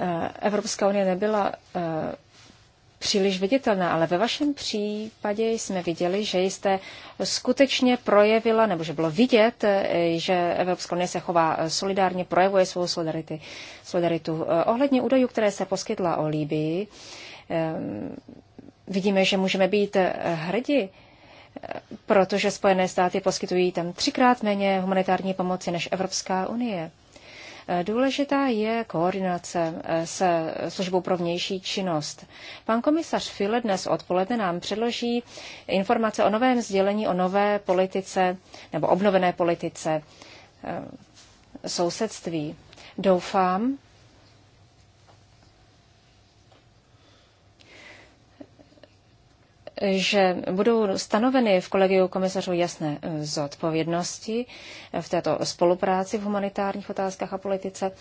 Eh, Evropská unie nebyla eh, příliš viditelná, ale ve vašem případě jsme viděli, že jste skutečně projevila, nebo že bylo vidět, eh, že Evropská unie se chová solidárně, projevuje svou solidarity, solidaritu. Ohledně údajů, které se poskytla o Líbii, vidíme, že můžeme být hrdi, protože Spojené státy poskytují tam třikrát méně humanitární pomoci než Evropská unie. Důležitá je koordinace eh, se službou pro vnější činnost. Pan komisař File dnes odpoledne nám předloží informace o novém sdělení o nové politice nebo obnovené politice eh, sousedství. Doufám, že budou stanoveny v kolegiu komisařů jasné eh, zodpovědnosti eh, v této spolupráci v humanitárních otázkách a politice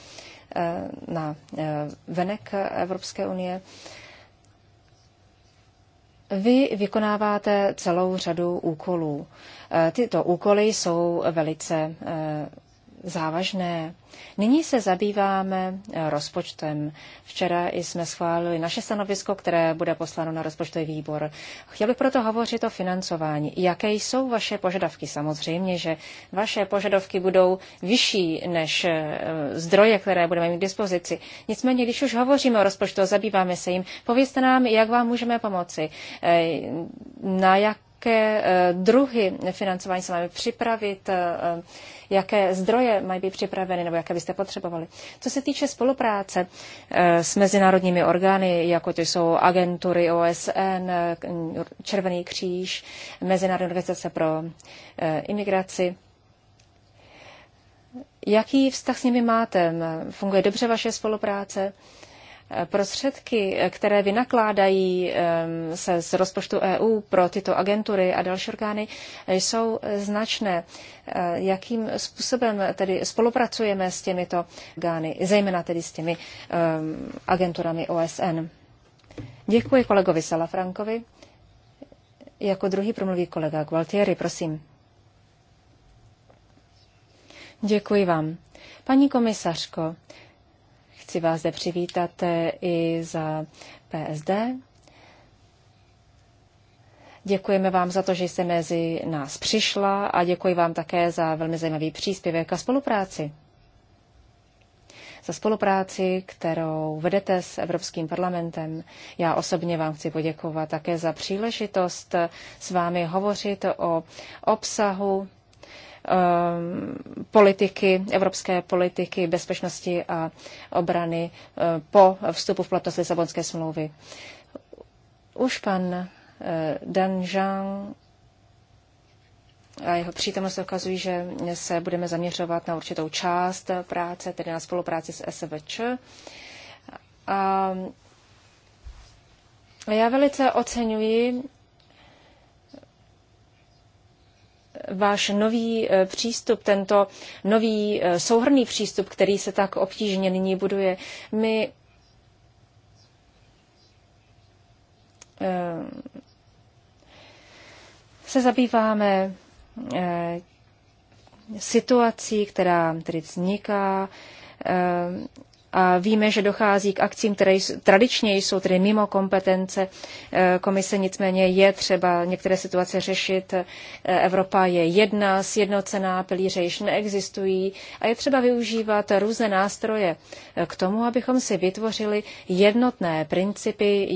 eh, na venek Evropské unie. Vy vykonáváte celou řadu úkolů. Tyto úkoly jsou velice závažné. Nyní se zabýváme eh, rozpočtem. Včera jsme schválili naše stanovisko, které bude posláno na rozpočtový výbor. Chtěl bych proto hovořit o financování. Jaké jsou vaše požadavky? Samozřejmě, že vaše požadavky budou vyšší než eh, zdroje, které budeme mít k dispozici. Nicméně, když už hovoříme o rozpočtu, zabýváme se jim, povězte nám, jak vám můžeme pomoci, eh, na jak jaké eh, druhy financování se máme připravit, eh, eh, jaké zdroje mají být připraveny nebo jaké byste potřebovali. Co se týče spolupráce s mezinárodními orgány, jako to jsou agentury OSN, Červený kříž, Mezinárodní organizace pro imigraci, Jaký vztah s nimi máte? Funguje dobře vaše spolupráce? Prostředky, které vynakládají se z rozpočtu EU pro tyto agentury a další orgány, jsou značné. E, jakým způsobem tedy spolupracujeme s těmito orgány, zejména tedy s těmi agenturami OSN? Děkuji kolegovi Salafrankovi. Jako druhý promluví kolega Gualtieri, prosím. Děkuji vám. Paní komisařko, Chci vás zde přivítat eh, i za PSD. Děkujeme vám za to, že jste mezi nás přišla a děkuji vám také za velmi zajímavý příspěvek a spolupráci. Za spolupráci, kterou vedete s Evropským parlamentem. Já osobně vám chci poděkovat také za příležitost s vámi hovořit o obsahu Eh, politiky, evropské politiky bezpečnosti a obrany eh, po vstupu v platnost Lisabonské smlouvy. Už pan eh, Dan Zhang a jeho přítomnost ukazují, že se budeme zaměřovat na určitou část práce, tedy na spolupráci s SVČ. A já velice oceňuji váš nový eh, přístup, tento nový eh, souhrný přístup, který se tak obtížně nyní buduje. My eh, se zabýváme situací, která tedy vzniká víme, že dochází k akcím, které tradičně jsou tedy mimo kompetence eh, komise, nicméně je třeba některé situace řešit. Eh, Evropa je jedna, sjednocená, pilíře již neexistují a je třeba využívat různé nástroje eh, k tomu, abychom si vytvořili jednotné principy,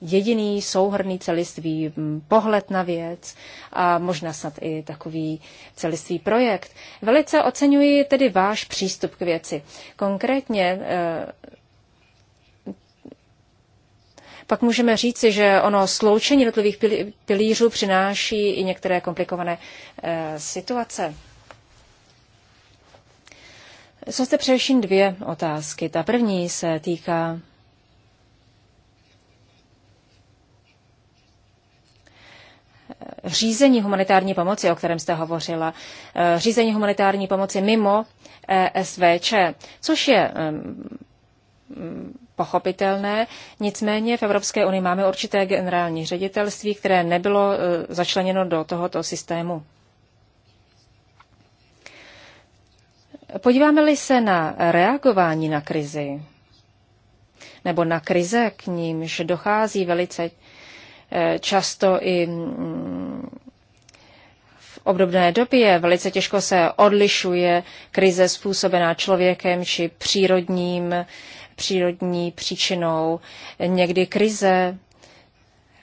jediný souhrný celistvý mm, pohled na věc a možná snad i takový celistvý projekt. Velice oceňuji tedy váš přístup k věci. Konkrétně eh, pak můžeme říci, že ono sloučení jednotlivých pilířů přináší i některé komplikované eh, situace. Jsou zde především dvě otázky. Ta první se týká řízení humanitární pomoci, o kterém jste hovořila, eh, řízení humanitární pomoci mimo e SVČ, což je pochopitelné. Nicméně v Evropské unii máme určité generální ředitelství, které nebylo eh, začleněno do tohoto systému. Podíváme-li se na reagování na krizi, nebo na krize, k nímž dochází velice Eh, často i mm, v obdobné době. Velice těžko se odlišuje krize způsobená člověkem či přírodním, přírodní příčinou. Někdy krize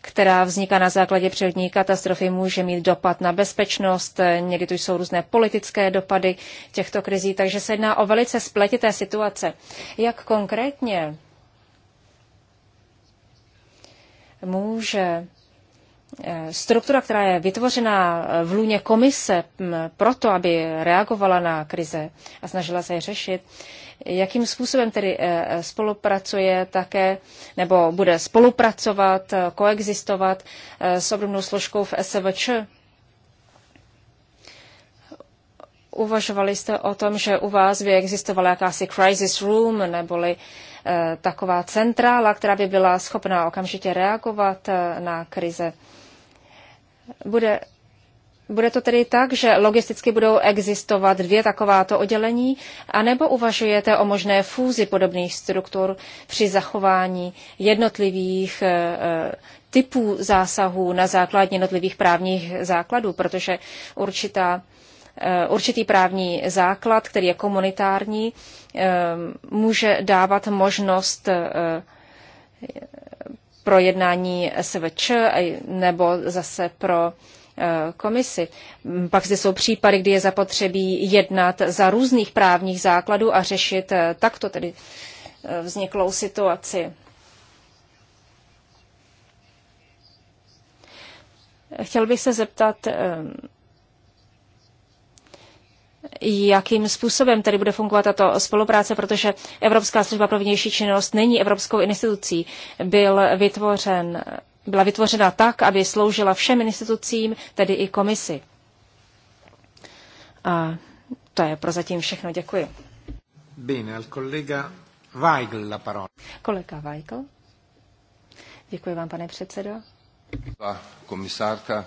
která vzniká na základě přírodní katastrofy, může mít dopad na bezpečnost, někdy tu jsou různé politické dopady těchto krizí, takže se jedná o velice spletité situace. Jak konkrétně může eh, struktura, která je vytvořena eh, v lůně komise proto, aby reagovala na krize a snažila se je řešit, jakým způsobem tedy eh, spolupracuje také, nebo bude spolupracovat, koexistovat s obdobnou složkou v SVČ. Uvažovali jste o tom, že u vás by existovala jakási crisis room, neboli uh, Eh, taková centrála, která by byla schopná okamžitě reagovat eh, na krize. Bude, bude to tedy tak, že logisticky budou existovat dvě takováto oddělení, anebo uvažujete o možné fúzi podobných struktur při zachování jednotlivých eh, typů zásahů na základě jednotlivých právních základů, protože určitá Eh, určitý právní základ, který je komunitární, eh, může dávat možnost eh, pro jednání SVČ nebo zase pro komisi. Pak zde jsou případy, kdy je zapotřebí jednat za různých právních základů a řešit takto tedy vzniklou situaci. Chtěl bych se zeptat jakým způsobem tedy bude fungovat tato spolupráce, protože Evropská služba pro vnější činnost není evropskou institucí. Byl vytvořen, byla vytvořena tak, aby sloužila všem institucím, tedy i komisi. A to je prozatím všechno. Děkuji. Bine, al kolega Weigl la parola. Kolega Weigl. Děkuji vám, pane předsedo. Komisárka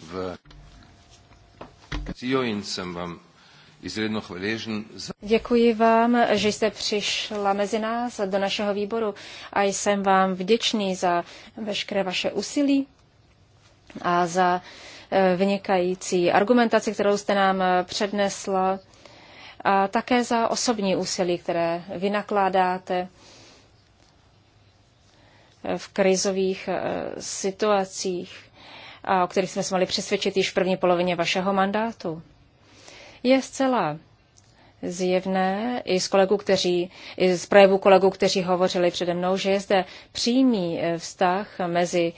v Cío jsem vám Er Děkuji vám, že jste přišla mezi nás do našeho výboru a jsem vám vděčný za veškeré vaše úsilí a za eh, vynikající argumentaci, kterou jste nám eh, přednesla a také za osobní úsilí, které vynakládáte eh, v krizových situacích, o kterých jsme se měli přesvědčit již v první polovině vašeho mandátu. Je zcela zjevné i z, kolegů, kteří, i z projevu kolegů, kteří hovořili přede mnou, že je zde přímý eh, vztah mezi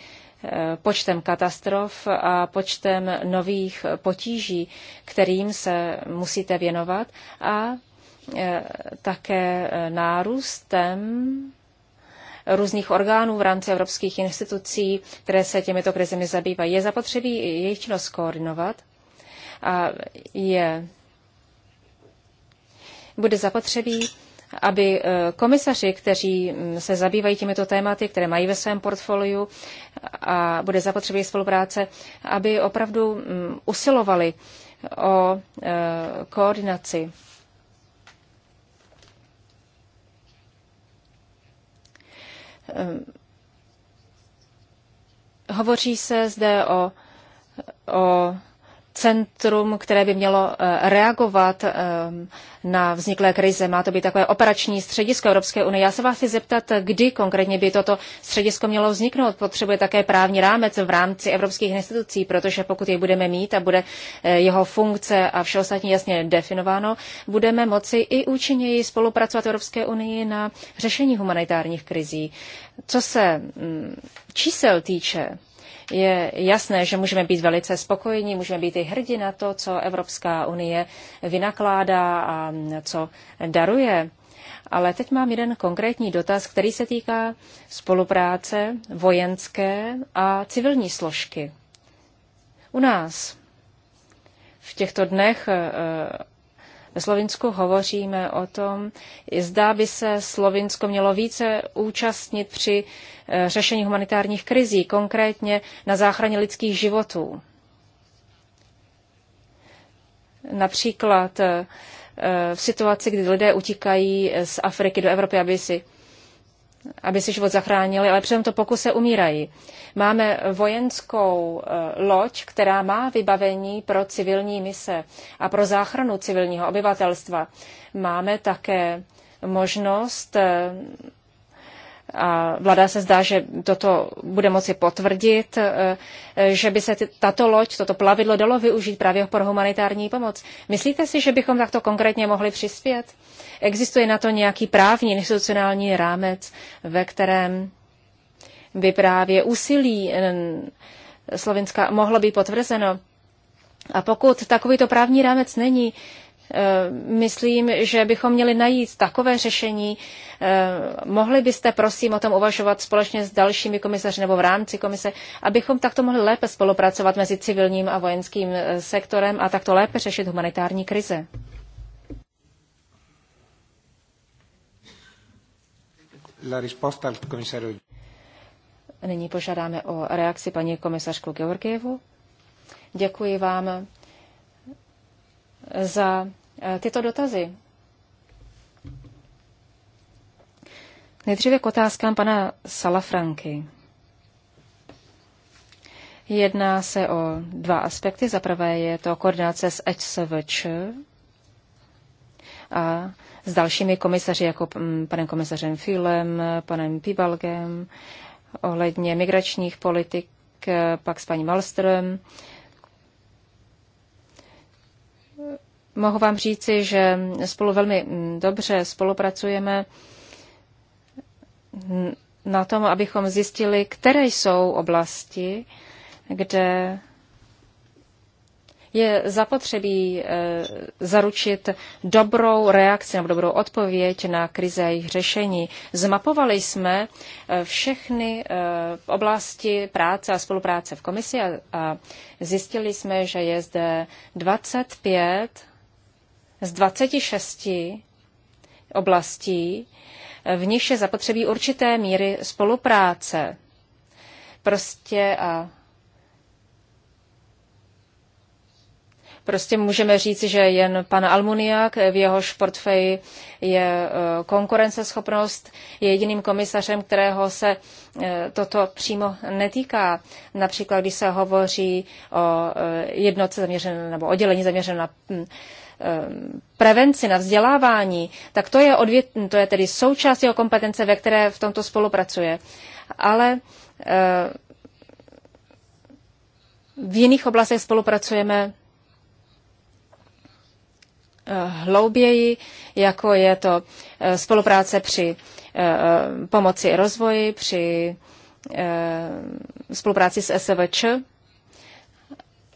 eh, počtem katastrof a počtem nových potíží, kterým se musíte věnovat a eh, také nárůstem různých orgánů v rámci evropských institucí, které se těmito krizemi zabývají. Je zapotřebí jejich činnost koordinovat a je, bude zapotřebí, aby eh, komisaři, kteří mm, se zabývají těmito tématy, které mají ve svém portfoliu a bude zapotřebí spolupráce, aby opravdu mm, usilovali o eh, koordinaci. Ehm, hovoří se zde o, o centrum, které by mělo eh, reagovat eh, na vzniklé krize. Má to být takové operační středisko Evropské unie. Já se vás chci zeptat, kdy konkrétně by toto středisko mělo vzniknout. Potřebuje také právní rámec v rámci evropských institucí, protože pokud je budeme mít a bude eh, jeho funkce a vše ostatní jasně definováno, budeme moci i účinněji spolupracovat Evropské unii na řešení humanitárních krizí. Co se mm, čísel týče, je jasné, že můžeme být velice spokojení, můžeme být i hrdi na to, co Evropská unie vynakládá a co daruje. Ale teď mám jeden konkrétní dotaz, který se týká spolupráce vojenské a civilní složky. U nás v těchto dnech eh, ve Slovinsku hovoříme o tom, zdá by se Slovinsko mělo více účastnit při eh, řešení humanitárních krizí, konkrétně na záchraně lidských životů. Například eh, v situaci, kdy lidé utíkají z Afriky do Evropy, aby si aby si život zachránili, ale přitom to pokuse umírají. Máme vojenskou eh, loď, která má vybavení pro civilní mise a pro záchranu civilního obyvatelstva. Máme také možnost eh, a vláda se zdá, že toto bude moci potvrdit, e, e, že by se tato loď, toto plavidlo dalo využít právě pro humanitární pomoc. Myslíte si, že bychom takto konkrétně mohli přispět? Existuje na to nějaký právní institucionální rámec, ve kterém by právě úsilí e, Slovenska mohlo být potvrzeno? A pokud takovýto právní rámec není, Eh, myslím, že bychom měli najít takové řešení. Eh, mohli byste, prosím, o tom uvažovat společně s dalšími komisaři nebo v rámci komise, abychom takto mohli lépe spolupracovat mezi civilním a vojenským eh, sektorem a takto lépe řešit humanitární krize. La risposta al Nyní požádáme o reakci paní komisařku Georgievu. Děkuji vám za eh, tyto dotazy. Nejdříve k otázkám pana Salafranky. Jedná se o dva aspekty. Za prvé je to koordinace s ECVČ a s dalšími komisaři, jako mm, panem komisařem Filem, panem Pibalgem, ohledně migračních politik, eh, pak s paní Malström Mohu vám říci, že spolu velmi mm, dobře spolupracujeme na tom, abychom zjistili, které jsou oblasti, kde je zapotřebí eh, zaručit dobrou reakci nebo dobrou odpověď na krize a jejich řešení. Zmapovali jsme eh, všechny eh, oblasti práce a spolupráce v komisi a zjistili jsme, že je zde 25 z 26 oblastí, v nich je zapotřebí určité míry spolupráce. Prostě a Prostě můžeme říci, že jen pan Almuniak, v jehož portfeji je e, konkurenceschopnost, je jediným komisařem, kterého se e, toto přímo netýká. Například, když se hovoří o e, jednotce zaměřené nebo oddělení zaměřené na Eh, prevenci, na vzdělávání, tak to je, odvět, to je tedy součást jeho kompetence, ve které v tomto spolupracuje. Ale eh, v jiných oblastech spolupracujeme eh, hlouběji, jako je to spolupráce při pomoci rozvoji, při spolupráci s SVČ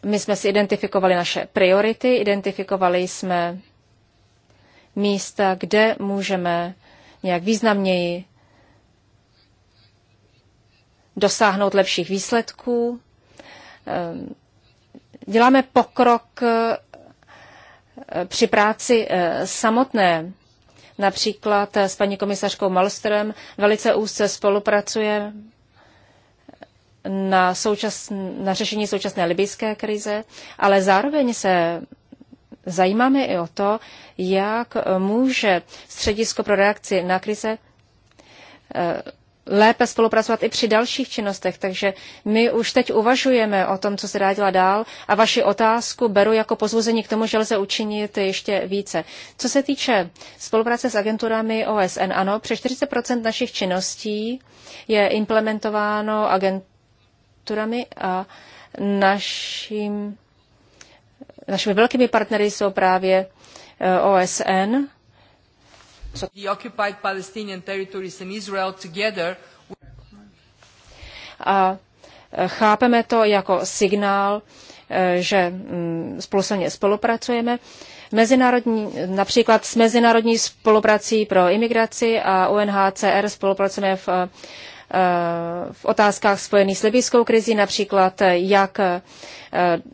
my jsme si identifikovali naše priority, identifikovali jsme místa, kde můžeme nějak významněji dosáhnout lepších výsledků. Ehm, děláme pokrok eh, při práci eh, samotné. Například s paní komisařkou Malstrem velice úzce spolupracujeme na, součas, na řešení současné libijské krize, ale zároveň se zajímáme i o to, jak může středisko pro reakci na krize eh, lépe spolupracovat i při dalších činnostech. Takže my už teď uvažujeme o tom, co se dá dělat dál a vaši otázku beru jako pozvození k tomu, že lze učinit ještě více. Co se týče spolupráce s agenturami OSN, ano, přes 40 našich činností je implementováno agenturami strukturami a naším, našimi velkými partnery jsou právě eh, OSN. The occupied Palestinian territories Israel together a eh, chápeme to jako signál, eh, že mm, se spolupracujeme. Mezinárodní, například s mezinárodní spoluprací pro imigraci a UNHCR spolupracujeme v Eh, v otázkách spojených s libijskou krizi, například jak eh,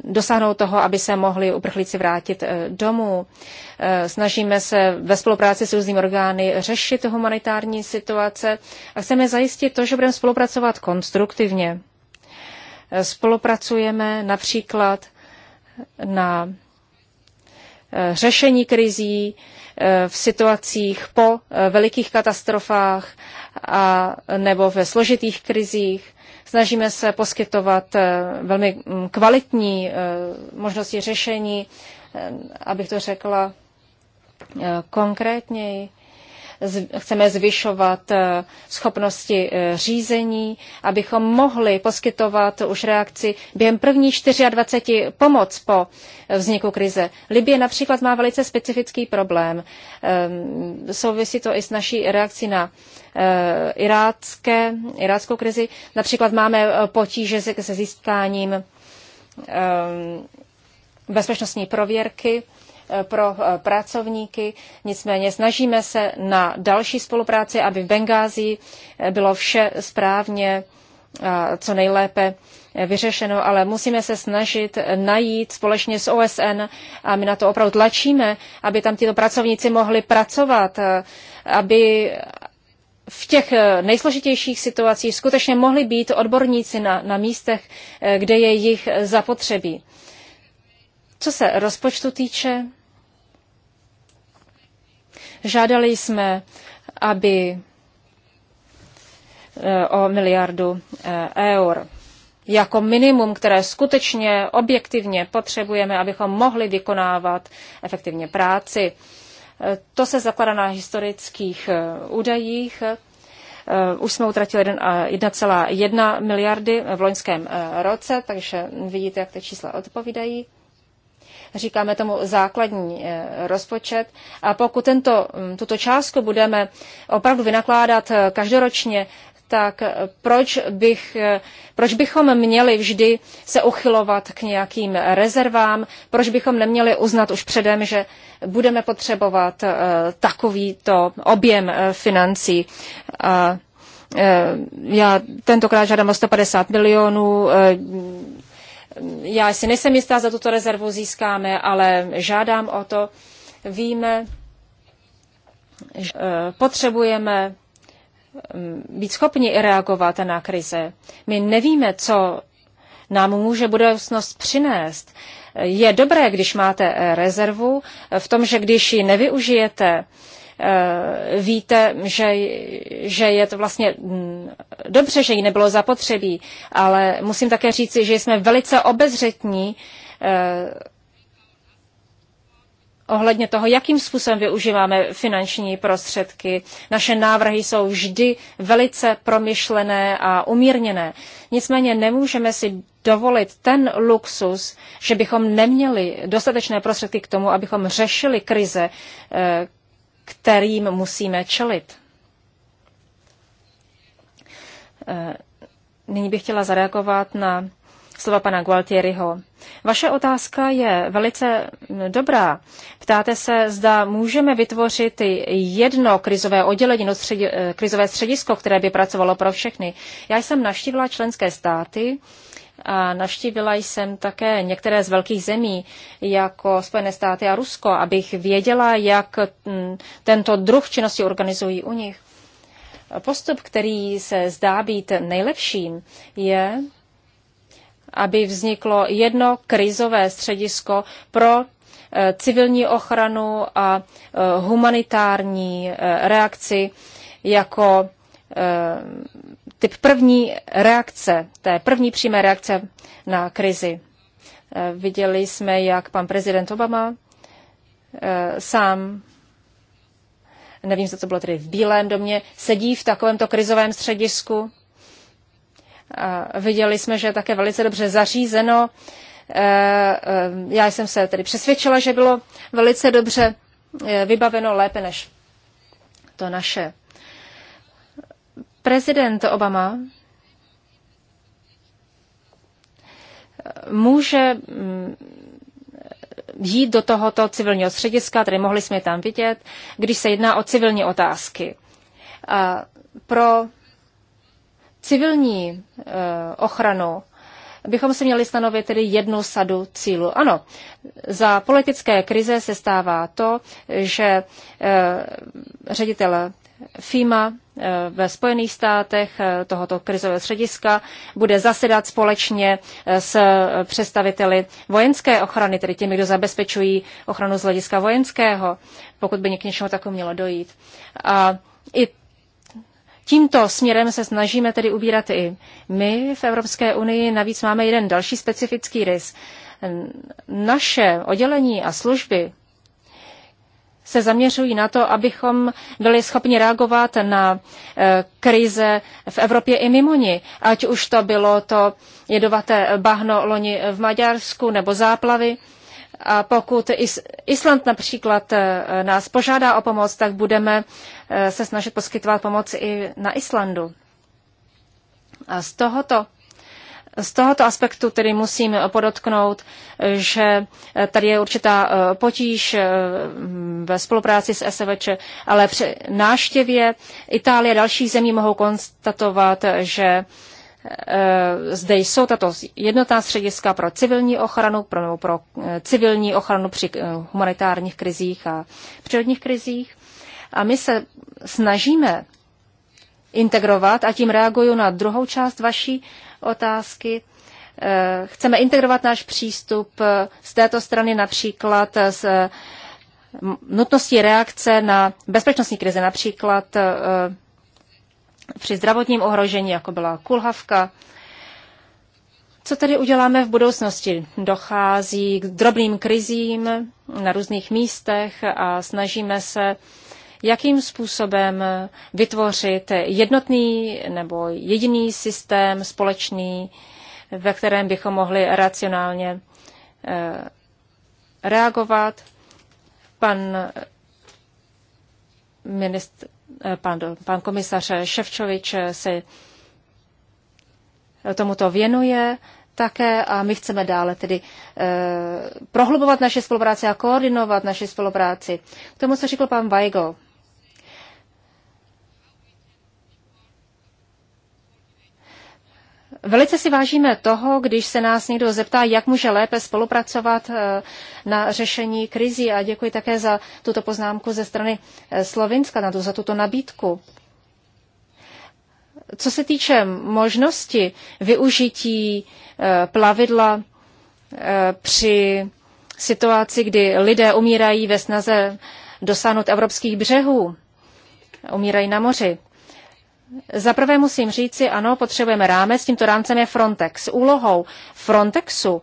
dosáhnout toho, aby se mohli uprchlíci vrátit eh, domů. Snažíme se ve spolupráci s různými orgány řešit humanitární situace a chceme zajistit to, že budeme spolupracovat konstruktivně. Spolupracujeme například na řešení krizí, Eh, v situacích po eh, velikých katastrofách a nebo ve složitých krizích. Snažíme se poskytovat eh, velmi mm, kvalitní možnosti řešení, abych to řekla konkrétněji chceme zvyšovat eh, schopnosti eh, řízení, abychom mohli poskytovat už reakci během prvních 24 pomoc po eh, vzniku krize. Libie například má velice specifický problém. Ehm, souvisí to i s naší reakcí na irácké, iráckou krizi. Například máme potíže se získáním ehm, bezpečnostní prověrky Eh, pro eh, pracovníky. Nicméně snažíme se na další spolupráci, aby v Bengázi eh, bylo vše správně co nejlépe vyřešeno, ale musíme se snažit najít společně s OSN a my na to opravdu tlačíme, aby tam tyto pracovníci mohli pracovat, aby v těch nejsložitějších situacích skutečně mohli být odborníci na, na místech, kde je jich zapotřebí. Co se rozpočtu týče, žádali jsme, aby eh, o miliardu eh, eur jako minimum, které skutečně objektivně potřebujeme, abychom mohli vykonávat efektivně práci. Eh, to se zakládá na historických údajích. Už jsme utratili 1,1 miliardy v loňském roce, takže vidíte, jak ty čísla odpovídají říkáme tomu základní eh, rozpočet. A pokud tento, mm, tuto částku budeme opravdu vynakládat eh, každoročně, tak eh, proč, bych, proč bychom měli vždy se uchylovat k nějakým rezervám, proč bychom neměli uznat už předem, že budeme potřebovat takovýto objem financí. A já tentokrát žádám o 150 milionů, já si nejsem jistá, za tuto rezervu získáme, ale žádám o to. Víme, že eh, potřebujeme mm, být schopni reagovat na krize. My nevíme, co nám může budoucnost přinést. Je dobré, když máte eh, rezervu, v tom, že když ji nevyužijete, Eh, víte, že, že je to vlastně mm, dobře, že ji nebylo zapotřebí, ale musím také říci, že jsme velice obezřetní eh, ohledně toho, jakým způsobem využíváme finanční prostředky. Naše návrhy jsou vždy velice promyšlené a umírněné. Nicméně nemůžeme si dovolit ten luxus, že bychom neměli dostatečné prostředky k tomu, abychom řešili krize, eh, kterým musíme čelit. Eh, nyní bych chtěla zareagovat na slova pana Gualtieriho. Vaše otázka je velice dobrá. Ptáte se, zda můžeme vytvořit jedno krizové oddělení, no středi, eh, krizové středisko, které by pracovalo pro všechny. Já jsem navštívila členské státy, a navštívila jsem také některé z velkých zemí, jako Spojené státy a Rusko, abych věděla, jak mm, tento druh činnosti organizují u nich. Postup, který se zdá být nejlepším, je, aby vzniklo jedno krizové středisko pro e, civilní ochranu a e, humanitární e, reakci jako Eh, typ první reakce, té první přímé reakce na krizi. Eh, viděli jsme, jak pan prezident Obama eh, sám, nevím, co to bylo tedy v Bílém domě, sedí v takovémto krizovém středisku. A viděli jsme, že je také velice dobře zařízeno. Já jsem se tedy přesvědčila, že bylo velice dobře vybaveno lépe než to naše Prezident Obama může mm, jít do tohoto civilního střediska, tedy mohli jsme tam vidět, když se jedná o civilní otázky. A pro civilní eh, ochranu bychom si měli stanovit tedy jednu sadu cílů. Ano, za politické krize se stává to, že eh, ředitel FIMA eh, ve Spojených státech eh, tohoto krizového střediska bude zasedat společně eh, s představiteli vojenské ochrany, tedy těmi, kdo zabezpečují ochranu z hlediska vojenského, pokud by k něčemu takovému mělo dojít. A i Tímto směrem se snažíme tedy ubírat i my v Evropské unii. Navíc máme jeden další specifický rys. Naše oddělení a služby se zaměřují na to, abychom byli schopni reagovat na eh, krize v Evropě i mimo ní. Ať už to bylo to jedovaté bahno loni v Maďarsku nebo záplavy. A pokud Island například eh, nás požádá o pomoc, tak budeme eh, se snažit poskytovat pomoc i na Islandu. A z tohoto z tohoto aspektu tedy musím podotknout, že tady je určitá eh, potíž eh, ve spolupráci s SVČ, ale při náštěvě Itálie a dalších zemí mohou konstatovat, že eh, zde jsou tato jednotná střediska pro civilní ochranu, pro, pro civilní ochranu při humanitárních krizích a přírodních krizích. A my se snažíme integrovat a tím reaguju na druhou část vaší otázky. Eh, chceme integrovat náš přístup eh, z této strany například eh, z nutností reakce na bezpečnostní krize, například při zdravotním ohrožení, jako byla kulhavka. Co tedy uděláme v budoucnosti? Dochází k drobným krizím na různých místech a snažíme se jakým způsobem vytvořit jednotný nebo jediný systém společný, ve kterém bychom mohli racionálně eh, reagovat. Pan eh, ministr, eh, pan, pan komisař Ševčovič se tomuto věnuje také a my chceme dále tedy e, prohlubovat naše spolupráci a koordinovat naši spolupráci. K tomu, co řekl pan Weigl, Velice si vážíme toho, když se nás někdo zeptá, jak může lépe spolupracovat eh, na řešení krizí a děkuji také za tuto poznámku ze strany eh, Slovinska, na to, za tuto nabídku. Co se týče možnosti využití eh, plavidla při situaci, kdy lidé umírají ve snaze dosáhnout evropských břehů, umírají na moři. Zaprvé musím říci, ano, potřebujeme rámec, tímto rámcem je Frontex. Úlohou Frontexu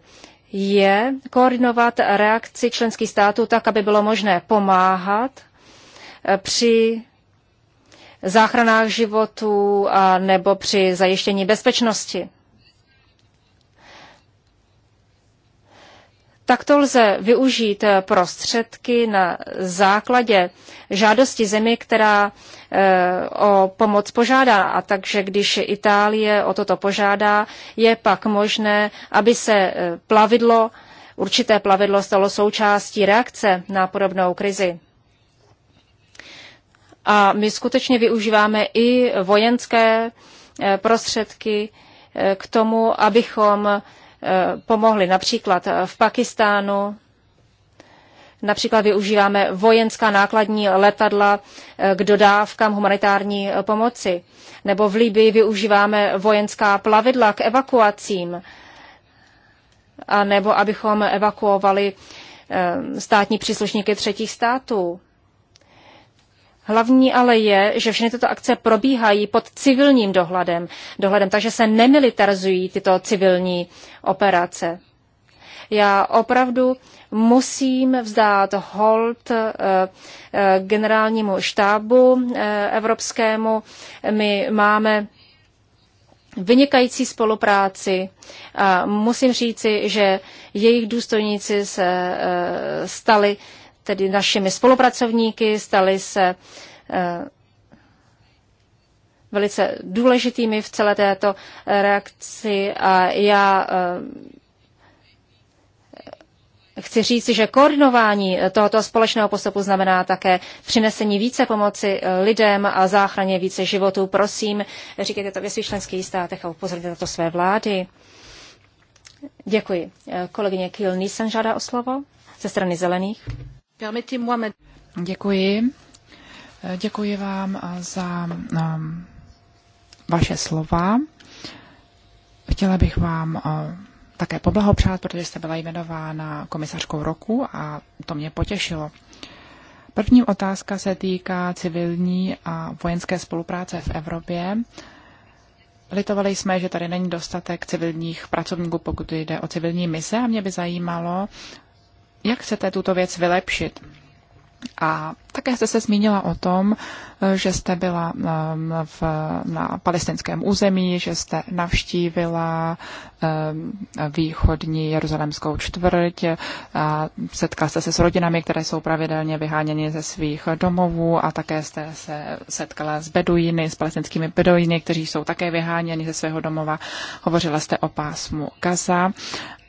je koordinovat reakci členských států tak, aby bylo možné pomáhat eh, při záchranách životů a nebo při zajištění bezpečnosti. Takto lze využít eh, prostředky na základě žádosti zemi, která eh, o pomoc požádá. A takže když Itálie o toto požádá, je pak možné, aby se eh, plavidlo, určité plavidlo stalo součástí reakce na podobnou krizi. A my skutečně využíváme i vojenské prostředky k tomu, abychom Eh, pomohli. Například eh, v Pakistánu Například využíváme vojenská nákladní letadla eh, k dodávkám humanitární pomoci. Nebo v Libii využíváme vojenská plavidla k evakuacím. A nebo abychom evakuovali státní příslušníky třetích států. Hlavní ale je, že všechny tyto akce probíhají pod civilním dohledem, dohledem takže se nemilitarizují tyto civilní operace. Já opravdu musím vzdát hold eh, eh, generálnímu štábu eh, evropskému. My máme vynikající spolupráci. A musím říci, že jejich důstojníci se stali tedy našimi spolupracovníky, stali se eh, velice důležitými v celé této eh, reakci a já eh, chci říct, že koordinování tohoto společného postupu znamená také přinesení více pomoci lidem a záchraně více životů. Prosím, říkejte to ve svých členských státech a upozorněte na to své vlády. Děkuji. Kolegyně Kiel Nisan žádá o slovo ze strany zelených. Děkuji. Děkuji vám za um, vaše slova. Chtěla bych vám uh, také poblahopřát, protože jste byla jmenována komisařkou roku a to mě potěšilo. První otázka se týká civilní a vojenské spolupráce v Evropě. Litovali jsme, že tady není dostatek civilních pracovníků, pokud jde o civilní mise a mě by zajímalo, jak chcete tuto věc vylepšit. A také jste se zmínila o tom, že jste byla um, v, na palestinském území, že jste navštívila um, východní jeruzalemskou čtvrť, a setkala jste se s rodinami, které jsou pravidelně vyháněny ze svých domovů a také jste se setkala s beduiny, s palestinskými beduiny, kteří jsou také vyháněni ze svého domova. Hovořila jste o pásmu Gaza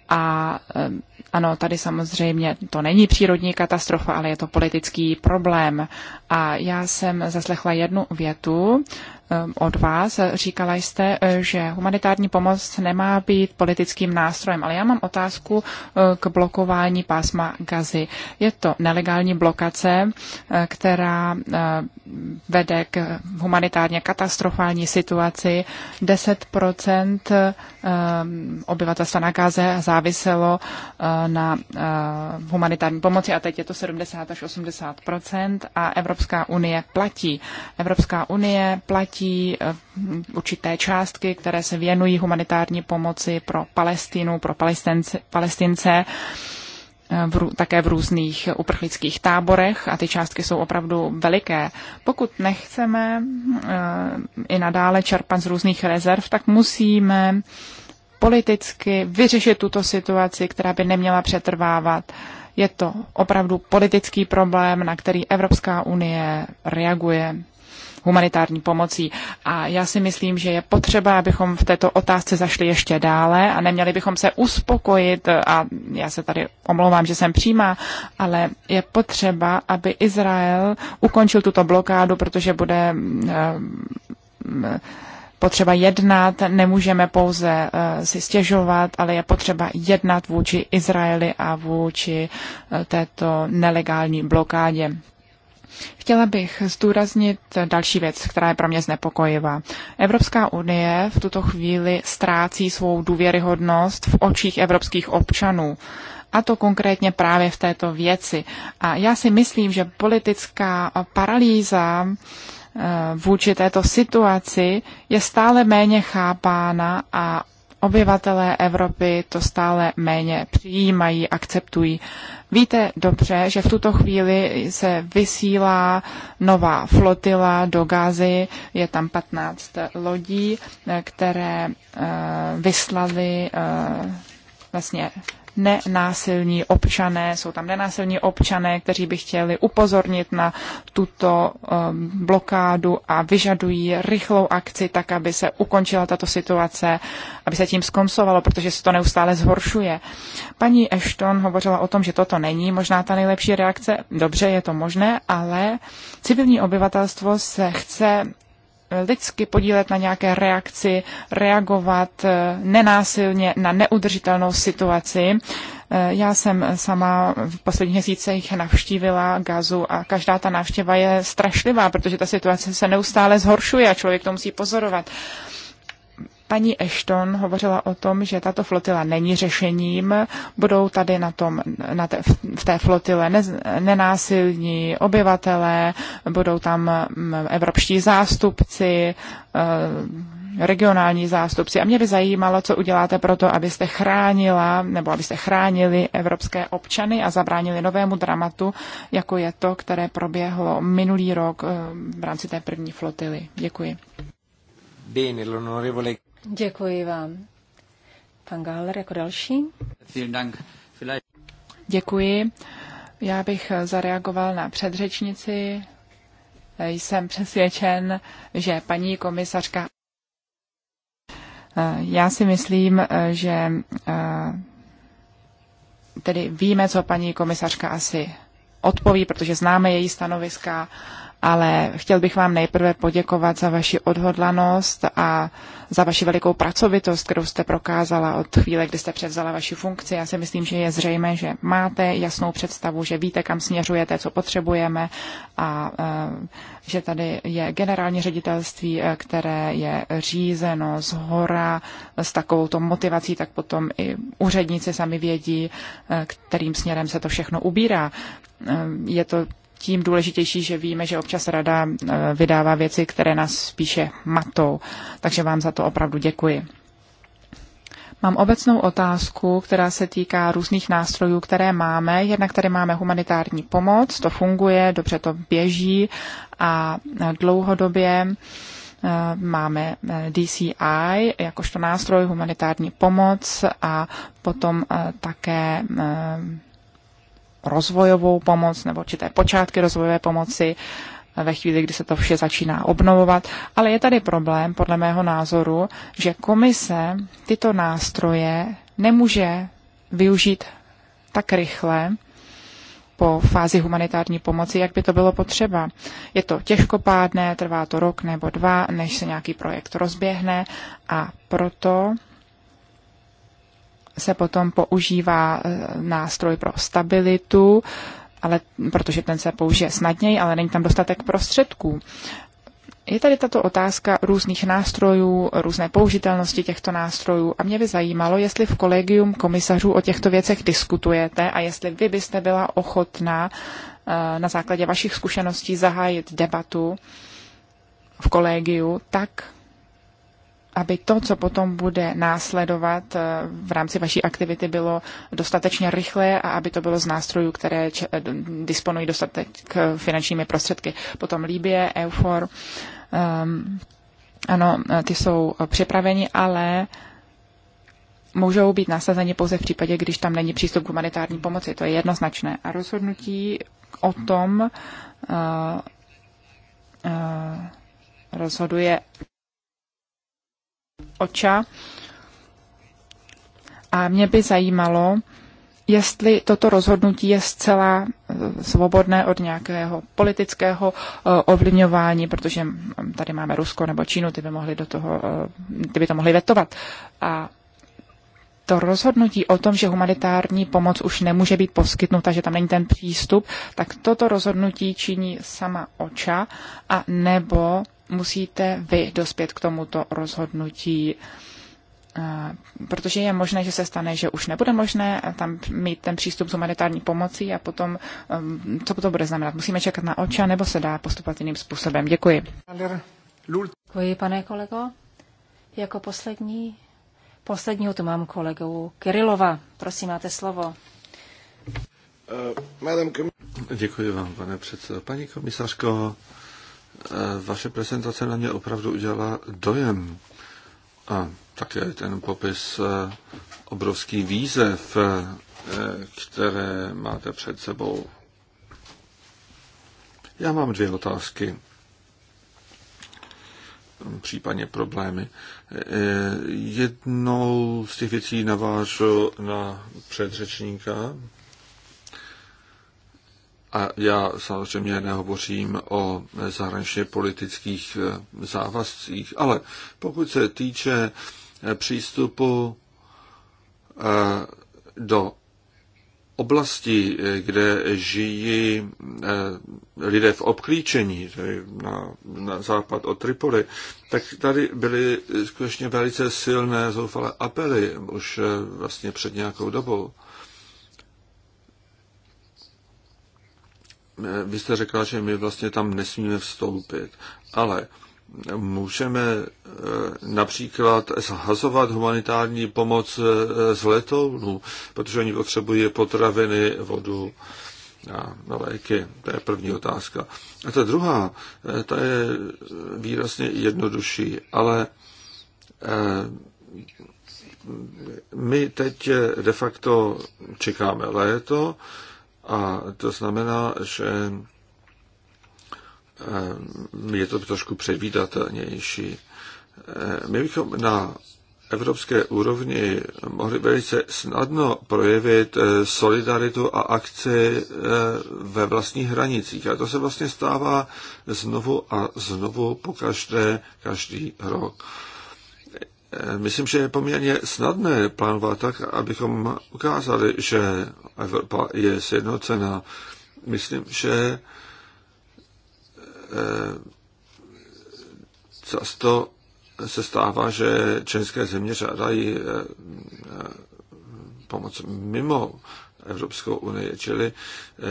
a um, ano, tady samozřejmě to není přírodní katastrofa, ale je to politický problém. A já jsem zaslechla jednu větu Eh, od vás. Říkala jste, eh, že humanitární pomoc nemá být politickým nástrojem, ale já mám otázku eh, k blokování pásma gazy. Je to nelegální blokace, která vede k humanitárně katastrofální situaci. 10% obyvatelstva na Gaze záviselo na humanitární pomoci a teď je to 70 až 80 a Evropská unie platí. Evropská unie platí využití eh, určité částky, které se věnují humanitární pomoci pro Palestinu, pro palestince, palestince eh, v, také v různých uprchlických táborech a ty částky jsou opravdu veliké. Pokud nechceme eh, i nadále čerpat z různých rezerv, tak musíme politicky vyřešit tuto situaci, která by neměla přetrvávat. Je to opravdu politický problém, na který Evropská unie reaguje humanitární pomocí. A já si myslím, že je potřeba, abychom v této otázce zašli ještě dále a neměli bychom se uspokojit, a já se tady omlouvám, že jsem přímá, ale je potřeba, aby Izrael ukončil tuto blokádu, protože bude eh, potřeba jednat, nemůžeme pouze eh, si stěžovat, ale je potřeba jednat vůči Izraeli a vůči eh, této nelegální blokádě. Chtěla bych zdůraznit další věc, která je pro mě znepokojivá. Evropská unie v tuto chvíli ztrácí svou důvěryhodnost v očích evropských občanů a to konkrétně právě v této věci. A já si myslím, že politická paralýza eh, vůči této situaci je stále méně chápána a obyvatelé Evropy to stále méně přijímají, akceptují. Víte dobře, že v tuto chvíli se vysílá nová flotila do Gázy, je tam 15 lodí, které eh, vyslali eh, vlastně nenásilní občané, jsou tam nenásilní občané, kteří by chtěli upozornit na tuto um, blokádu a vyžadují rychlou akci, tak aby se ukončila tato situace, aby se tím skoncovalo, protože se to neustále zhoršuje. Paní Ashton hovořila o tom, že toto není možná ta nejlepší reakce. Dobře, je to možné, ale civilní obyvatelstvo se chce lidsky podílet na nějaké reakci, reagovat eh, nenásilně na neudržitelnou situaci. Eh, já jsem sama v posledních měsících navštívila Gazu a každá ta návštěva je strašlivá, protože ta situace se neustále zhoršuje a člověk to musí pozorovat. Paní Ashton hovořila o tom, že tato flotila není řešením, budou tady na tom, na te, v té flotile ne, nenásilní obyvatelé, budou tam mm, evropští zástupci, eh, regionální zástupci. A mě by zajímalo, co uděláte pro to, abyste chránila nebo abyste chránili evropské občany a zabránili novému dramatu, jako je to, které proběhlo minulý rok eh, v rámci té první flotily. Děkuji. Bene, l'onorevole Děkuji vám. Pan Gáler jako další. Děkuji. Já bych zareagoval na předřečnici. Jsem přesvědčen, že paní komisařka. Já si myslím, že eh, tedy víme, co paní komisařka asi odpoví, protože známe její stanoviska ale chtěl bych vám nejprve poděkovat za vaši odhodlanost a za vaši velikou pracovitost, kterou jste prokázala od chvíle, kdy jste převzala vaši funkci. Já si myslím, že je zřejmé, že máte jasnou představu, že víte, kam směřujete, co potřebujeme a e, že tady je generální ředitelství, e, které je řízeno z hora s takovou motivací, tak potom i úředníci sami vědí, e, kterým směrem se to všechno ubírá. Je to tím důležitější, že víme, že občas rada eh, vydává věci, které nás spíše matou. Takže vám za to opravdu děkuji. Mám obecnou otázku, která se týká různých nástrojů, které máme. Jednak tady máme humanitární pomoc, to funguje, dobře to běží a dlouhodobě eh, máme eh, DCI jakožto nástroj humanitární pomoc a potom také rozvojovou pomoc nebo určité počátky rozvojové pomoci ve chvíli, kdy se to vše začíná obnovovat. Ale je tady problém, podle mého názoru, že komise tyto nástroje nemůže využít tak rychle po fázi humanitární pomoci, jak by to bylo potřeba. Je to těžkopádné, trvá to rok nebo dva, než se nějaký projekt rozběhne a proto se potom používá eh, nástroj pro stabilitu, ale protože ten se použije snadněji, ale není tam dostatek prostředků. Je tady tato otázka různých nástrojů, různé použitelnosti těchto nástrojů a mě by zajímalo, jestli v kolegium komisařů o těchto věcech diskutujete a jestli vy byste byla ochotná eh, na základě vašich zkušeností zahájit debatu v kolegiu tak, aby to, co potom bude následovat eh, v rámci vaší aktivity, bylo dostatečně rychlé a aby to bylo z nástrojů, které eh, disponují dostatek eh, finančními prostředky. Potom Líbie, EUFOR, um, ano, ty jsou připraveni, ale můžou být nasazeni pouze v případě, když tam není přístup k humanitární pomoci. To je jednoznačné. A rozhodnutí o tom uh, uh, rozhoduje oča. A mě by zajímalo, jestli toto rozhodnutí je zcela eh, svobodné od nějakého politického eh, ovlivňování, protože mm, tady máme Rusko nebo Čínu, ty by, mohli do toho, eh, ty by to mohli vetovat. A to rozhodnutí o tom, že humanitární pomoc už nemůže být poskytnuta, že tam není ten přístup, tak toto rozhodnutí činí sama oča a nebo musíte vy dospět k tomuto rozhodnutí, eh, protože je možné, že se stane, že už nebude možné tam mít ten přístup s humanitární pomocí a potom, eh, co to bude znamenat? Musíme čekat na oči, nebo se dá postupovat jiným způsobem? Děkuji. Děkuji, pane kolego. Jako poslední, posledního tu mám kolegu Kirilova. Prosím, máte slovo. Eh, Děkuji vám, pane předsedo. Paní komisařko, Eh, vaše prezentace na mě opravdu udělala dojem. A také ten popis eh, obrovský výzev, eh, které máte před sebou. Já mám dvě otázky, případně problémy. Jednou z těch věcí navážu na předřečníka, a já samozřejmě nehovořím o zahraničně politických eh, závazcích, ale pokud se týče eh, přístupu eh, do oblasti, kde žijí lidé v obklíčení, tedy na, na západ od Tripoli, tak tady byly skutečně velice silné zoufalé apely už vlastně před nějakou dobou. vy jste řekla, že my vlastně tam nesmíme vstoupit, ale můžeme eh, například zhazovat humanitární pomoc eh, z letounů, protože oni potřebují potraviny, vodu a léky. To je první otázka. A ta druhá, eh, ta je výrazně jednodušší, ale my teď de facto čekáme léto, a to znamená, že eh, je to trošku předvídatelnější. Eh, my bychom na evropské úrovni mohli velice snadno projevit eh, solidaritu a akci ve vlastních hranicích. A to se vlastně stává znovu a znovu po každé, každý rok. Myslím, že je poměrně snadné plánovat tak, abychom ukázali, že Evropa je sjednocená. Myslím, že eh, často se stává, že české země řádají eh, eh, pomoc mimo Evropskou unii. Čili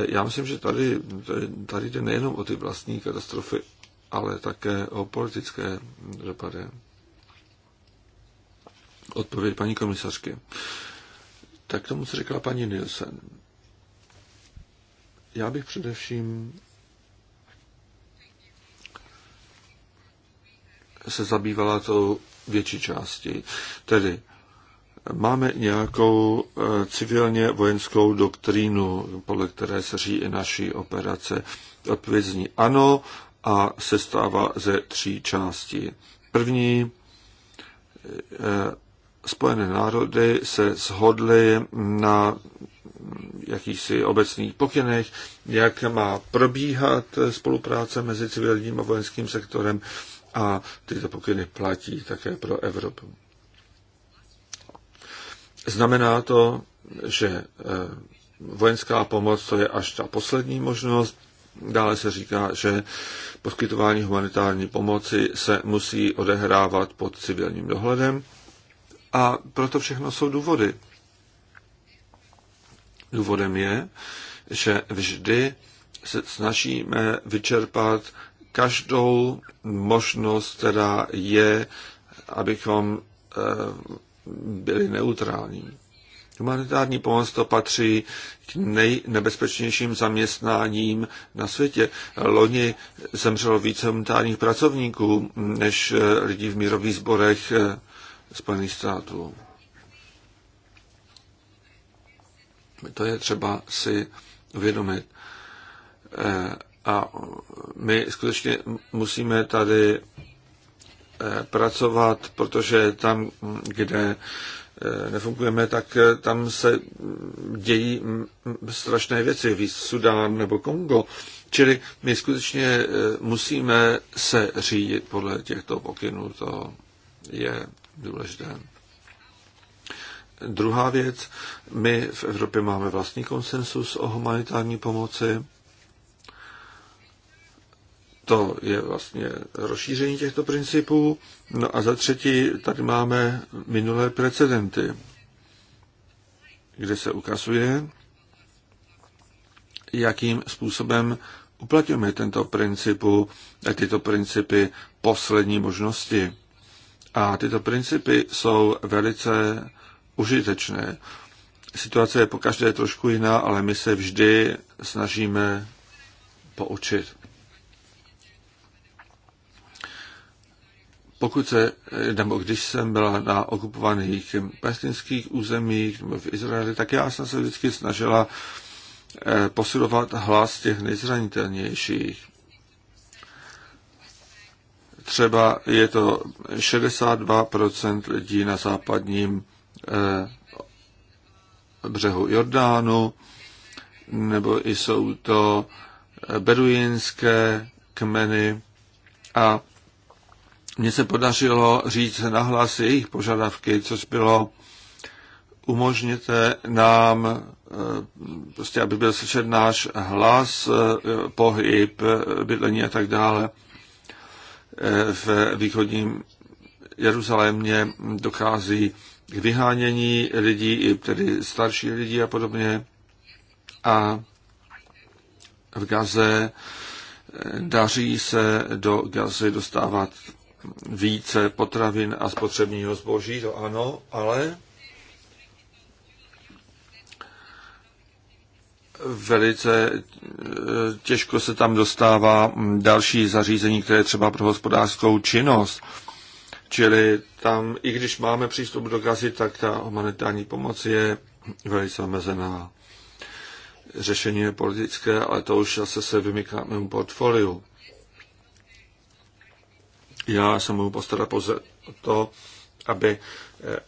já myslím, že tady, tady jde nejenom o ty vlastní katastrofy, ale také o politické dopady odpověď paní komisařky. Tak tomu, co řekla paní Nielsen. Já bych především se zabývala tou větší částí. Tedy máme nějakou eh, civilně vojenskou doktrínu, podle které se říjí i naší operace. Odpověď zní ano a se stává ze tří částí. První eh, Spojené národy se shodly na jakýchsi obecných pokynech, jak má probíhat spolupráce mezi civilním a vojenským sektorem a tyto pokyny platí také pro Evropu. Znamená to, že eh, vojenská pomoc to je až ta poslední možnost. Dále se říká, že poskytování humanitární pomoci se musí odehrávat pod civilním dohledem a proto všechno jsou důvody. Důvodem je, že vždy se snažíme vyčerpat každou možnost, která je, abychom eh, byli neutrální. Humanitární pomoc to patří k nejnebezpečnějším zaměstnáním na světě. Loni zemřelo více humanitárních pracovníků než eh, lidí v mírových sborech eh, Spojených států. To je třeba si uvědomit. Eh, a my skutečně musíme tady eh, pracovat, protože tam, kde eh, nefungujeme, tak tam se dějí mm, mm, strašné věci, víc Sudán nebo Kongo. Čili my skutečně musíme se řídit podle těchto pokynů, to je důležité. Druhá věc, my v Evropě máme vlastní konsensus o humanitární pomoci. To je vlastně rozšíření těchto principů. No a za třetí, tady máme minulé precedenty, kde se ukazuje, jakým způsobem uplatňujeme tento principu, tyto principy poslední možnosti. A tyto principy jsou velice užitečné. Situace je po každé trošku jiná, ale my se vždy snažíme poučit. Pokud se, nebo když jsem byla na okupovaných palestinských územích nebo v Izraeli, tak já jsem se vždycky snažila eh, posilovat hlas těch nejzranitelnějších třeba je to 62% lidí na západním eh, břehu Jordánu, nebo jsou to eh, beduinské kmeny a mně se podařilo říct nahlas jejich požadavky, což bylo umožněte nám, eh, prostě aby byl slyšet náš hlas, pohyb, bydlení a tak dále v východním Jeruzalémě dochází k vyhánění lidí, i tedy starší lidí a podobně. A v Gaze eh, daří se do Gazy dostávat více potravin a spotřebního zboží, to ano, ale velice e, těžko se tam dostává další zařízení, které je třeba pro hospodářskou činnost. Čili tam, i když máme přístup do gazy, tak ta humanitární pomoc je velice omezená. Řešení je politické, ale to už zase se vymyká mému portfoliu. Já se mohu postarat pouze o to, aby e,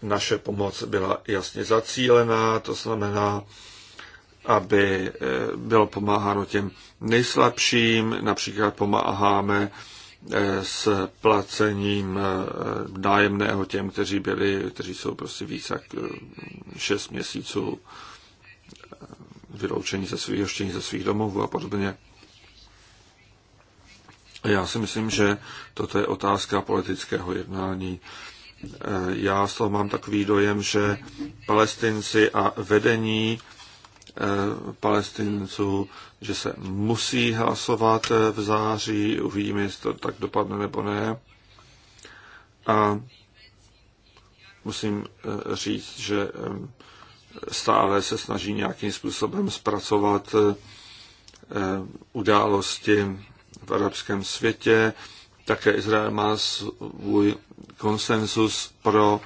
naše pomoc byla jasně zacílená, to znamená, aby eh, bylo pomáháno těm nejslabším. Například pomáháme eh, s placením eh, nájemného těm, kteří, byli, kteří jsou prostě víc jak 6 měsíců vyloučení ze svých, hoštění ze svých domovů a podobně. Já si myslím, že toto je otázka politického jednání. Já z toho mám takový dojem, že palestinci a vedení Eh, palestinců, že se musí hlasovat eh, v září, uvidíme, jestli to tak dopadne nebo ne. A musím eh, říct, že stále se snaží nějakým způsobem zpracovat události v arabském světě. Také Izrael má svůj konsensus pro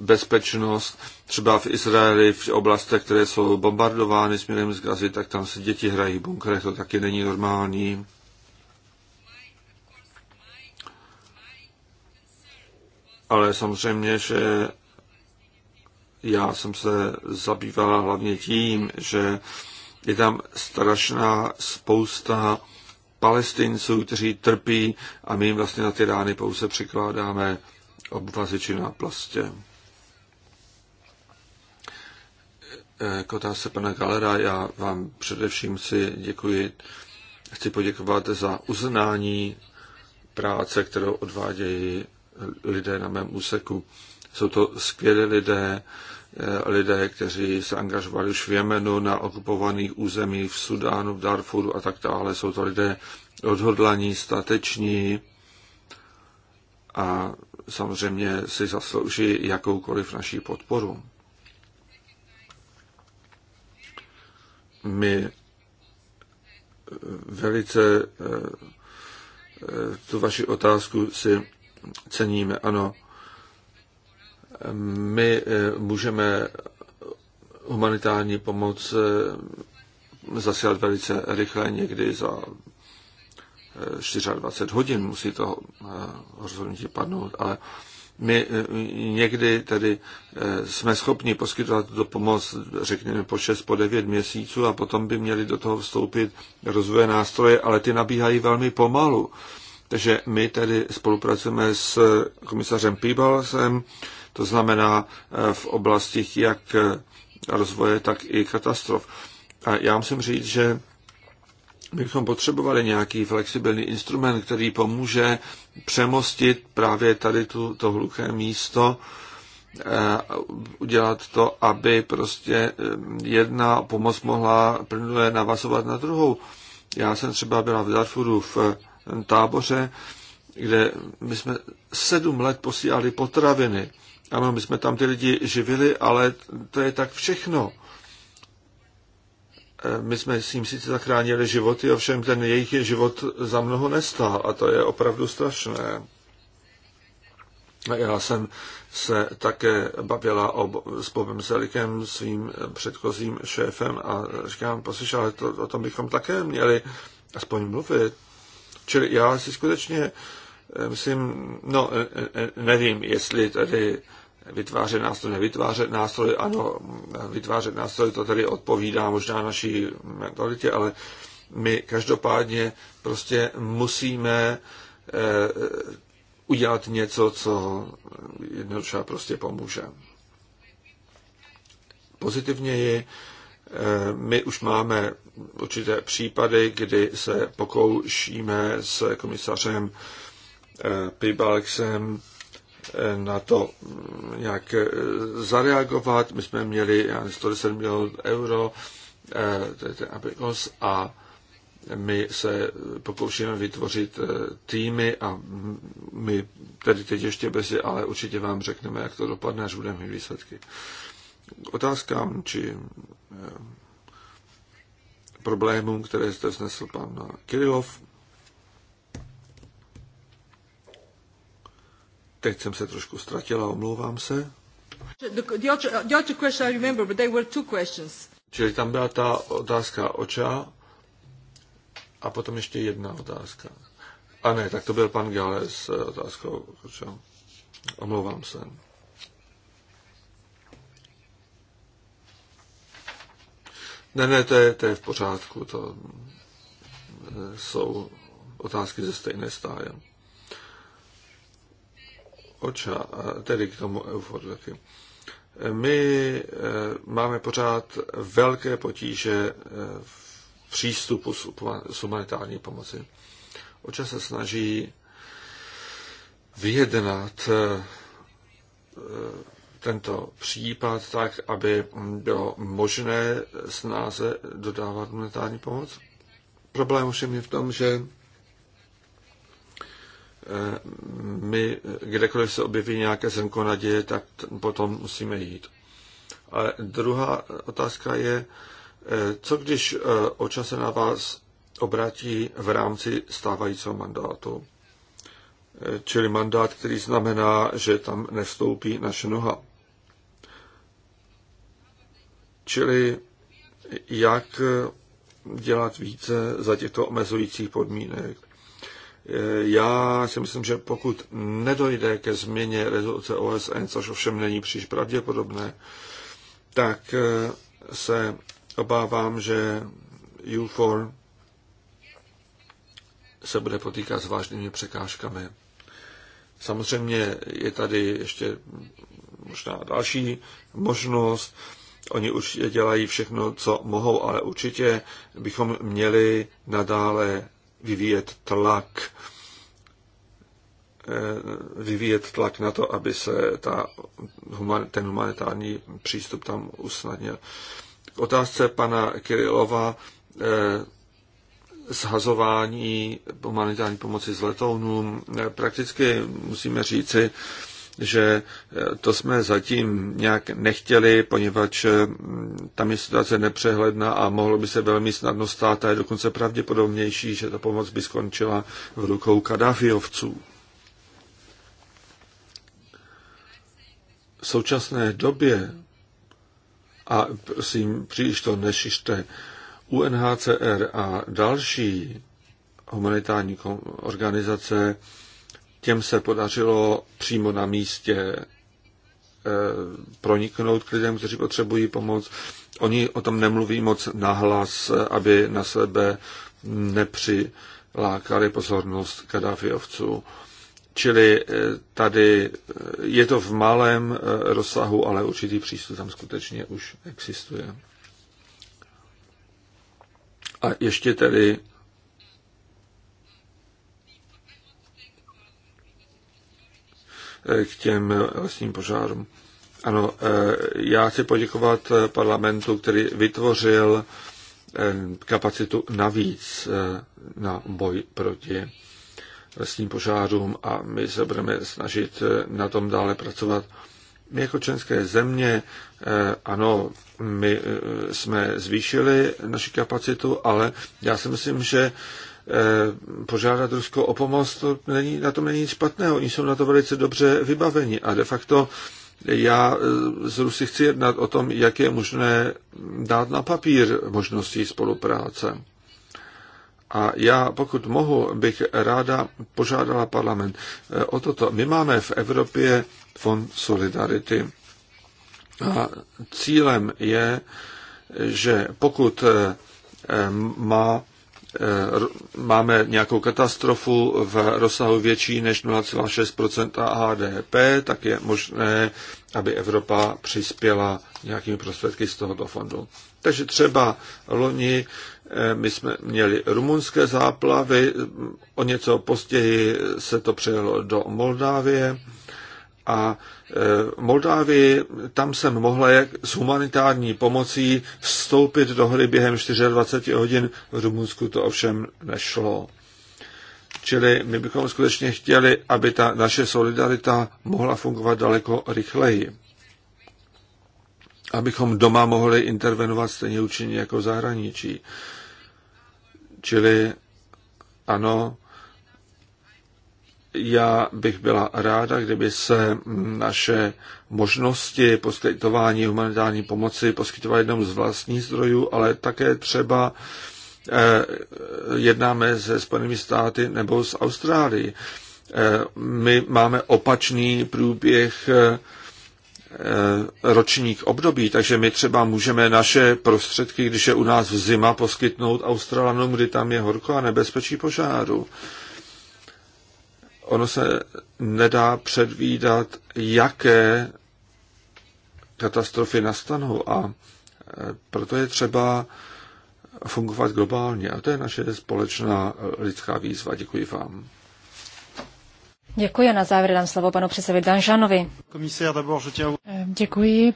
bezpečnost třeba v Izraeli, v oblastech, které jsou bombardovány směrem z Gazy, tak tam se děti hrají v bunkrech, to taky není normální. Ale samozřejmě, že já jsem se zabýval hlavně tím, že je tam strašná spousta palestinců, kteří trpí a my jim vlastně na ty rány pouze přikládáme obvazy či plastě. K otázce pana Galera, já vám především si děkuji, chci poděkovat za uznání práce, kterou odvádějí lidé na mém úseku. Jsou to skvělí lidé, eh, lidé, kteří se angažovali už v Jemenu, na okupovaných územích v Sudánu, v Darfuru a tak dále. Jsou to lidé odhodlaní, stateční a samozřejmě si zaslouží jakoukoliv naší podporu. my eh, velice eh, eh, tu vaši otázku si ceníme. Ano, my můžeme humanitární pomoc zasílat velice rychle, někdy za 24 hodin musí to rozhodnutí padnout, ale my e, někdy tedy e, jsme schopni poskytovat tuto pomoc, řekněme, po 6, po 9 měsíců a potom by měli do toho vstoupit rozvoje nástroje, ale ty nabíhají velmi pomalu. Takže my tedy spolupracujeme s komisařem Píbalsem, to znamená e, v oblastích jak rozvoje, tak i katastrof. A já musím říct, že bychom potřebovali nějaký flexibilní instrument, který pomůže přemostit právě tady tu, to hluché místo, eh, udělat to, aby prostě eh, jedna pomoc mohla plynule navazovat na druhou. Já jsem třeba byla v Darfuru v eh, táboře, kde my jsme sedm let posílali potraviny. Ano, my jsme tam ty lidi živili, ale to je tak všechno my jsme s ním sice zachránili životy, ovšem ten jejich život za mnoho nestál a to je opravdu strašné. Já jsem se také bavila o, s Bobem Zelikem, svým předchozím šéfem a říkám, poslyšel, ale to, o tom bychom také měli aspoň mluvit. Čili já si skutečně eh, myslím, no eh, eh, nevím, jestli tady Vytvářet nástroje, nevytvářet nástroje, ano, vytvářet nástroje, to tedy odpovídá možná naší mentalitě, ale my každopádně prostě musíme eh, udělat něco, co jednoduše prostě pomůže. Pozitivně je, eh, my už máme určité případy, kdy se pokoušíme s komisařem eh, Pibalksem na to nějak mm, e, zareagovat. My jsme měli 110 milionů euro e, a my se pokoušíme vytvořit e, týmy a my tedy teď ještě brzy, ale určitě vám řekneme, jak to dopadne, až budeme mít výsledky. Otázkám či problémům, které jste vznesl pan Kirilov. Teď jsem se trošku ztratila, omlouvám se. Čili tam byla ta otázka oča a potom ještě jedna otázka. A ne, tak to byl pan Gale s eh, otázkou oča. Omlouvám se. Ne, ne, to je, to je v pořádku. To eh, jsou otázky ze stejné stáje. Oča, eh, tedy k tomu euforleky. Eh, my eh, máme pořád velké potíže v přístupu s humanitární pomoci. Oča se snaží vyjednat tento případ tak, aby bylo možné snáze dodávat humanitární pomoc. Problém už je v tom, že my, kdekoliv se objeví nějaké zrnko naděje, tak potom musíme jít. A druhá otázka je, eh, co když eh, oča se na vás obrátí v rámci stávajícího mandátu? Eh, čili mandát, který znamená, že tam nevstoupí naše noha. Čili jak dělat více za těchto omezujících podmínek. Já si myslím, že pokud nedojde ke změně rezoluce OSN, což ovšem není příliš pravděpodobné, tak eh, se obávám, že U4 se bude potýkat s vážnými překážkami. Samozřejmě je tady ještě možná další možnost. Oni určitě dělají všechno, co mohou, ale určitě bychom měli nadále vyvíjet tlak eh, vyvíjet tlak na to, aby se ta, ten humanitární přístup tam usnadnil. K otázce pana Kirilova zhazování eh, humanitární pomoci z letounů. Eh, prakticky musíme říci, že eh, to jsme zatím nějak nechtěli, poněvadž eh, tam je situace nepřehledná a mohlo by se velmi snadno stát a je dokonce pravděpodobnější, že ta pomoc by skončila v rukou Kadáfiovců. V současné době, a prosím, příliš to nešište, UNHCR a další humanitární organizace těm se podařilo přímo na místě eh, proniknout k lidem, kteří potřebují pomoc. Oni o tom nemluví moc nahlas, aby na sebe nepřilákali pozornost Kadáfiovců. Čili eh, tady eh, je to v malém rozsahu, ale určitý přístup tam skutečně už existuje. A ještě tedy k těm lesním požárům. Ano, e, já chci poděkovat parlamentu, který vytvořil e, kapacitu navíc e, na boj proti lesním požárům a my se budeme snažit na tom dále pracovat. My jako členské země, ano, my jsme zvýšili naši kapacitu, ale já si myslím, že Eh, požádat Rusko o pomoc, to není, na tom není nic špatného. Oni jsou na to velice dobře vybaveni a de facto já eh, z Rusy chci jednat o tom, jak je možné dát na papír možnosti spolupráce. A já, pokud mohu, bych ráda požádala parlament eh, o toto. My máme v Evropě fond Solidarity. A cílem je, že pokud má Eh, máme nějakou katastrofu v rozsahu větší než 0,6 HDP, tak je možné, aby Evropa přispěla nějakými prostředky z tohoto fondu. Takže třeba loni eh, my jsme měli rumunské záplavy, o něco postěji se to přejelo do Moldávie a e, Moldávii, tam jsem mohla jak s humanitární pomocí vstoupit do hry během 24 hodin, v Rumunsku to ovšem nešlo. Čili my bychom skutečně chtěli, aby ta naše solidarita mohla fungovat daleko rychleji. Abychom doma mohli intervenovat stejně účinně jako v zahraničí. Čili ano, já bych byla ráda, kdyby se naše možnosti poskytování humanitární pomoci poskytovaly jenom z vlastních zdrojů, ale také třeba eh, jednáme se Spojenými státy nebo s Austrálií. Eh, my máme opačný průběh eh, ročních období, takže my třeba můžeme naše prostředky, když je u nás v zima, poskytnout Australanům, kdy tam je horko a nebezpečí požáru ono se nedá předvídat, jaké katastrofy nastanou a e, proto je třeba fungovat globálně a to je naše společná e, lidská výzva. Děkuji vám. Děkuji a na závěr dám slovo panu předsedovi Danžanovi. E, děkuji.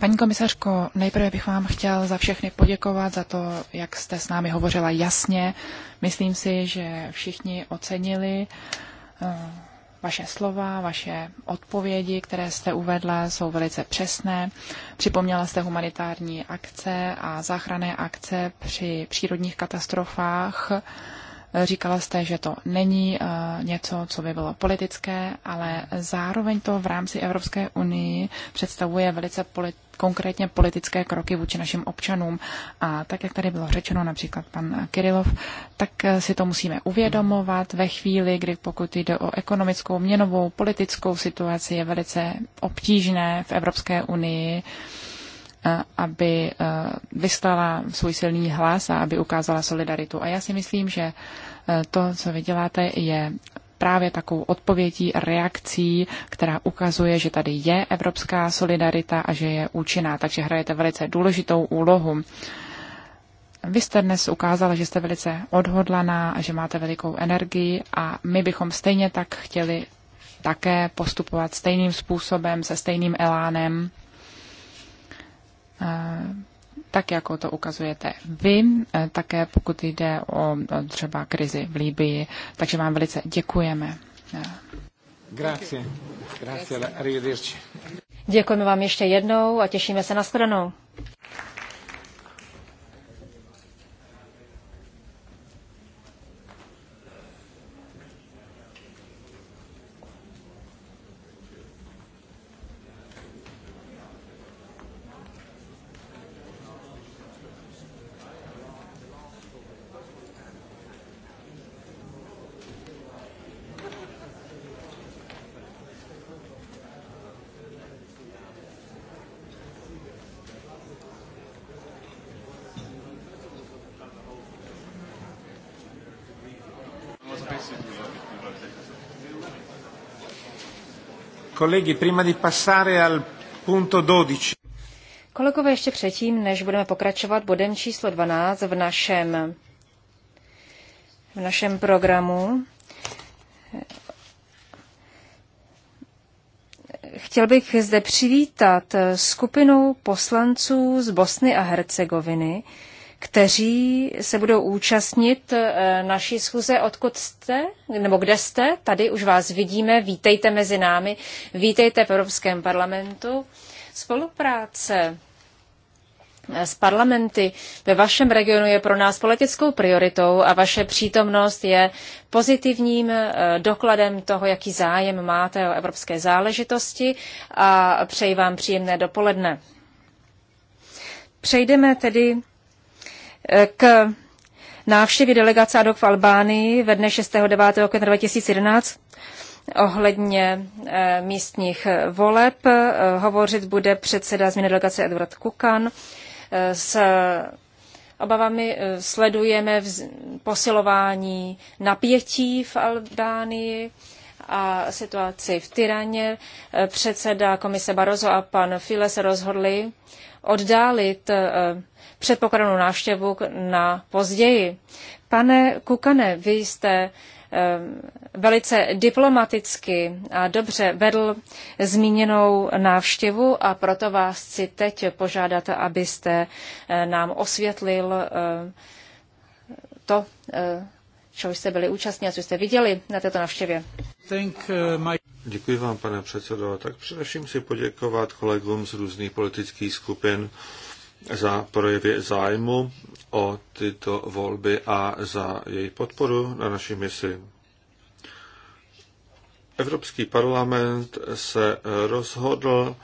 Paní komisařko, nejprve bych vám chtěl za všechny poděkovat za to, jak jste s námi hovořila jasně. Myslím si, že všichni ocenili uh, Eh, vaše slova, vaše odpovědi, které jste uvedla, jsou velice přesné. Připomněla jste humanitární akce a záchranné akce při přírodních katastrofách. Říkala jste, že to není eh, něco, co by bylo politické, ale zároveň to v rámci Evropské unii představuje velice politické konkrétně politické kroky vůči našim občanům. A tak, jak tady bylo řečeno, například pan Kirilov, tak eh, si to musíme uvědomovat ve chvíli, kdy pokud jde o ekonomickou, měnovou, politickou situaci, je velice obtížné v Evropské unii eh, aby vystala svůj silný hlas a aby ukázala solidaritu. A já si myslím, že to, co vy děláte, je právě takovou odpovědí, reakcí, která ukazuje, že tady je evropská solidarita a že je účinná, takže hrajete velice důležitou úlohu. Vy jste dnes ukázala, že jste velice odhodlaná a že máte velikou energii a my bychom stejně tak chtěli také postupovat stejným způsobem, se stejným elánem tak jako to ukazujete vy, eh, také pokud jde o třeba krizi v Líbii. Takže vám velice děkujeme. Grazie. Grazie. Děkujeme vám ještě jednou a těšíme se na shledanou. Kolegi, prima di passare al punto 12. Kolegové, ještě předtím, než budeme pokračovat bodem číslo 12 v našem, v našem programu, chtěl bych zde přivítat skupinu poslanců z Bosny a Hercegoviny, kteří se budou účastnit e, naší schůze. Odkud jste? Nebo kde jste? Tady už vás vidíme. Vítejte mezi námi. Vítejte v Evropském parlamentu. Spolupráce e, s parlamenty ve vašem regionu je pro nás politickou prioritou a vaše přítomnost je pozitivním e, dokladem toho, jaký zájem máte o evropské záležitosti a přeji vám příjemné dopoledne. Přejdeme tedy Eh, k návštěvě delegace ADOK v Albánii ve dne 6. 9. května 2011 ohledně eh, místních voleb. Eh, hovořit bude předseda změny delegace Edward Kukan. S obavami sledujeme posilování napětí v Albánii a situaci v Tyraně. Předseda komise Barozo a pan File se rozhodli oddálit eh, předpokladnou návštěvu na později. Pane Kukane, vy jste eh, velice diplomaticky a dobře vedl zmíněnou návštěvu a proto vás chci teď požádat, abyste eh, nám osvětlil to, čeho jste byli účastní a co jste viděli na této návštěvě. Děkuji vám, pane předsedo. Tak především si poděkovat kolegům z různých politických skupin za projevy zájmu o tyto volby a za její podporu na naší misi. Evropský parlament se rozhodl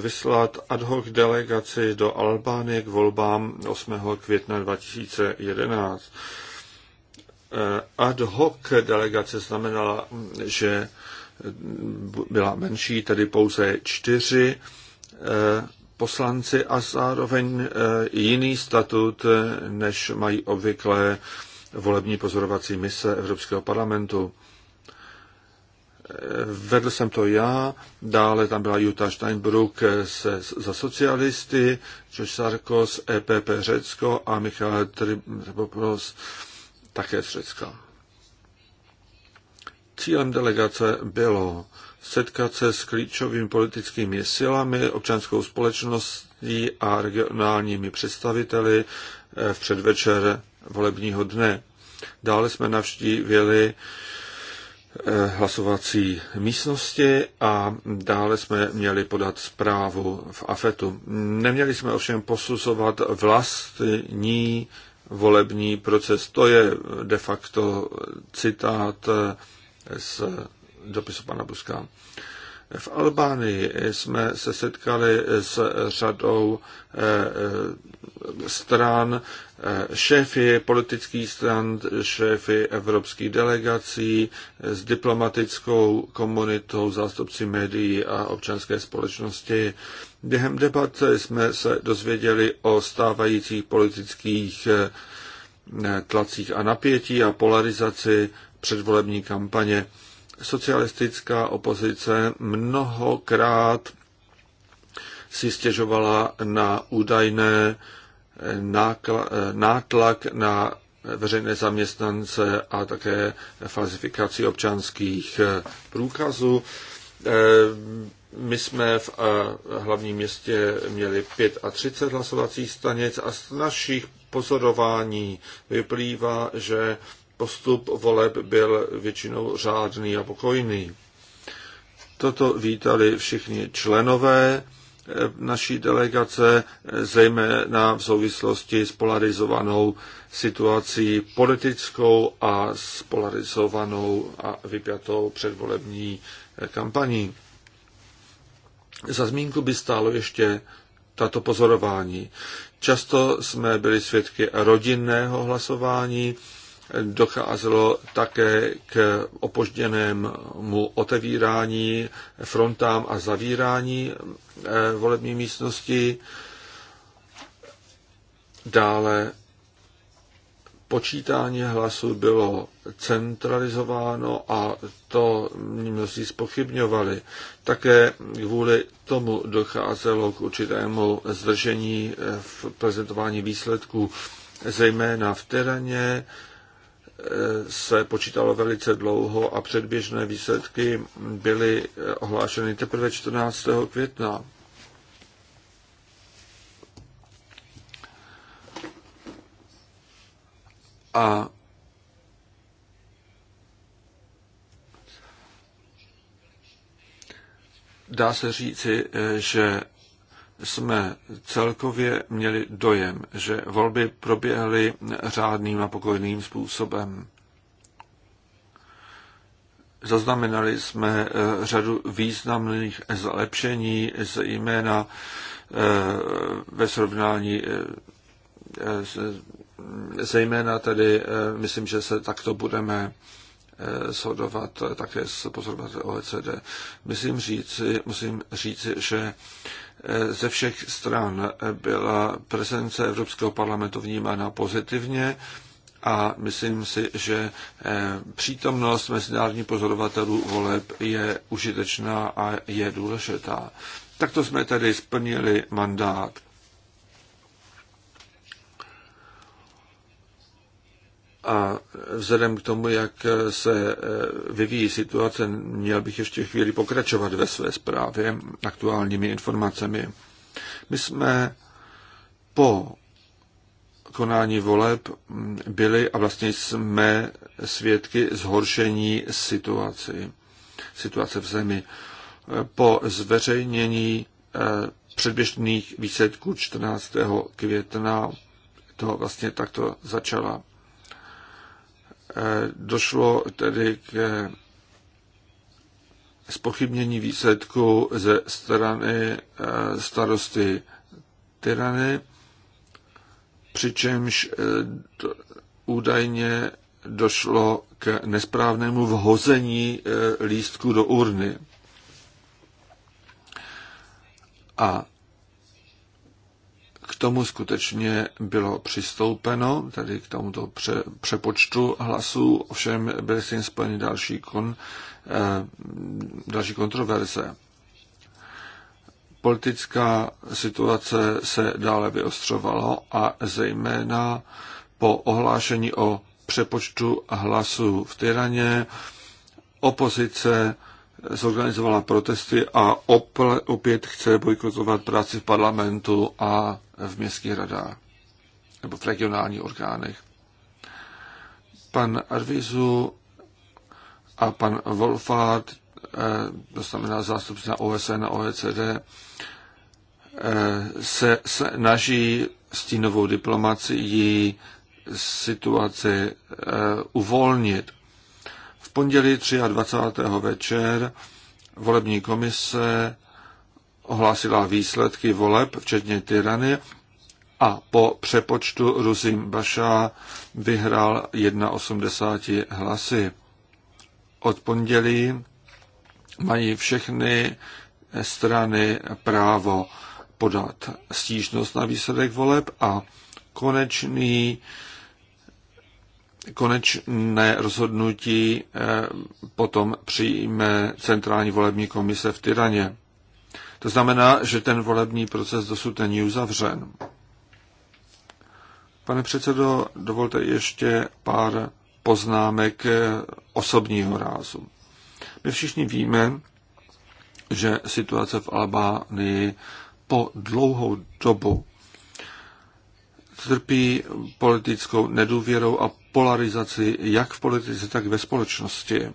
vyslat ad hoc delegaci do Albánie k volbám 8. května 2011. Ad hoc delegace znamenala, že byla menší, tedy pouze čtyři eh, poslanci a zároveň eh, jiný statut, eh, než mají obvykle volební pozorovací mise Evropského parlamentu. Vedl jsem to já, dále tam byla Jutta Steinbrück se, za socialisty, George Sarkos, EPP Řecko a Michal Tribopoulos také z Řecka. Cílem delegace bylo setkat se s klíčovými politickými silami, občanskou společností a regionálními představiteli eh, v předvečer volebního dne. Dále jsme navštívili eh, hlasovací místnosti a dále jsme měli podat zprávu v AFETu. Neměli jsme ovšem posuzovat vlastní volební proces. To je de facto citát eh, z dopisu pana Buska. V Albánii jsme se setkali s řadou eh, stran, eh, šéfy politických stran, šéfy evropských delegací, s diplomatickou komunitou, zástupci médií a občanské společnosti. Během debat jsme se dozvěděli o stávajících politických eh, tlacích a napětí a polarizaci předvolební kampaně. Socialistická opozice mnohokrát si stěžovala na údajné eh, eh, nátlak na veřejné zaměstnance a také falzifikaci občanských eh, průkazů. My jsme v hlavním městě měli 35 hlasovacích stanic a z našich pozorování vyplývá, že postup voleb byl většinou řádný a pokojný. Toto vítali všichni členové eh, naší delegace, eh, zejména v souvislosti s polarizovanou situací politickou a s polarizovanou a vypjatou předvolební eh, kampaní. Za zmínku by stálo ještě tato pozorování. Často jsme byli svědky rodinného hlasování, docházelo také k opožděnému otevírání frontám a zavírání eh, volební místnosti. Dále počítání hlasů bylo centralizováno a to mnozí spochybňovali. Také kvůli tomu docházelo k určitému zdržení eh, v prezentování výsledků, zejména v teréně, se počítalo velice dlouho a předběžné výsledky byly ohlášeny teprve 14. května. A dá se říci, že jsme celkově měli dojem, že volby proběhly řádným a pokojným způsobem. Zaznamenali jsme eh, řadu významných zlepšení, zejména eh, ve srovnání eh, zejména tedy myslím, že se takto budeme shodovat také s pozorovat OECD. Myslím říci, musím říci, že Eh, ze všech stran eh, byla prezence Evropského parlamentu vnímána pozitivně a myslím si, že eh, přítomnost mezinárodních pozorovatelů voleb je užitečná a je důležitá. Takto jsme tedy splnili mandát. A vzhledem k tomu, jak se eh, vyvíjí situace, měl bych ještě chvíli pokračovat ve své zprávě aktuálními informacemi. My jsme po konání voleb mm, byli a vlastně jsme svědky zhoršení situaci, situace v zemi. Eh, po zveřejnění eh, předběžných výsledků 14. května to vlastně takto začala Eh, došlo tedy k eh, spochybnění výsledku ze strany eh, starosty Tyrany, přičemž údajně došlo k nesprávnému vhození lístku do urny. A k tomu skutečně bylo přistoupeno, tedy k tomuto pře- přepočtu hlasů, ovšem byly s tím spojeny další, kon, eh, další kontroverze. Politická situace se dále vyostřovala a zejména po ohlášení o přepočtu hlasů v Tyraně opozice zorganizovala protesty a opět chce bojkotovat práci v parlamentu a v městských radách nebo v regionálních orgánech. Pan Arvizu a pan Wolfard, eh, to znamená zástupci na OSN a OECD, eh, se snaží stínovou diplomacii situaci eh, uvolnit. V pondělí 23. večer volební komise ohlásila výsledky voleb, včetně Tyrany, a po přepočtu Ruzim Baša vyhrál 1,80 hlasy. Od pondělí mají všechny strany právo podat stížnost na výsledek voleb a konečný, konečné rozhodnutí eh, potom přijme Centrální volební komise v Tyraně. To znamená, že ten volební proces dosud není uzavřen. Pane předsedo, dovolte ještě pár poznámek osobního rázu. My všichni víme, že situace v Albánii po dlouhou dobu trpí politickou nedůvěrou a polarizaci jak v politice, tak ve společnosti.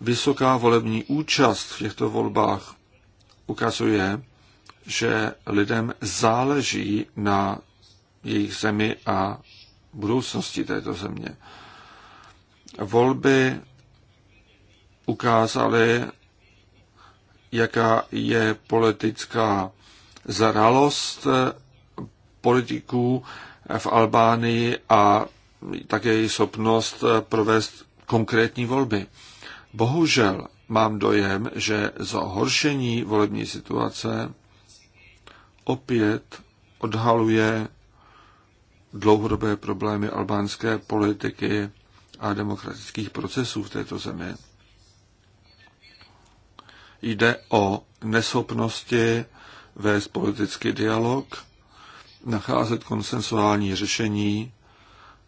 Vysoká volební účast v těchto volbách ukazuje, že lidem záleží na jejich zemi a budoucnosti této země. Volby ukázaly, jaká je politická zralost politiků v Albánii a také její schopnost provést konkrétní volby. Bohužel mám dojem, že za horšení volební situace opět odhaluje dlouhodobé problémy albánské politiky a demokratických procesů v této zemi. Jde o neschopnosti vést politický dialog, nacházet konsensuální řešení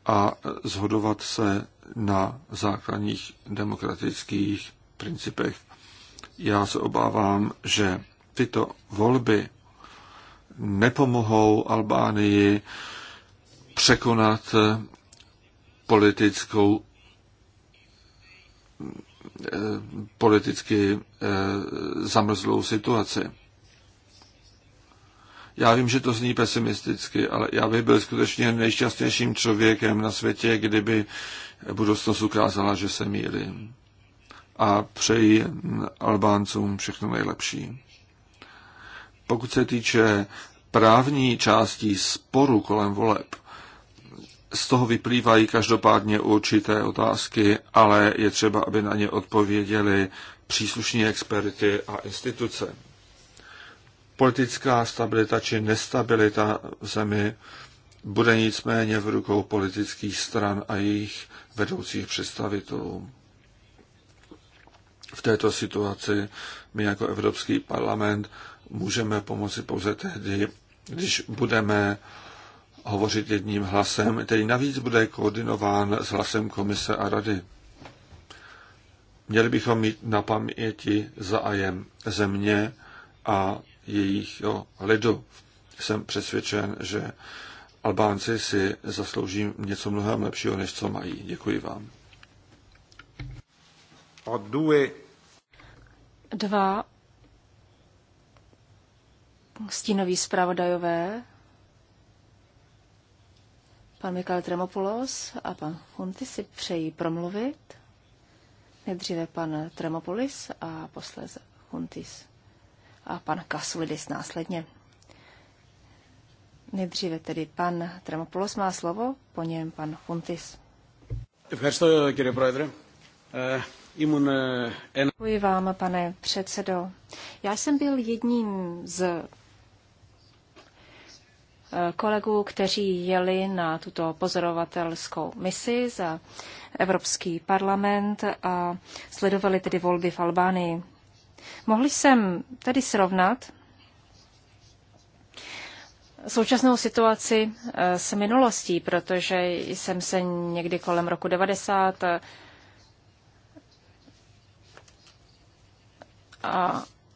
a zhodovat se na základních demokratických principech. Já se obávám, že tyto volby nepomohou Albánii překonat politickou eh, politicky eh, zamrzlou situaci. Já vím, že to zní pesimisticky, ale já bych byl skutečně nejšťastnějším člověkem na světě, kdyby budoucnost ukázala, že se mýlím a přeji Albáncům všechno nejlepší. Pokud se týče právní části sporu kolem voleb, z toho vyplývají každopádně určité otázky, ale je třeba, aby na ně odpověděli příslušní experty a instituce. Politická stabilita či nestabilita v zemi bude nicméně v rukou politických stran a jejich vedoucích představitelů. V této situaci my jako Evropský parlament můžeme pomoci pouze tehdy, když budeme hovořit jedním hlasem, který navíc bude koordinován s hlasem komise a rady. Měli bychom mít na paměti zájem země a jejich lidu. Jsem přesvědčen, že Albánci si zaslouží něco mnohem lepšího, než co mají. Děkuji vám. Ho due... Dva stínoví zpravodajové, pan Mikal Tremopoulos a pan Hunty si přejí promluvit. Nejdříve pan Tremopolis a posléze Huntis a pan Kasulidis následně. Nejdříve tedy pan Tremopoulos má slovo, po něm pan Huntis. Ευχαριστώ κύριε Eh, Děkuji vám, pane předsedo. Já jsem byl jedním z eh, kolegů, kteří jeli na tuto pozorovatelskou misi za Evropský parlament a sledovali tedy volby v Albánii. Mohli jsem tedy srovnat současnou situaci eh, s minulostí, protože jsem se někdy kolem roku 90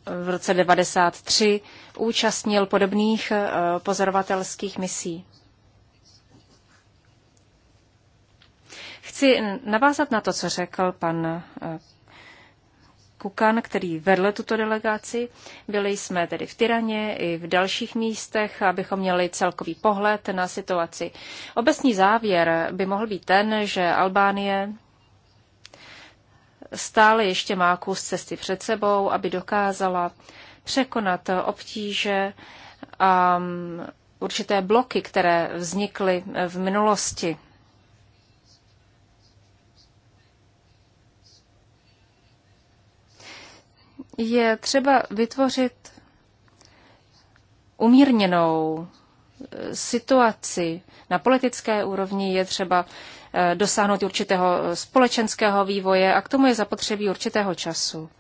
v roce 1993 účastnil podobných eh, pozorovatelských misí. Chci navázat na to, co řekl pan eh, Kukan, který vedl tuto delegaci. Byli jsme tedy v Tyraně i v dalších místech, abychom měli celkový pohled na situaci. Obecný závěr by mohl být ten, že Albánie stále ještě má kus cesty před sebou, aby dokázala překonat obtíže a mm, určité bloky, které vznikly v minulosti. Je třeba vytvořit umírněnou e, situaci. Na politické úrovni je třeba Eh, dosáhnout určitého eh, společenského vývoje a k tomu je zapotřebí určitého času.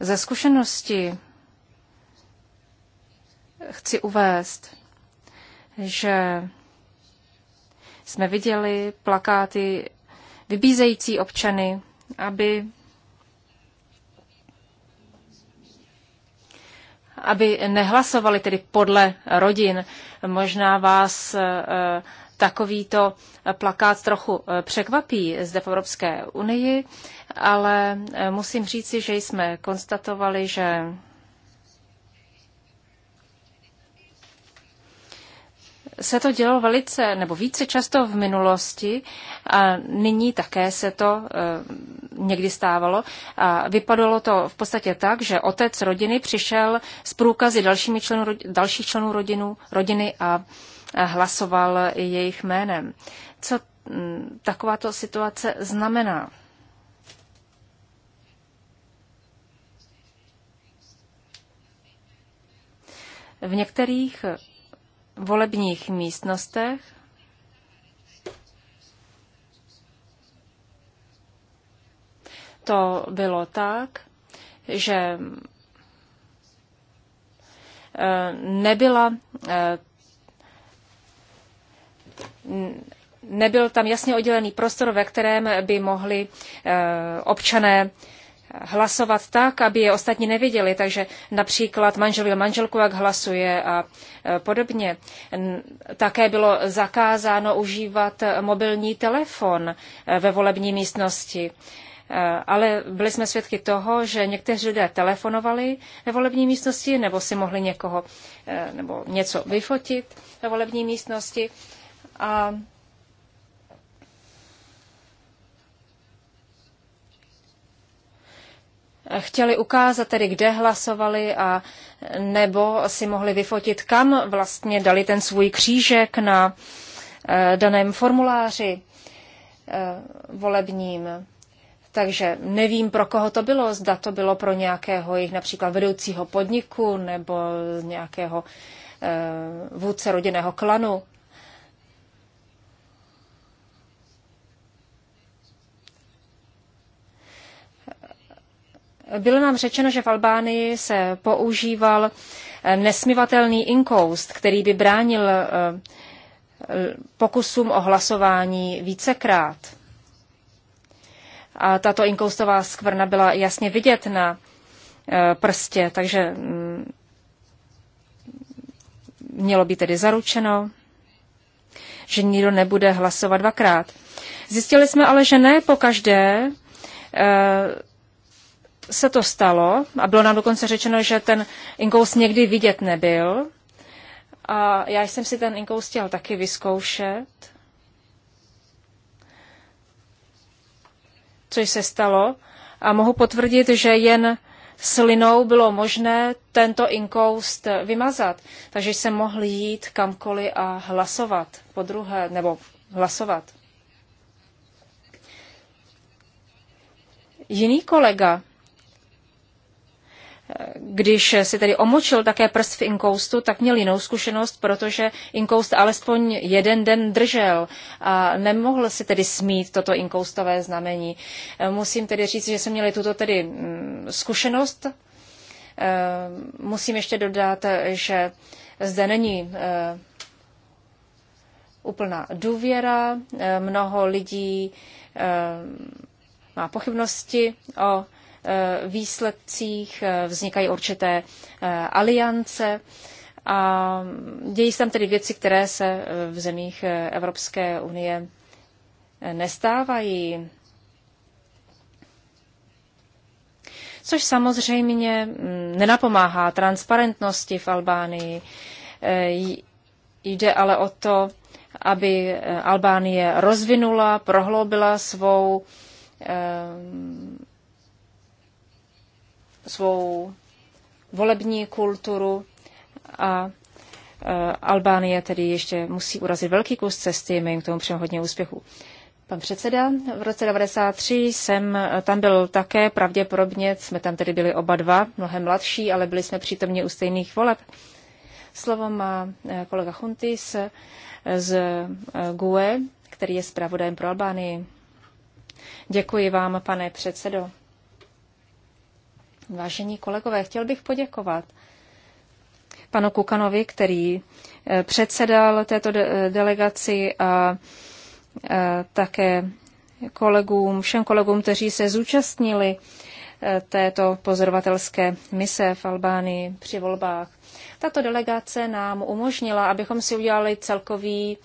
Ze zkušenosti chci uvést, že jsme viděli plakáty vybízející občany, aby aby nehlasovali tedy podle rodin. Možná vás eh, takovýto plakát trochu eh, překvapí zde v Evropské unii, ale eh, musím říci, že jsme konstatovali, že se to dělo velice nebo více často v minulosti a nyní také se to e, někdy stávalo. A vypadalo to v podstatě tak, že otec rodiny přišel s průkazy dalšími členů, dalších členů rodinu, rodiny a hlasoval jejich jménem. Co takováto situace znamená? V některých volebních místnostech to bylo tak, že eh, nebyla eh, nebyl tam jasně oddělený prostor, ve kterém by mohli eh, občané hlasovat tak, aby je ostatní neviděli. Takže například manžel viděl manželku, jak hlasuje a eh, podobně. Také bylo zakázáno užívat mobilní telefon eh, ve volební místnosti. Ale byli jsme svědky toho, že někteří lidé telefonovali ve volební místnosti nebo si mohli někoho nebo něco vyfotit ve volební místnosti. A chtěli ukázat tedy, kde hlasovali a nebo si mohli vyfotit, kam vlastně dali ten svůj křížek na eh, daném formuláři eh, volebním. Takže nevím, pro koho to bylo, zda to bylo pro nějakého jejich například vedoucího podniku nebo nějakého eh, vůdce rodinného klanu. Bylo nám řečeno, že v Albánii se používal eh, nesmivatelný inkoust, který by bránil eh, eh, pokusům o hlasování vícekrát. A tato inkoustová skvrna byla jasně vidět na prstě, takže mm, mělo být tedy zaručeno, že nikdo nebude hlasovat dvakrát. Zjistili jsme ale, že ne po každé se to stalo a bylo nám dokonce řečeno, že ten inkous někdy vidět nebyl. A já jsem si ten inkous chtěl taky vyzkoušet. Což se stalo. A mohu potvrdit, že jen slinou bylo možné tento inkoust vymazat. Takže jsem mohl jít kamkoliv a hlasovat po druhé, nebo hlasovat. Jiný kolega když si tedy omočil také prst v inkoustu, tak měl jinou zkušenost, protože inkoust alespoň jeden den držel a nemohl si tedy smít toto inkoustové znamení. Eh, musím tedy říct, že jsme měli tuto tedy mm, zkušenost. Eh, musím ještě dodat, že zde není eh, úplná důvěra, mnoho lidí má pochybnosti o Eh, výsledcích, eh, vznikají určité eh, aliance a dějí se tam tedy věci, které se v zemích Evropské unie nestávají. Což samozřejmě mm, nenapomáhá transparentnosti v Albánii. Jde ale o to, aby Albánie rozvinula, prohloubila svou svou volební kulturu a e, Albánie tedy ještě musí urazit velký kus cesty, my jim k tomu přejeme hodně úspěchů. Pan předseda, v roce 1993 jsem e, tam byl také, pravděpodobně jsme tam tedy byli oba dva, mnohem mladší, ale byli jsme přítomně u stejných voleb. Slovo má e, kolega Huntis z GUE, který je zpravodajem pro Albánii. Děkuji vám, pane předsedo. Vážení kolegové, chtěl bych poděkovat panu Kukanovi, který eh, předsedal této de- eh, delegaci a eh, také kolegům, všem kolegům, kteří se zúčastnili této pozorovatelské mise v Albánii při volbách. Tato delegace nám umožnila, abychom si udělali celkový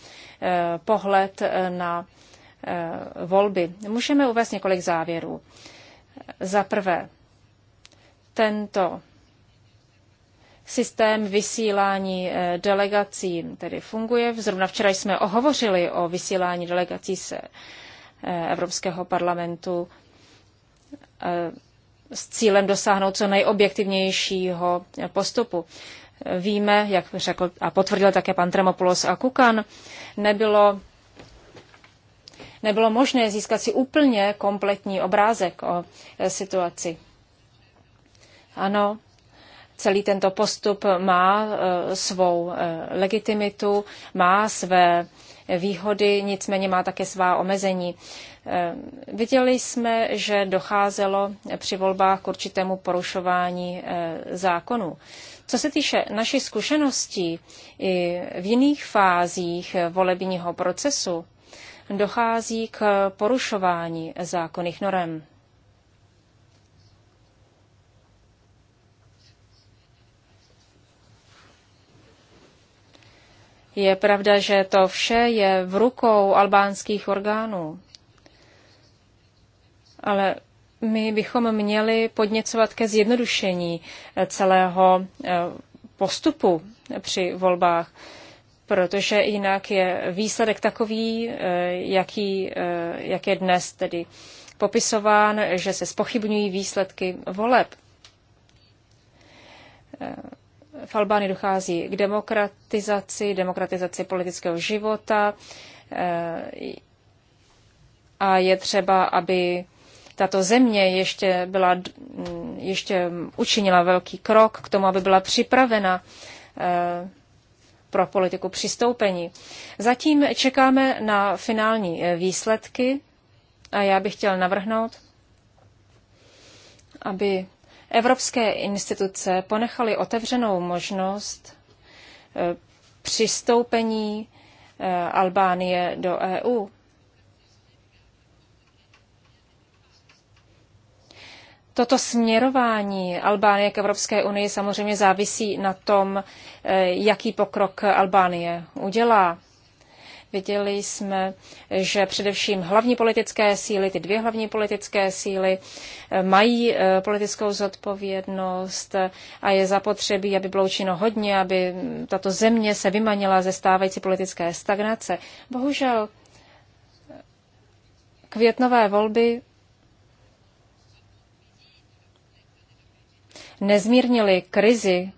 pohled na volby. Můžeme uvést několik závěrů. Za prvé, tento systém vysílání eh, delegací tedy funguje. Zrovna včera jsme ohovořili o vysílání delegací se eh, Evropského parlamentu eh, s cílem dosáhnout co nejobjektivnějšího postupu. Víme, jak řekl a potvrdil také pan Tremopoulos a Kukan, nebylo, nebylo možné získat si úplně kompletní obrázek o situaci. Ano, celý tento postup má eh, svou eh, legitimitu, má své výhody, nicméně má také svá omezení. Eh, viděli jsme, že docházelo při volbách k určitému porušování zákonů. Co se týče našich zkušeností i v jiných fázích volebního procesu, dochází k porušování zákonných norem. Je pravda, že to vše je v rukou albánských orgánů. Ale my bychom měli podněcovat ke zjednodušení eh, celého eh, postupu při volbách, protože jinak je výsledek takový, eh, jaký, jak je dnes tedy popisován, že se spochybňují výsledky voleb v Albánii dochází k demokratizaci, demokratizaci politického života eh, a je třeba, aby tato země ještě, byla, mm, ještě učinila velký krok k tomu, aby byla připravena eh, pro politiku přistoupení. Zatím čekáme na finální eh, výsledky a já bych chtěl navrhnout, aby Evropské instituce ponechaly otevřenou možnost eh, přistoupení eh, Albánie do EU. Toto směrování Albánie k Evropské unii samozřejmě závisí na tom, eh, jaký pokrok Albánie udělá. Viděli jsme, že především hlavní politické síly, ty dvě hlavní politické síly, eh, mají eh, politickou zodpovědnost a je zapotřebí, aby bylo učino hodně, aby tato země se vymanila ze stávající politické stagnace. Bohužel eh, květnové volby nezmírnily krizi,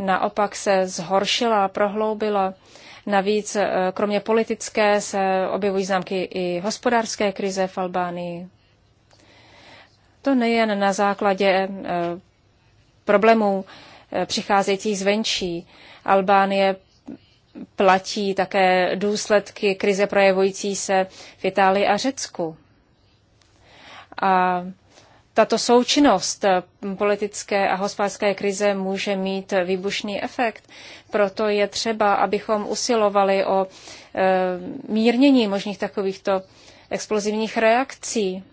naopak se zhoršila a prohloubila. Navíc eh, kromě politické se objevují známky i hospodářské krize v Albánii. To nejen na základě eh, problémů eh, přicházejících zvenčí. Albánie platí také důsledky krize projevující se v Itálii a Řecku. A tato součinnost eh, politické a hospodářské krize může mít výbušný efekt. Proto je třeba, abychom usilovali o eh, mírnění možných takovýchto explozivních reakcí.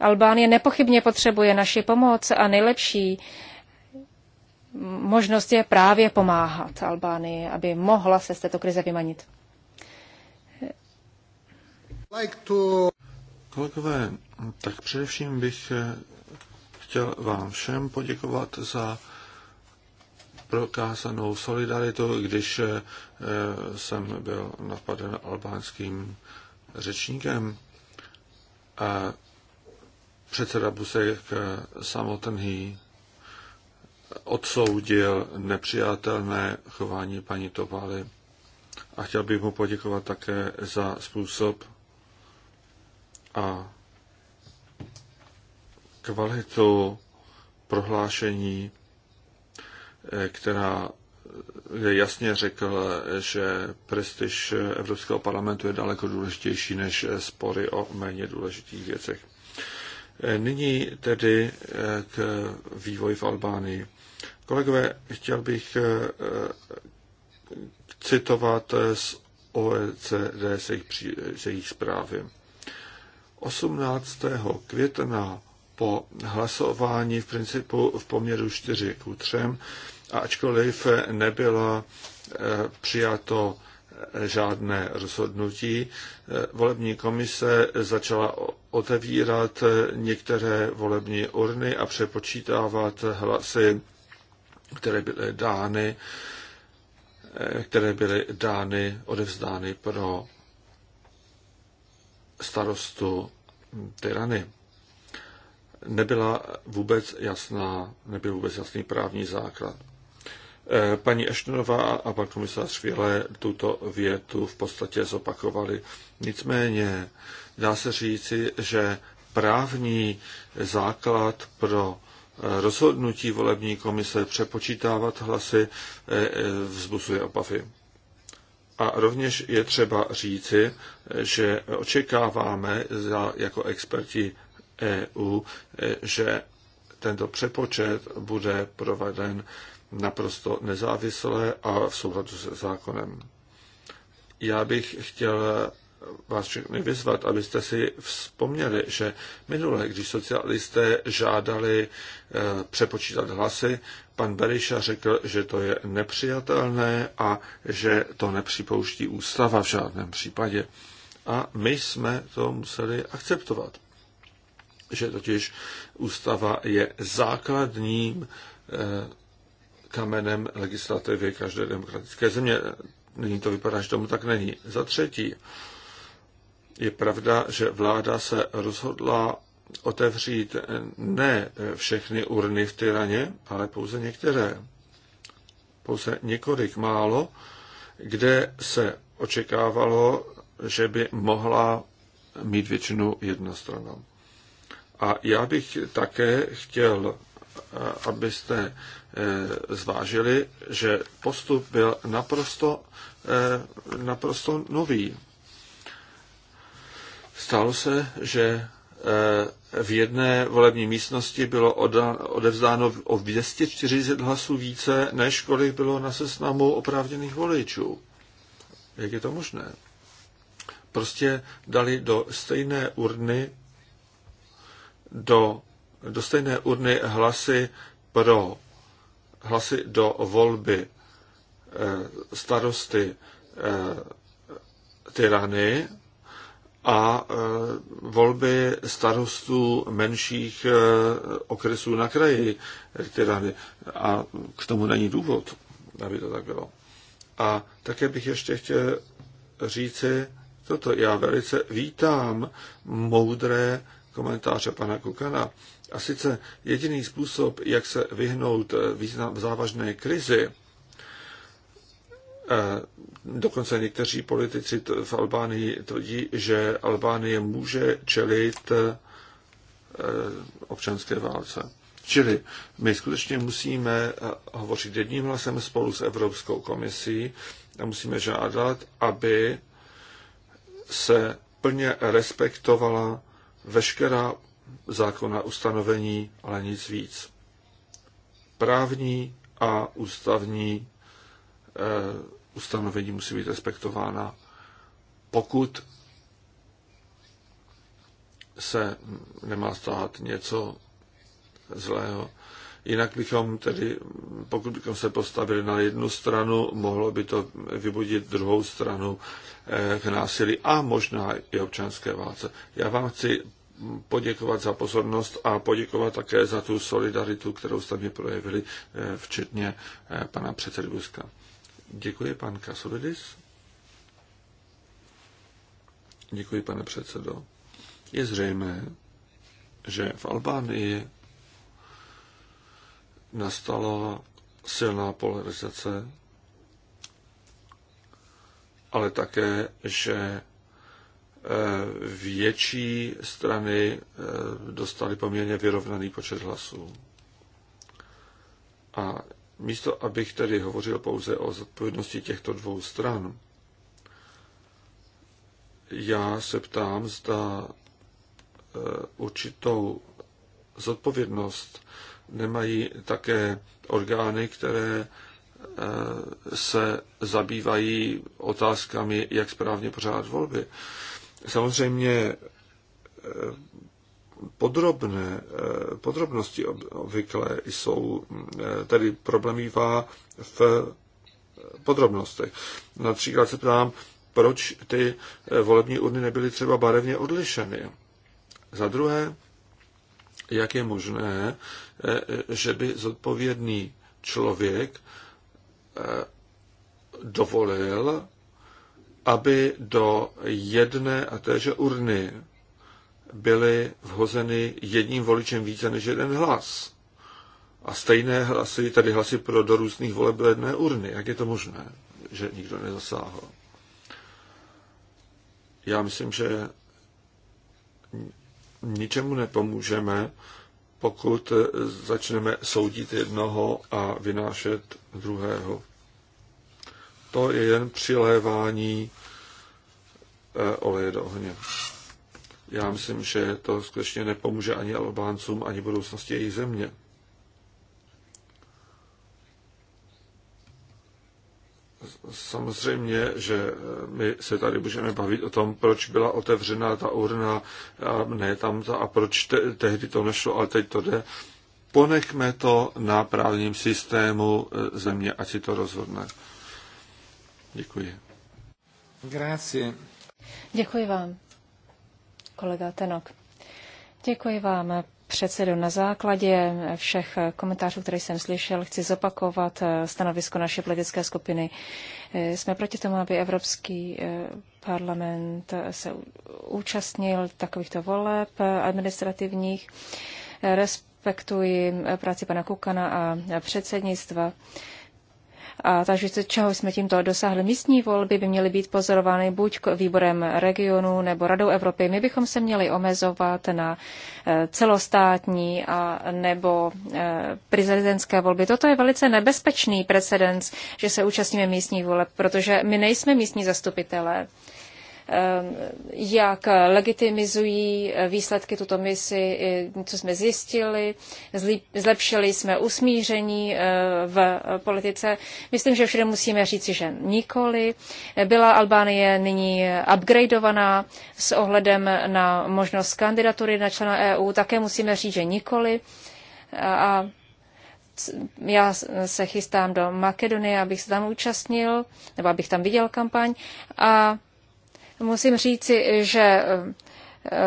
Albánie nepochybně potřebuje naši pomoc a nejlepší možnost je právě pomáhat Albánii, aby mohla se z této krize vymanit. Like to... Kolegové, tak především bych eh, chtěl vám všem poděkovat za prokázanou solidaritu, když eh, jsem byl napaden albánským řečníkem. A předseda Busek eh, samotný odsoudil nepřijatelné chování paní Tovaly a chtěl bych mu poděkovat také za způsob a kvalitu prohlášení, eh, která eh, jasně řekl, že prestiž Evropského parlamentu je daleko důležitější než spory o méně důležitých věcech. Eh, nyní tedy k vývoji v Albánii. Kolegové, chtěl bych citovat z OECD z jejich, zprávy. 18. května po hlasování v principu v poměru 4 k 3 a ačkoliv nebylo e, přijato e, žádné rozhodnutí. E, volební komise začala otevírat některé volební urny a přepočítávat hlasy, které byly dány, které byly dány, odevzdány pro starostu Tyrany nebyla vůbec jasná, nebyl vůbec jasný právní základ. Eh, paní Eštonová a pan komisař Švěle tuto větu v podstatě zopakovali. Nicméně dá se říci, že právní základ pro eh, rozhodnutí volební komise přepočítávat hlasy eh, vzbuzuje obavy. A rovněž je třeba říci, že očekáváme za, jako experti EU, eh, že tento přepočet bude proveden naprosto nezávisle a v souladu se zákonem. Já bych chtěl vás všechny vyzvat, abyste si vzpomněli, že minule, když socialisté žádali eh, přepočítat hlasy, pan Beriša řekl, že to je nepřijatelné a že to nepřipouští ústava v žádném případě. A my jsme to museli akceptovat že totiž ústava je základním eh, kamenem legislativy každé demokratické země. Nyní to vypadá, že tomu tak není. Za třetí, je pravda, že vláda se rozhodla otevřít ne všechny urny v Tyraně, ale pouze některé. Pouze několik málo, kde se očekávalo, že by mohla mít většinu jedna strana. A já bych také chtěl, eh, abyste eh, zvážili, že postup byl naprosto, eh, naprosto nový. Stalo se, že v jedné volební místnosti bylo odevzdáno o 240 hlasů více, než kolik bylo na seznamu oprávněných voličů. Jak je to možné? Prostě dali do stejné urny do, do stejné urny hlasy pro, hlasy do volby eh, starosty eh, tyrany a eh, volby starostů menších okresů na kraji tyrany. A k tomu není důvod, aby to tak bylo. A také bych ještě chtěl říci toto. Já velice vítám moudré komentáře pana Kukana. A sice jediný způsob, jak se vyhnout význam, závažné krizi, eh, Dokonce někteří politici v Albánii tvrdí, že Albánie může čelit eh, občanské válce. Čili my skutečně musíme eh, hovořit jedním hlasem spolu s Evropskou komisí a musíme žádat, aby se plně respektovala veškerá zákona ustanovení, ale nic víc. Právní a ústavní e, ustanovení musí být respektována, pokud se nemá stát něco zlého. Jinak bychom tedy, pokud bychom se postavili na jednu stranu, mohlo by to vybudit druhou stranu eh, k násilí a možná i občanské válce. Já vám chci poděkovat za pozornost a poděkovat také za tu solidaritu, kterou jste mi projevili, eh, včetně eh, pana předsedy Buska. Děkuji, pan Kasolidis. Děkuji, pane předsedo. Je zřejmé, že v Albánii nastala silná polarizace, ale také, že eh, větší strany eh, dostaly poměrně vyrovnaný počet hlasů. A místo, abych tedy hovořil pouze o zodpovědnosti těchto dvou stran, já se ptám, zda eh, určitou zodpovědnost nemají také orgány, které eh, se zabývají otázkami, jak správně pořádat volby. Samozřejmě eh, podrobné, eh, podrobnosti obvykle jsou, tedy problém v podrobnostech. Například se ptám, proč ty volební urny nebyly třeba barevně odlišeny. Za druhé, jak je možné, e, e, že by zodpovědný člověk e, dovolil, aby do jedné a téže urny byly vhozeny jedním voličem více než jeden hlas. A stejné hlasy, tady hlasy pro do různých voleb do jedné urny. Jak je to možné, že nikdo nezasáhl? Já myslím, že ničemu nepomůžeme, pokud začneme soudit jednoho a vynášet druhého. To je jen přilévání eh, oleje do ohně. Já myslím, že to skutečně nepomůže ani Albáncům, ani budoucnosti jejich země. samozřejmě, že eh, my se tady můžeme bavit o tom, proč byla otevřena ta urna a ne tam ta a proč te, tehdy to nešlo, ale teď to jde. Ponechme to na právním systému eh, země, ať si to rozhodne. Děkuji. Grazie. Děkuji vám, kolega Tenok. Děkuji vám, předsedo, na základě všech komentářů, které jsem slyšel, chci zopakovat eh, stanovisko naší politické skupiny. Eh, jsme proti tomu, aby Evropský eh, parlament se účastnil takovýchto voleb administrativních. Respektuji práci pana Kukana a předsednictva. A takže čeho jsme tímto dosáhli? Místní volby by měly být pozorovány buď výborem regionu nebo Radou Evropy. My bychom se měli omezovat na e, celostátní a nebo e, prezidentské volby. Toto je velice nebezpečný precedens, že se účastníme místních voleb, protože my nejsme místní zastupitelé. Ehm, jak legitimizují výsledky tuto misi, co jsme zjistili. Zlepšili jsme usmíření eh, v politice. Myslím, že všude musíme říci, že nikoli. Byla Albánie nyní upgradeovaná s ohledem na možnost kandidatury na člena EU. Také musíme říct, že nikoli. A já se chystám do Makedonie, abych se tam účastnil, nebo abych tam viděl kampaň. A Musím říci, že eh, eh,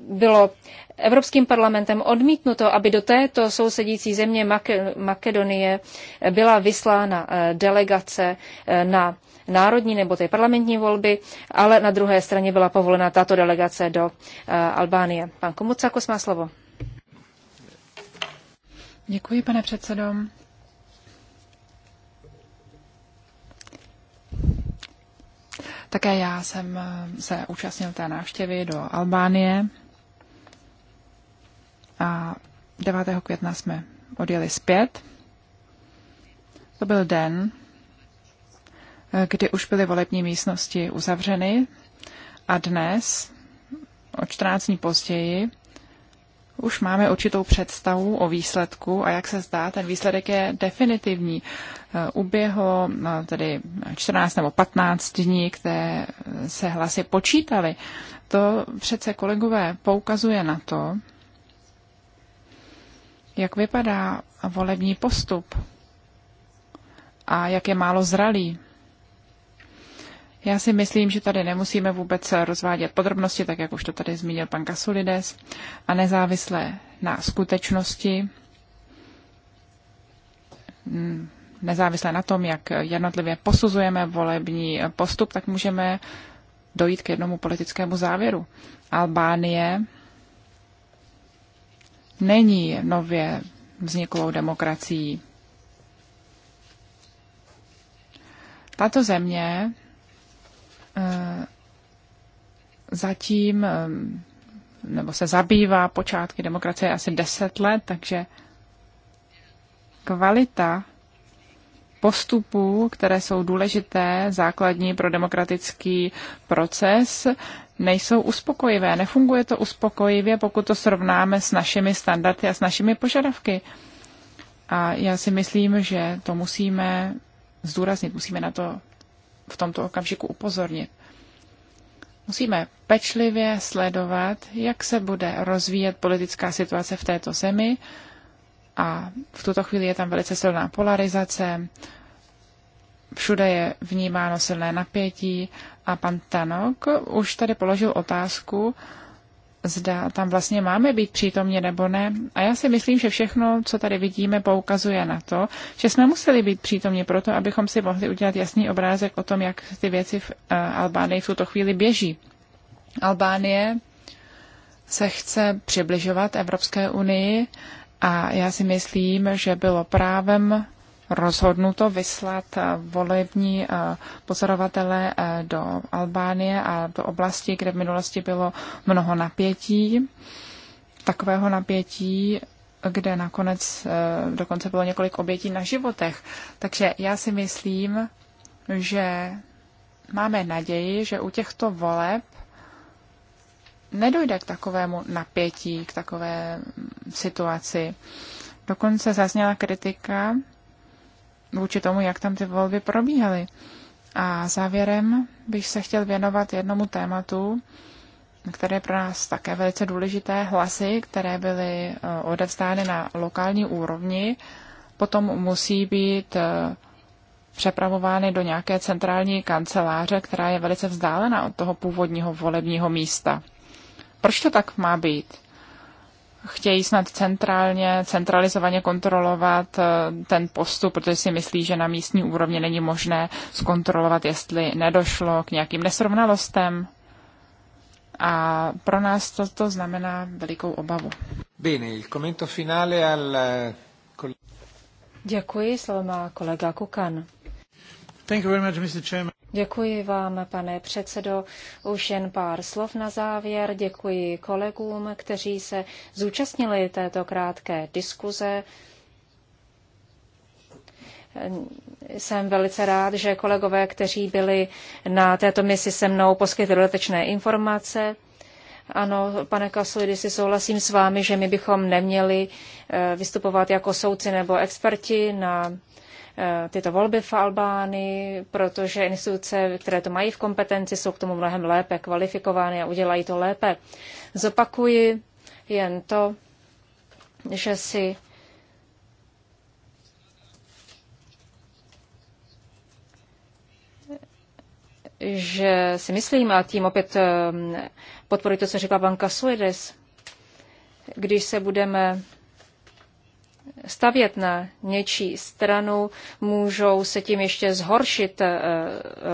bylo Evropským parlamentem odmítnuto, aby do této sousedící země Makedonie byla vyslána eh, delegace na národní nebo té parlamentní volby, ale na druhé straně byla povolena tato delegace do Albánie. Pan Komucakos má slovo. Děkuji, pane předsedo. Také já jsem eh, se účastnil té návštěvy do Albánie a 9. května jsme odjeli zpět. To byl den, eh, kdy už byly volební místnosti uzavřeny a dnes, o 14 dní později, už máme určitou představu o výsledku a jak se zdá, ten výsledek je definitivní. Eh, uběhlo no, tedy 14 nebo 15 dní, které se hlasy počítaly. To přece kolegové poukazuje na to, jak vypadá volební postup a jak je málo zralý. Já si myslím, že tady nemusíme vůbec rozvádět podrobnosti, tak jak už to tady zmínil pan Kasulides, a nezávisle na skutečnosti, mm, nezávisle na tom, jak jednotlivě posuzujeme volební postup, tak můžeme dojít k jednomu politickému závěru. Albánie není nově vzniklou demokracií. Tato země Eh, zatím nebo se zabývá počátky demokracie asi 10 let, takže kvalita postupů, které jsou důležité, základní pro demokratický proces, nejsou uspokojivé. Nefunguje to uspokojivě, pokud to srovnáme s našimi standardy a s našimi požadavky. A já si myslím, že to musíme zdůraznit, musíme na to v tomto okamžiku upozornit. Musíme pečlivě sledovat, jak se bude rozvíjet politická situace v této zemi a v tuto chvíli je tam velice silná polarizace, všude je vnímáno silné napětí a pan Tanok už tady položil otázku, zda tam vlastně máme být přítomně nebo ne. A já si myslím, že všechno, co tady vidíme, poukazuje na to, že jsme museli být přítomně proto, abychom si mohli udělat jasný obrázek o tom, jak ty věci v eh, Albánii v tuto chvíli běží. Albánie se chce přibližovat Evropské unii a já si myslím, že bylo právem rozhodnuto vyslat eh, volební eh, pozorovatele eh, do Albánie a do oblasti, kde v minulosti bylo mnoho napětí, takového napětí, kde nakonec dokonce bylo několik obětí na životech. Takže já si myslím, že máme naději, že u těchto voleb nedojde k takovému napětí, k takové mm, situaci. Dokonce zazněla kritika, vůči tomu, jak tam ty volby probíhaly. A závěrem bych se chtěl věnovat jednomu tématu, které je pro nás také velice důležité, hlasy, které byly eh, odevzdány na lokální úrovni, potom musí být eh, přepravovány do nějaké centrální kanceláře, která je velice vzdálená od toho původního volebního místa. Proč to tak má být? chtějí snad centrálně, centralizovaně kontrolovat eh, ten postup, protože si myslí, že na místní úrovni není možné zkontrolovat, jestli nedošlo k nějakým nesrovnalostem. A pro nás to, to znamená velikou obavu. Bene, il commento finale al... Eh, Děkuji, slovo má kolega Kukan. Thank you very much, Mr. Chairman. Děkuji vám, pane předsedo. Už jen pár slov na závěr. Děkuji kolegům, kteří se zúčastnili této krátké diskuze. Jsem velice rád, že kolegové, kteří byli na této misi se mnou, poskytli dodatečné informace. Ano, pane Kasolidisi, souhlasím s vámi, že my bychom neměli eh, vystupovat jako soudci nebo experti na Eh, tyto volby v Albánii, protože instituce, které to mají v kompetenci, jsou k tomu mnohem lépe kvalifikovány a udělají to lépe. Zopakuji jen to, že si že si myslím, a tím opět ehm, podporuji to, co říkala banka Suedes, když se budeme stavět na něčí stranu, můžou se tím ještě zhoršit eh,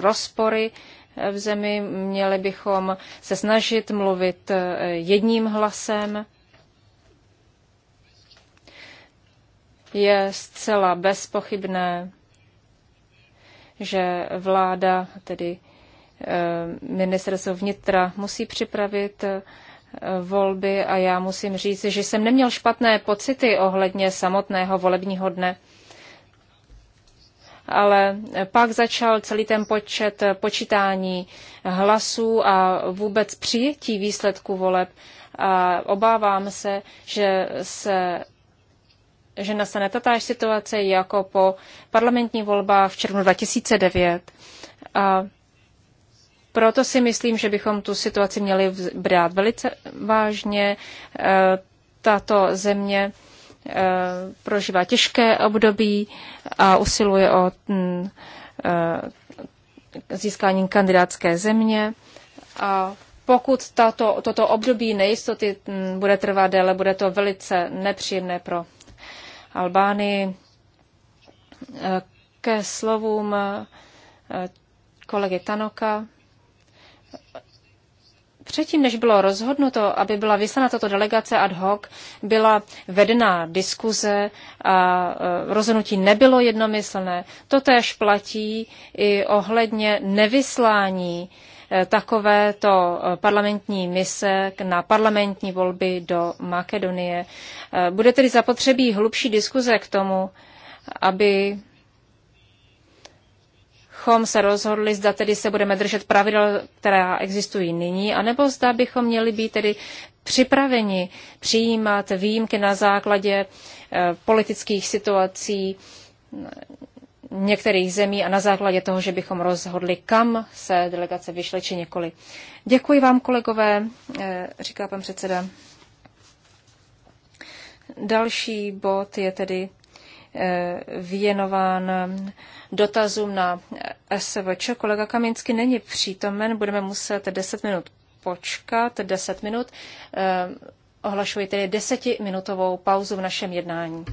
rozpory eh, v zemi, měli bychom se snažit mluvit eh, jedním hlasem. Je zcela bezpochybné, že vláda, tedy ministerstvo vnitra, musí připravit volby a já musím říct, že jsem neměl špatné pocity ohledně samotného volebního dne. Ale pak začal celý ten počet počítání hlasů a vůbec přijetí výsledku voleb. A obávám se, že se že nastane tatáž situace jako po parlamentní volbách v červnu 2009. A proto si myslím, že bychom tu situaci měli brát velice vážně. E, tato země e, prožívá těžké období a usiluje o mm, e, získání kandidátské země. A pokud tato, toto období nejistoty mm, bude trvat déle, bude to velice nepříjemné pro Albánii. Ke slovům kolegy Tanoka Předtím, než bylo rozhodnuto, aby byla vyslána tato delegace ad hoc, byla vedena diskuze a e, rozhodnutí nebylo jednomyslné. Totéž platí i ohledně nevyslání e, takovéto e, parlamentní mise na parlamentní volby do Makedonie. Bude tedy zapotřebí hlubší diskuze k tomu, aby bychom se rozhodli, zda tedy se budeme držet pravidel, která existují nyní, anebo zda bychom měli být tedy připraveni přijímat výjimky na základě eh, politických situací eh, některých zemí a na základě toho, že bychom rozhodli, kam se delegace vyšly či nikoli. Děkuji vám, kolegové, eh, říká pan předseda. Další bod je tedy Eh, věnován dotazům na SVČ. Kolega Kaminsky není přítomen, budeme muset 10 minut počkat, 10 minut. Eh, ohlašuji tedy desetiminutovou pauzu v našem jednání.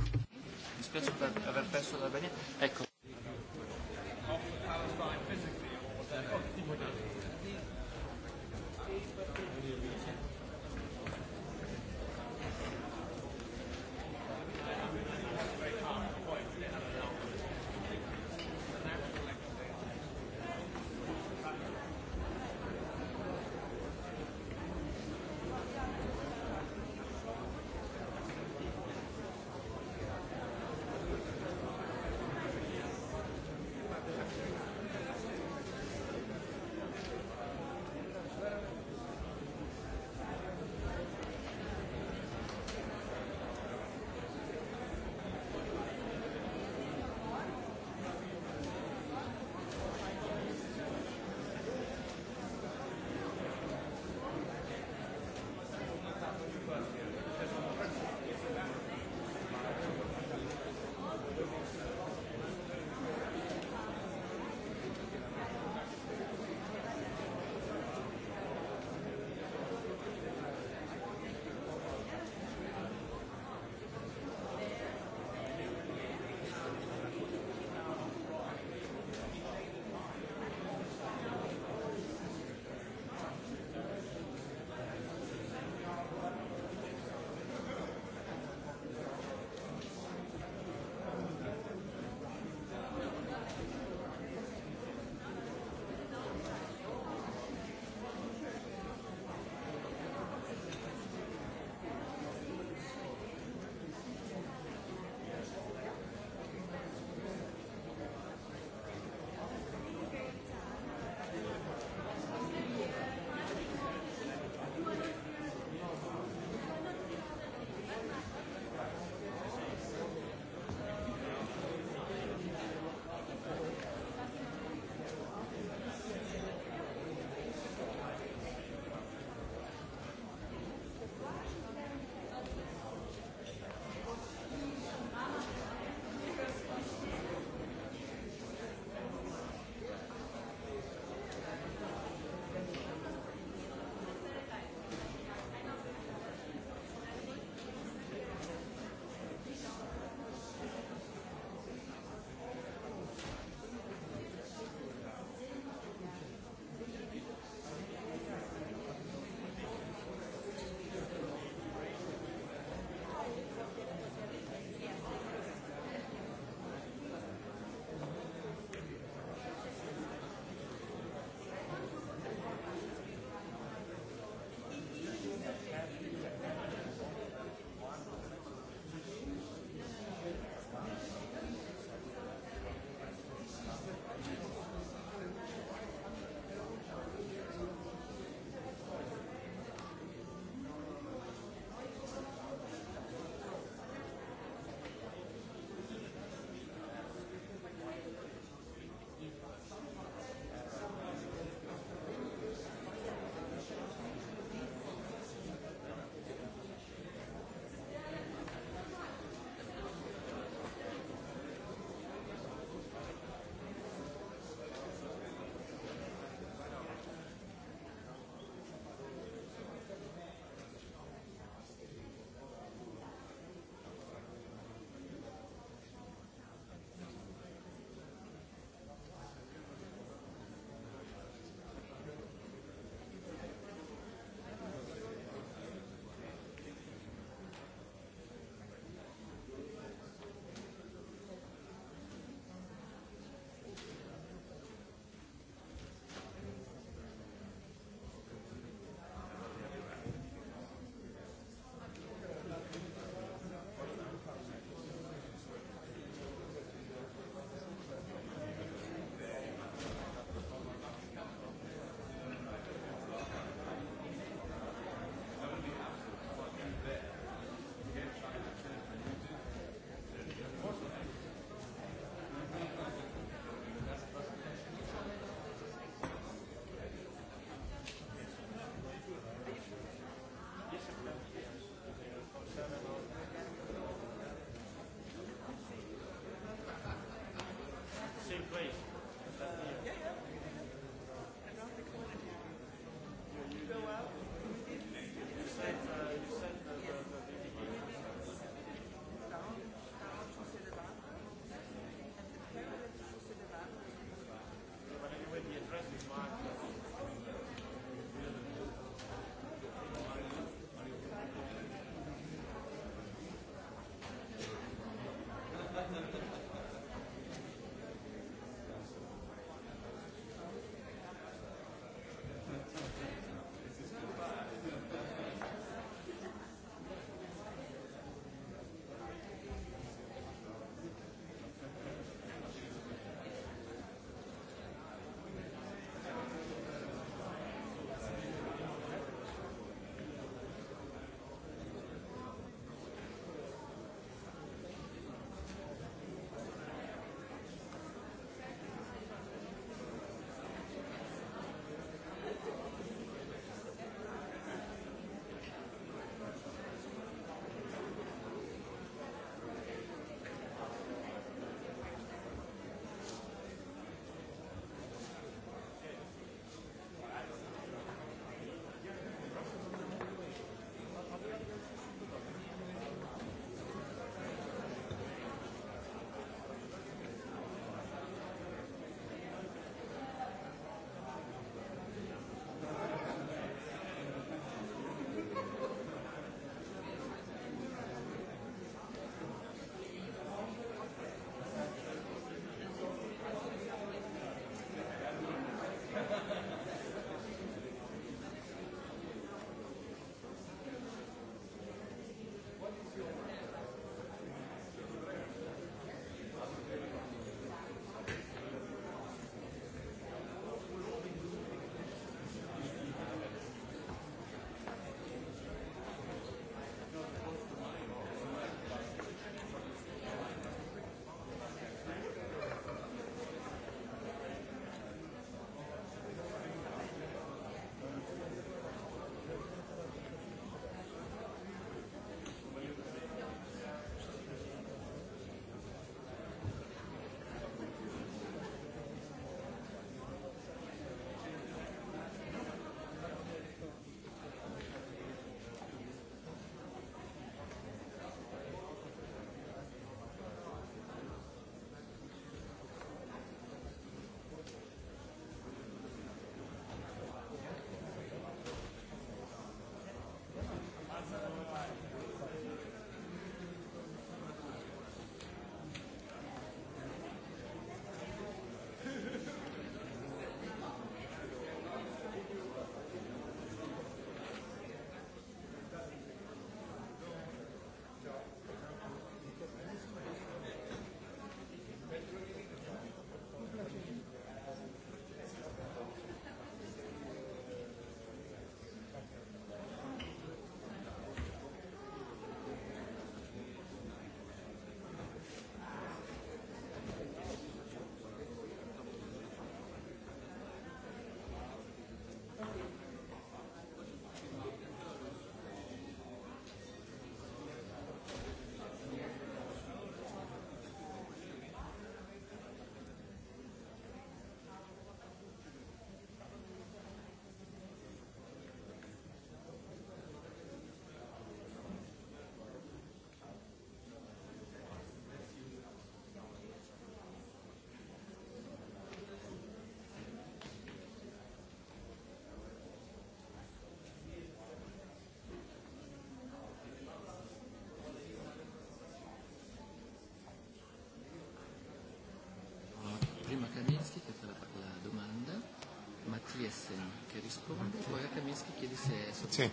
che risponde, poi a Kaminsky chiede se è sì.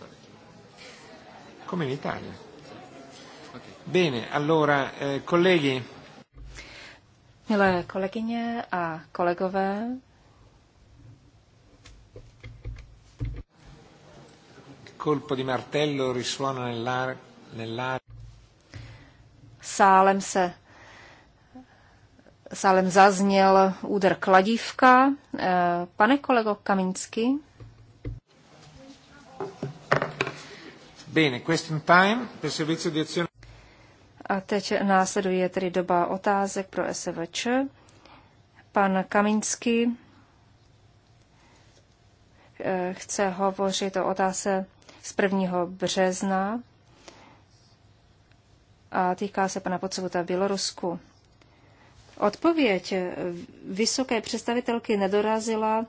Come in Italia. Okay. Bene, allora, eh, colleghi. Milé kolegyně a kolegové, colpo di martello risuona nell'aria. Nell'ar- sálem se sálem zazněl úder kladívka. Eh, pane kolego Kaminsky. Bene, question time per servizio di azione. A teď následuje tedy doba otázek pro SVČ. Pan Kaminsky eh, chce hovořit o otázce z 1. března a týká se pana Pocovuta v Bělorusku. Odpověď vysoké představitelky nedorazila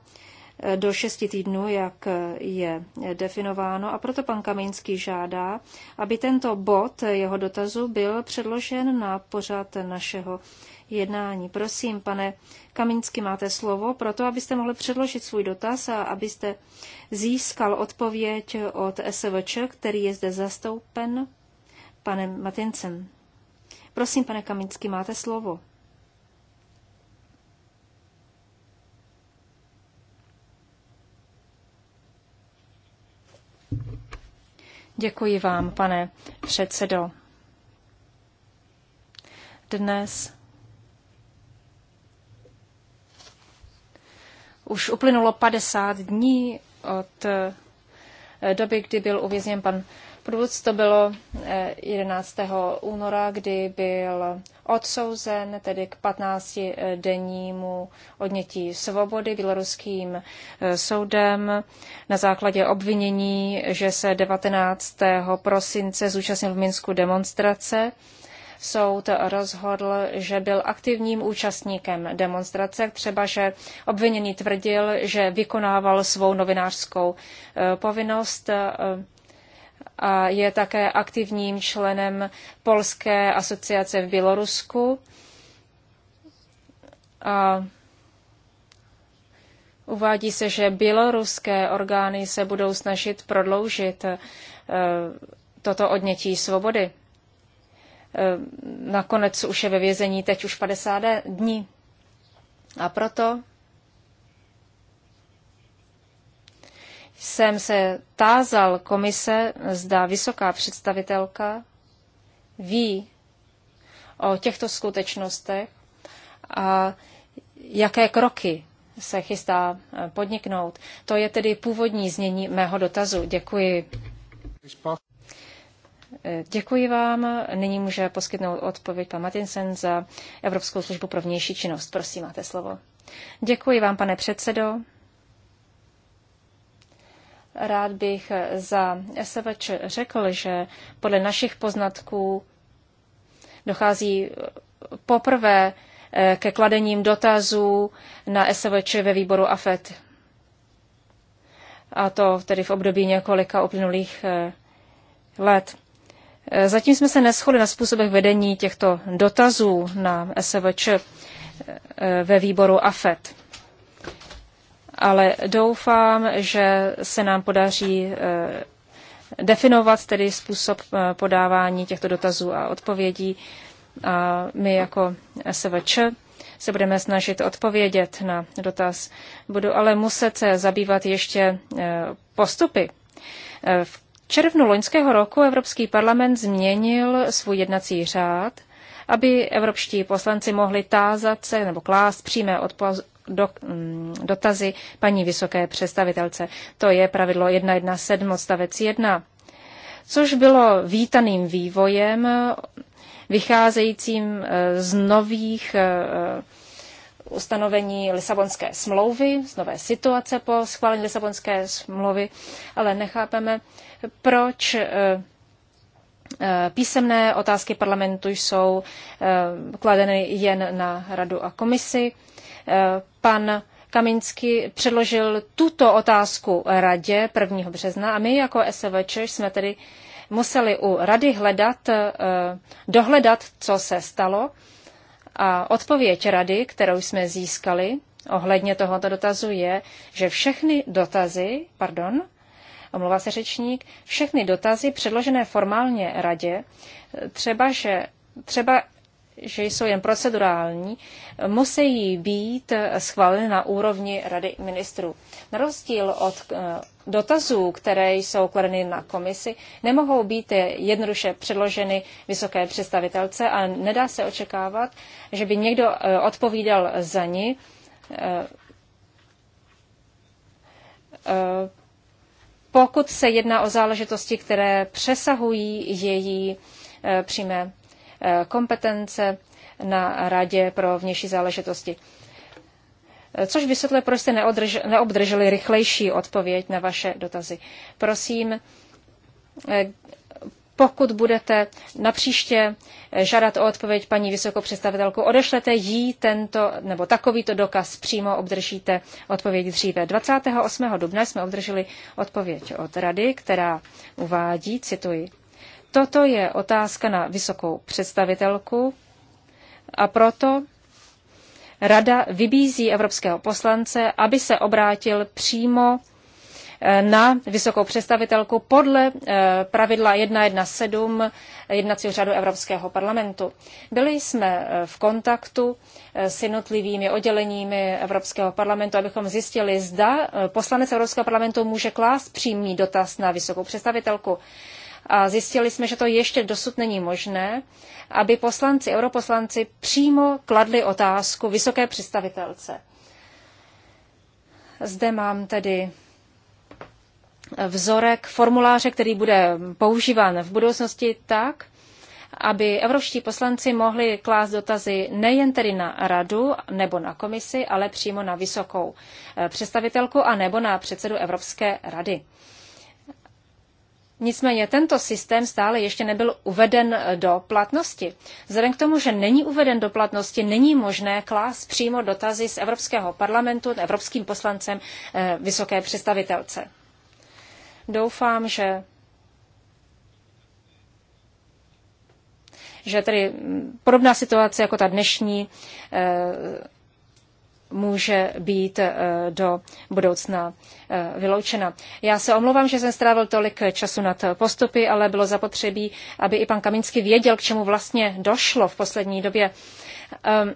eh, do šesti týdnů, jak eh, je eh, definováno, a proto pan Kamínský žádá, aby tento bod jeho dotazu byl předložen na pořad našeho jednání. Prosím, pane Kamínský, máte slovo pro to, abyste mohli předložit svůj dotaz a abyste získal odpověď od SVČ, který je zde zastoupen panem Matincem. Prosím, pane Kamínský, máte slovo. Děkuji vám, pane předsedo. Dnes už uplynulo 50 dní od doby, kdy byl uvězněn pan Průvodce to bylo 11. Eh, února, kdy byl odsouzen tedy k 15-dennímu eh, odnětí svobody běloruským eh, soudem na základě obvinění, že se 19. prosince zúčastnil v Minsku demonstrace. Soud rozhodl, že byl aktivním účastníkem demonstrace, třeba že obviněný tvrdil, že vykonával svou novinářskou povinnost a je také aktivním členem Polské asociace v Bělorusku. A uvádí se, že běloruské orgány se budou snažit prodloužit eh, toto odnětí svobody. Eh, nakonec už je ve vězení teď už 50 dní. A proto jsem se tázal komise, zda vysoká představitelka ví o těchto skutečnostech a jaké kroky se chystá eh, podniknout. To je tedy původní znění mého dotazu. Děkuji. Eh, děkuji vám. Nyní může poskytnout odpověď pan Matinsen za Evropskou službu pro vnější činnost. Prosím, máte slovo. Děkuji vám, pane předsedo. Rád bych za SVČ řekl, že podle našich poznatků dochází poprvé eh, ke kladením dotazů na SVČ ve výboru AFET. A to tedy v období několika uplynulých eh, let. Eh, zatím jsme se neschodli na způsobech vedení těchto dotazů na SVČ ve výboru AFET ale doufám, že se nám podaří eh, definovat tedy způsob eh, podávání těchto dotazů a odpovědí. A my jako SVČ se budeme snažit odpovědět na dotaz. Budu ale muset se zabývat ještě eh, postupy. V červnu loňského roku Evropský parlament změnil svůj jednací řád, aby evropští poslanci mohli tázat se nebo klást přímé do, mm, dotazy paní vysoké představitelce. To je pravidlo 1.1.7 odstavec 1, což bylo vítaným vývojem vycházejícím eh, z nových eh, eh, ustanovení Lisabonské smlouvy, z nové situace po schválení Lisabonské smlouvy, ale nechápeme, proč písemné otázky parlamentu jsou kladeny jen na radu a komisi Eh, pan Kaminsky předložil tuto otázku radě 1. března a my jako SVČ jsme tedy museli u rady hledat, eh, dohledat, co se stalo. A odpověď rady, kterou jsme získali ohledně tohoto dotazu je, že všechny dotazy, pardon, omlouvá se řečník, všechny dotazy předložené formálně radě, eh, třeba, že, třeba že jsou jen procedurální, musí být schváleny na úrovni Rady ministrů. Na rozdíl od eh, dotazů, které jsou kladeny na komisi, nemohou být jednoduše předloženy vysoké představitelce a nedá se očekávat, že by někdo eh, odpovídal za ní. Eh, pokud se jedná o záležitosti, které přesahují její přímé kompetence na Radě pro vnější záležitosti. Což vysvětluje, proč jste neobdrželi rychlejší odpověď na vaše dotazy. Prosím, eh, pokud budete napříště žádat o odpověď paní vysokou představitelku, odešlete jí tento nebo takovýto dokaz, přímo obdržíte odpověď dříve. 28. dubna jsme obdrželi odpověď od rady, která uvádí, cituji, Toto je otázka na vysokou představitelku a proto Rada vybízí evropského poslance, aby se obrátil přímo eh, na vysokou představitelku podle eh, pravidla 1.1.7 jednacího řádu Evropského parlamentu. Byli jsme eh, v kontaktu s jednotlivými odděleními Evropského parlamentu, abychom zjistili, zda poslanec Evropského parlamentu může klást přímý dotaz na vysokou představitelku a zjistili jsme, že to ještě dosud není možné, aby poslanci, europoslanci přímo kladli otázku vysoké představitelce. Zde mám tedy vzorek formuláře, který bude používán v budoucnosti tak, aby evropští poslanci mohli klást dotazy nejen tedy na radu nebo na komisi, ale přímo na vysokou eh, představitelku a nebo na předsedu Evropské rady. Nicméně tento systém stále ještě nebyl uveden do platnosti. Vzhledem k tomu, že není uveden do platnosti, není možné klást přímo dotazy z Evropského parlamentu evropským poslancem eh, vysoké představitelce. Doufám, že že tedy mm, podobná situace jako ta dnešní eh, může být eh, do budoucna eh, vyloučena. Já se omlouvám, že jsem strávil tolik času nad postupy, ale bylo zapotřebí, aby i pan Kaminsky věděl, k čemu vlastně došlo v poslední době. Ehm,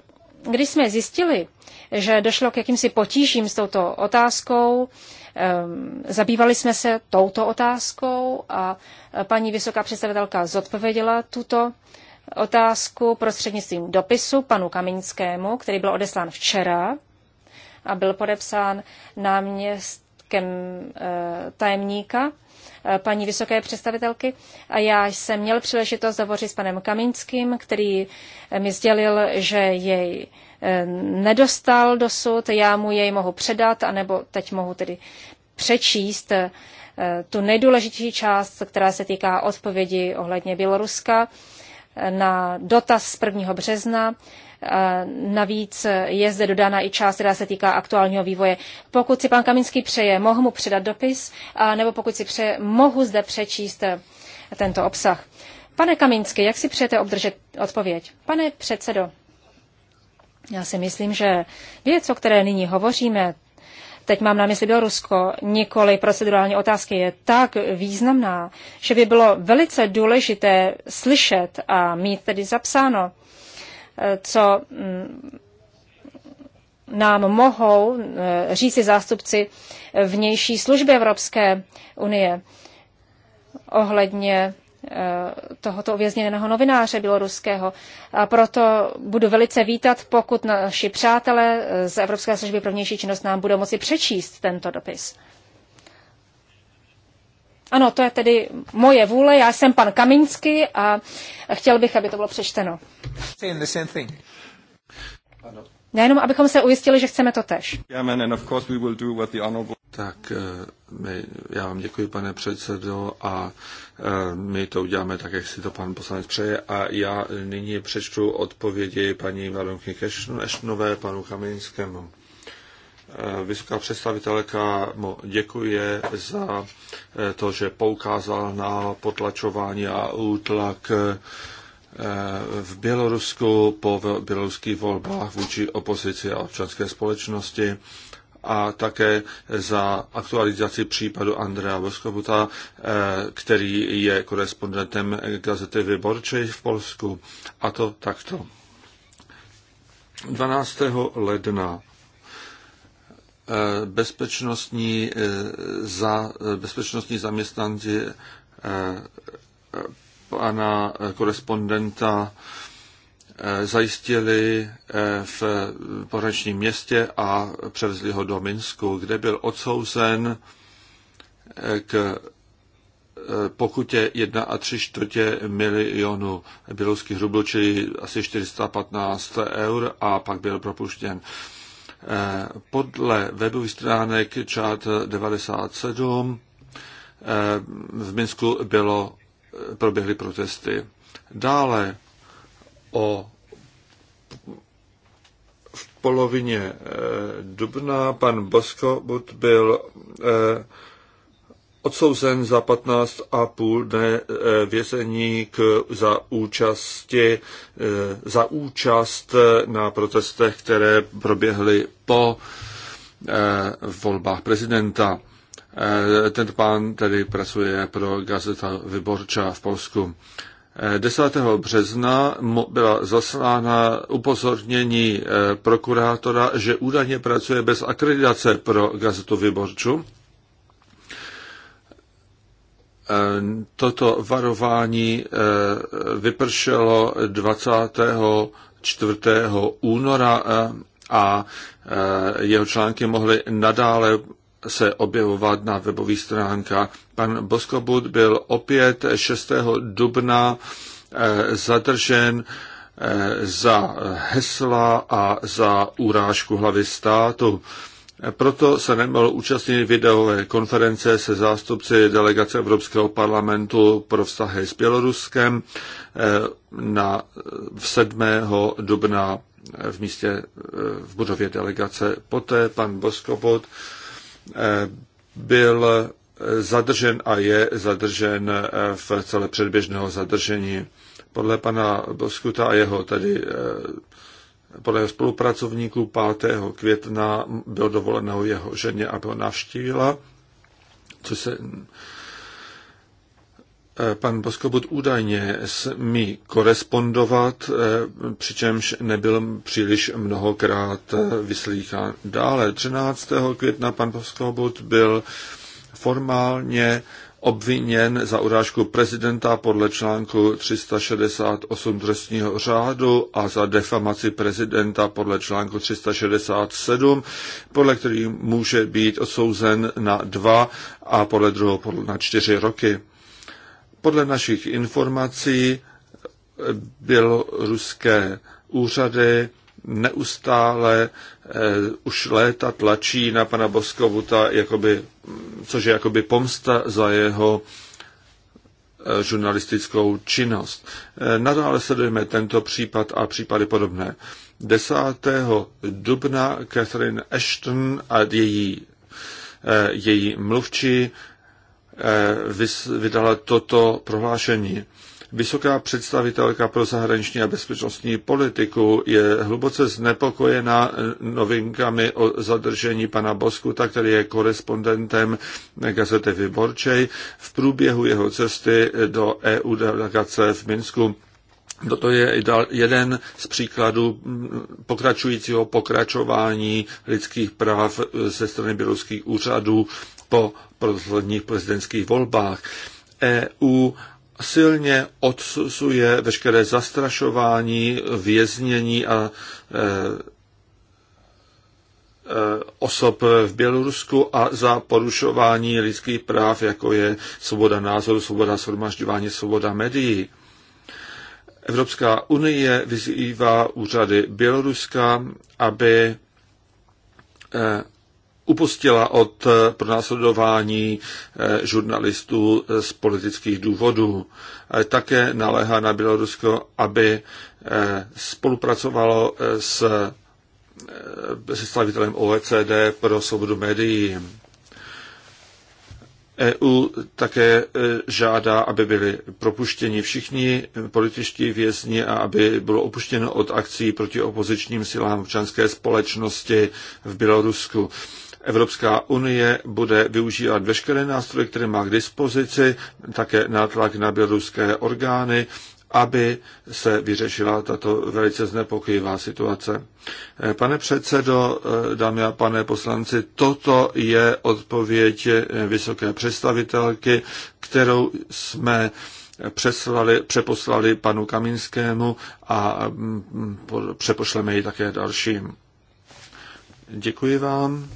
když jsme zjistili, že došlo k jakýmsi potížím s touto otázkou, ehm, zabývali jsme se touto otázkou a eh, paní vysoká představitelka zodpověděla tuto otázku prostřednictvím dopisu panu Kaminskému, který byl odeslán včera a byl podepsán náměstkem eh, tajemníka eh, paní vysoké představitelky. A já jsem měl příležitost hovořit s panem Kaminským, který eh, mi sdělil, že jej nedostal dosud, já mu jej mohu předat, anebo teď mohu tedy přečíst tu nejdůležitější část, která se týká odpovědi ohledně Běloruska na dotaz z 1. března Eh, navíc je zde dodána i část, která se týká aktuálního vývoje. Pokud si pan Kaminský přeje, mohu mu předat dopis, a nebo pokud si přeje, mohu zde přečíst eh, tento obsah. Pane Kaminsky, jak si přejete obdržet odpověď? Pane předsedo, já si myslím, že věc, o které nyní hovoříme, teď mám na mysli Bělorusko, nikoli procedurální otázky, je tak významná, že by bylo velice důležité slyšet a mít tedy zapsáno, co mm, nám mohou eh, říci zástupci vnější služby Evropské unie ohledně eh, tohoto uvězněného novináře běloruského. A proto budu velice vítat, pokud naši přátelé z Evropské služby pro vnější činnost nám budou moci přečíst tento dopis. Ano, to je tedy moje vůle. Já jsem pan Kaminsky a chtěl bych, aby to bylo přečteno. Nejenom, Jenom abychom se ujistili, že chceme to tež. Tak eh, my, já vám děkuji, pane předsedo, a eh, my to uděláme tak, jak si to pan poslanec přeje. A já nyní přečtu odpovědi paní Varunky Kešnové, panu Kaminskému. Eh, vysoká představitelka mu děkuje za eh, to, že poukázal na potlačování a útlak eh, v Bělorusku po běloruských volbách vůči opozici a občanské společnosti a také za aktualizaci případu Andrea Voskobuta, který je korespondentem gazety Vyborčej v Polsku. A to takto. 12. ledna bezpečnostní, eh, za, bezpečnostní zaměstnanci eh, pana korespondenta eh, zajistili v pohraničním městě a převezli ho do Minsku, kde byl odsouzen k pokutě 1 a 3 čtvrtě milionu běloruských rublů, čili asi 415 eur a pak byl propuštěn. Eh, podle webových stránek čát 97 eh, v Minsku bylo, eh, proběhly protesty. Dále o v polovině dubna pan Bosko byl odsouzen za a půl dne e, vězení k, za, účasti, e, za účast e, na protestech, které proběhly po volbách prezidenta. Ten pán tedy pracuje pro gazeta Vyborča v Polsku. 10. března byla zaslána upozornění prokurátora, že údajně pracuje bez akreditace pro gazetu Vyborču Toto varování eh, vypršelo 24. února eh, a eh, jeho články mohly nadále se objevovat na webových stránkách. Pan Boskobud byl opět 6. dubna zadržen za hesla a za urážku hlavy státu. Proto se nemohl účastnit videové konference se zástupci delegace Evropského parlamentu pro vztahy s Běloruskem eh, na 7. dubna v místě eh, v budově delegace. Poté pan Boskobot eh, byl zadržen a je zadržen v celé předběžného zadržení. Podle pana Boskuta a jeho tedy podle spolupracovníků 5. května byl dovoleno jeho ženě, aby ho navštívila, Co se eh, pan Boskobud údajně smí korespondovat, eh, přičemž nebyl příliš mnohokrát eh, vyslýchán. Dále 13. května pan Boskobud byl formálně obviněn za urážku prezidenta podle článku 368 trestního řádu a za defamaci prezidenta podle článku 367, podle který může být odsouzen na dva a podle druhého na čtyři roky. Podle našich informací eh, ruské úřady neustále eh, už léta tlačí na pana Boskovuta, jakoby, což je jakoby pomsta za jeho eh, žurnalistickou činnost. Eh, nadále sledujeme tento případ a případy podobné. 10. dubna Catherine Ashton a její, eh, její mluvčí eh, vys, vydala toto prohlášení. Vysoká představitelka pro zahraniční a bezpečnostní politiku je hluboce znepokojena eh, novinkami o zadržení pana Boskuta, který je korespondentem gazety Vyborčej v průběhu jeho cesty do EU delegace v Minsku. Toto je jeden z příkladů mm, pokračujícího pokračování lidských práv eh, ze strany běloruských úřadů po posledních prezidentských volbách. EU silně odsuzuje veškeré zastrašování, věznění a e, e, osob v Bělorusku a za porušování lidských práv, jako je svoboda názoru, svoboda shromažďování, svoboda médií. Evropská unie vyzývá úřady Běloruska, aby e, upustila od eh, pronásledování eh, žurnalistů eh, z politických důvodů. Také naléhá na Bělorusko, aby spolupracovalo s představitelem OECD pro svobodu médií. EU také žádá, aby byli propuštěni všichni političtí vězni a aby bylo opuštěno od akcí proti opozičním silám občanské společnosti v Bělorusku. Evropská unie bude využívat veškeré nástroje, které má k dispozici, také nátlak na běloruské orgány, aby se vyřešila tato velice znepokojivá situace. Eh, pane předsedo, eh, dámy a pane poslanci, toto je odpověď vysoké představitelky, kterou jsme přeslali, přeposlali panu Kaminskému a mm, mm, přepošleme ji také dalším. Děkuji vám.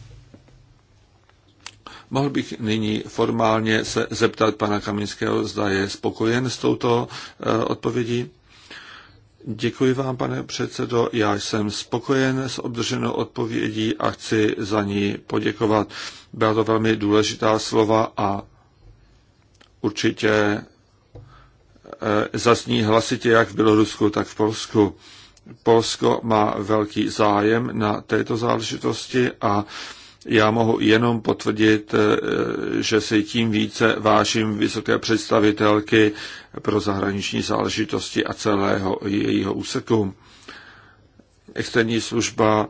Mohl bych nyní formálně se zeptat pana Kaminského, zda je spokojen s touto eh, odpovědí. Děkuji vám, pane předsedo. Já jsem spokojen s obdrženou odpovědí a chci za ní poděkovat. Byla to velmi důležitá slova a určitě eh, zazní hlasitě jak v Bělorusku, tak v Polsku. Polsko má velký zájem na této záležitosti a já mohu jenom potvrdit, eh, že si tím více vážím vysoké představitelky pro zahraniční záležitosti a celého jejího úseku. Externí služba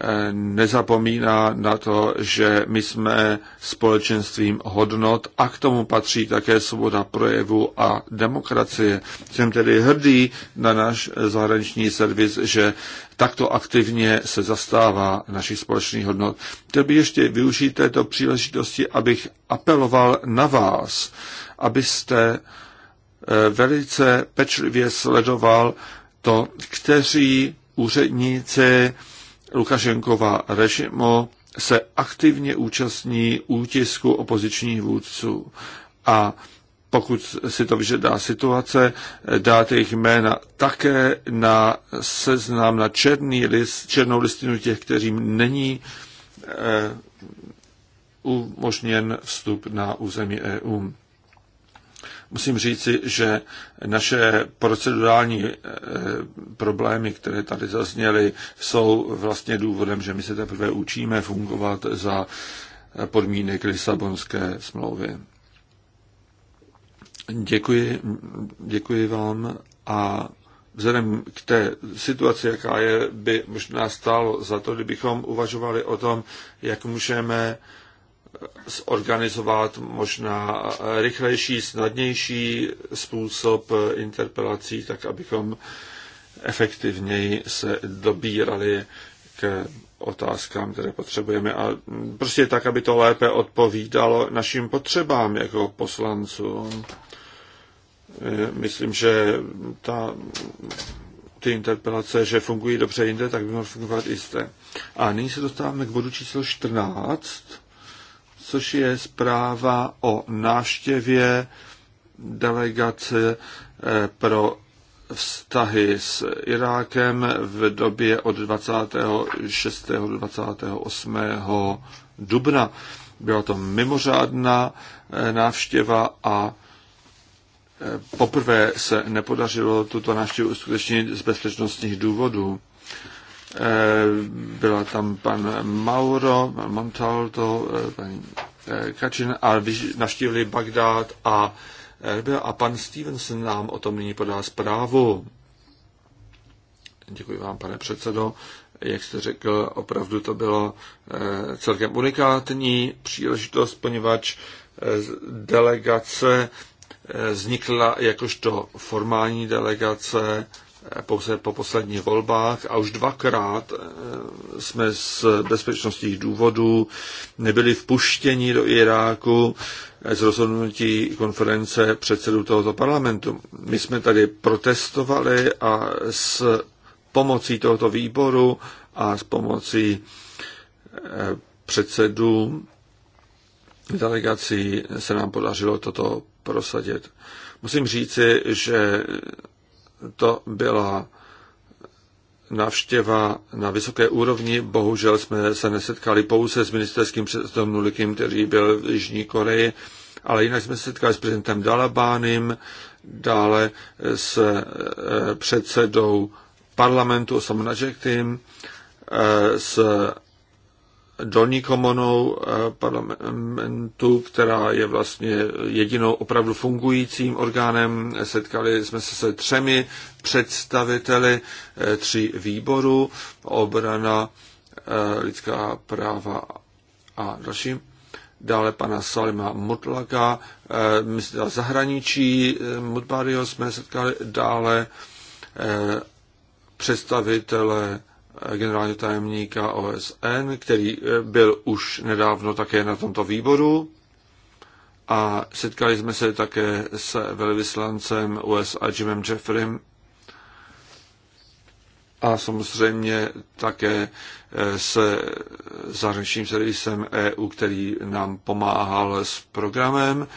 eh, nezapomíná na to, že my jsme společenstvím hodnot a k tomu patří také svoboda projevu a demokracie. Jsem tedy hrdý na náš zahraniční servis, že takto aktivně se zastává našich společných hodnot. Chtěl bych ještě využít této příležitosti, abych apeloval na vás, abyste eh, velice pečlivě sledoval to, kteří úředníci Lukašenkova režimu se aktivně účastní útisku opozičních vůdců. A pokud si to vyžadá situace, dát jejich jména také na seznam, na černý list, černou listinu těch, kterým není eh, umožněn vstup na území EU. Musím říci, že naše procedurální e, problémy, které tady zazněly, jsou vlastně důvodem, že my se teprve učíme fungovat za eh, podmínek Lisabonské smlouvy. Děkuji, děkuji vám a vzhledem k té situaci, jaká je, by možná stálo za to, kdybychom uvažovali o tom, jak můžeme zorganizovat možná rychlejší, snadnější způsob interpelací, tak abychom efektivněji se dobírali k otázkám, které potřebujeme a prostě tak, aby to lépe odpovídalo našim potřebám jako poslancům myslím, že ta, ty interpelace, že fungují dobře jinde, tak by mohly fungovat i zde. A nyní se dostáváme k bodu číslo 14, což je zpráva o návštěvě delegace eh, pro vztahy s Irákem v době od 26. do 28. dubna. Byla to mimořádná eh, návštěva a Poprvé se nepodařilo tuto návštěvu uskutečnit z bezpečnostních důvodů. Eh, byla tam pan Mauro, pan Montalto, eh, paní eh, Kačin a navštívili Bagdád a Erbil a pan Stevenson nám o tom nyní podá zprávu. Děkuji vám, pane předsedo. Jak jste řekl, opravdu to bylo celkem unikátní příležitost, poněvadž delegace vznikla jakožto formální delegace pouze po posledních volbách a už dvakrát eh, jsme z bezpečnostních důvodů nebyli vpuštěni do Iráku eh, z rozhodnutí konference předsedů tohoto parlamentu. My jsme tady protestovali a s pomocí tohoto výboru a s pomocí eh, předsedů delegací se nám podařilo toto prosadit. Musím říci, že to byla návštěva na vysoké úrovni. Bohužel jsme se nesetkali pouze s ministerským předsedou Nulikem, který byl v Jižní Koreji, ale jinak jsme se setkali s prezidentem Dalabánem, dále s eh, předsedou parlamentu Osama eh, s dolní komonou eh, parlamentu, která je vlastně jedinou opravdu fungujícím orgánem. Setkali jsme se se třemi představiteli eh, tří výborů, obrana, eh, lidská práva a další. Dále pana Salima Mutlaka, ministra zahraničí Mutbario jsme setkali, dále představitele generálního tajemníka OSN, který eh, byl už nedávno také na tomto výboru. A setkali jsme se také s velvyslancem USA Jimem Jeffrem a samozřejmě také eh, s zahraničním servisem EU, který nám pomáhal s programem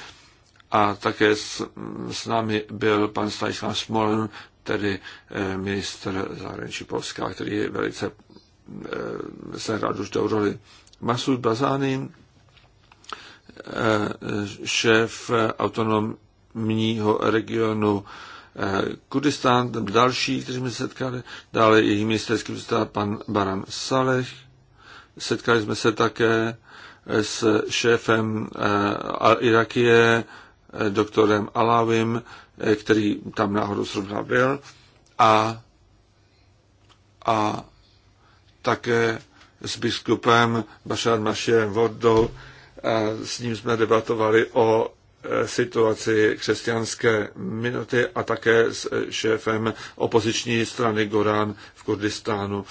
a také s, s námi byl pan Stanislav Smolen, tedy eh, ministr zahraničí Polska, který je velice eh, se hrál do roli. Masud Bazány, eh, šéf autonomního regionu Kurdistán, další, kteří jsme setkali, dále její ministerský představ pan Baran Saleh. Setkali jsme se také s šéfem Irakie doktorem Alavim, který tam náhodou zrovna byl, a, a také s biskupem Bashar Mašem vodou, S ním jsme debatovali o e, situaci křesťanské minuty a také s e, šéfem opoziční strany Gorán v Kurdistánu.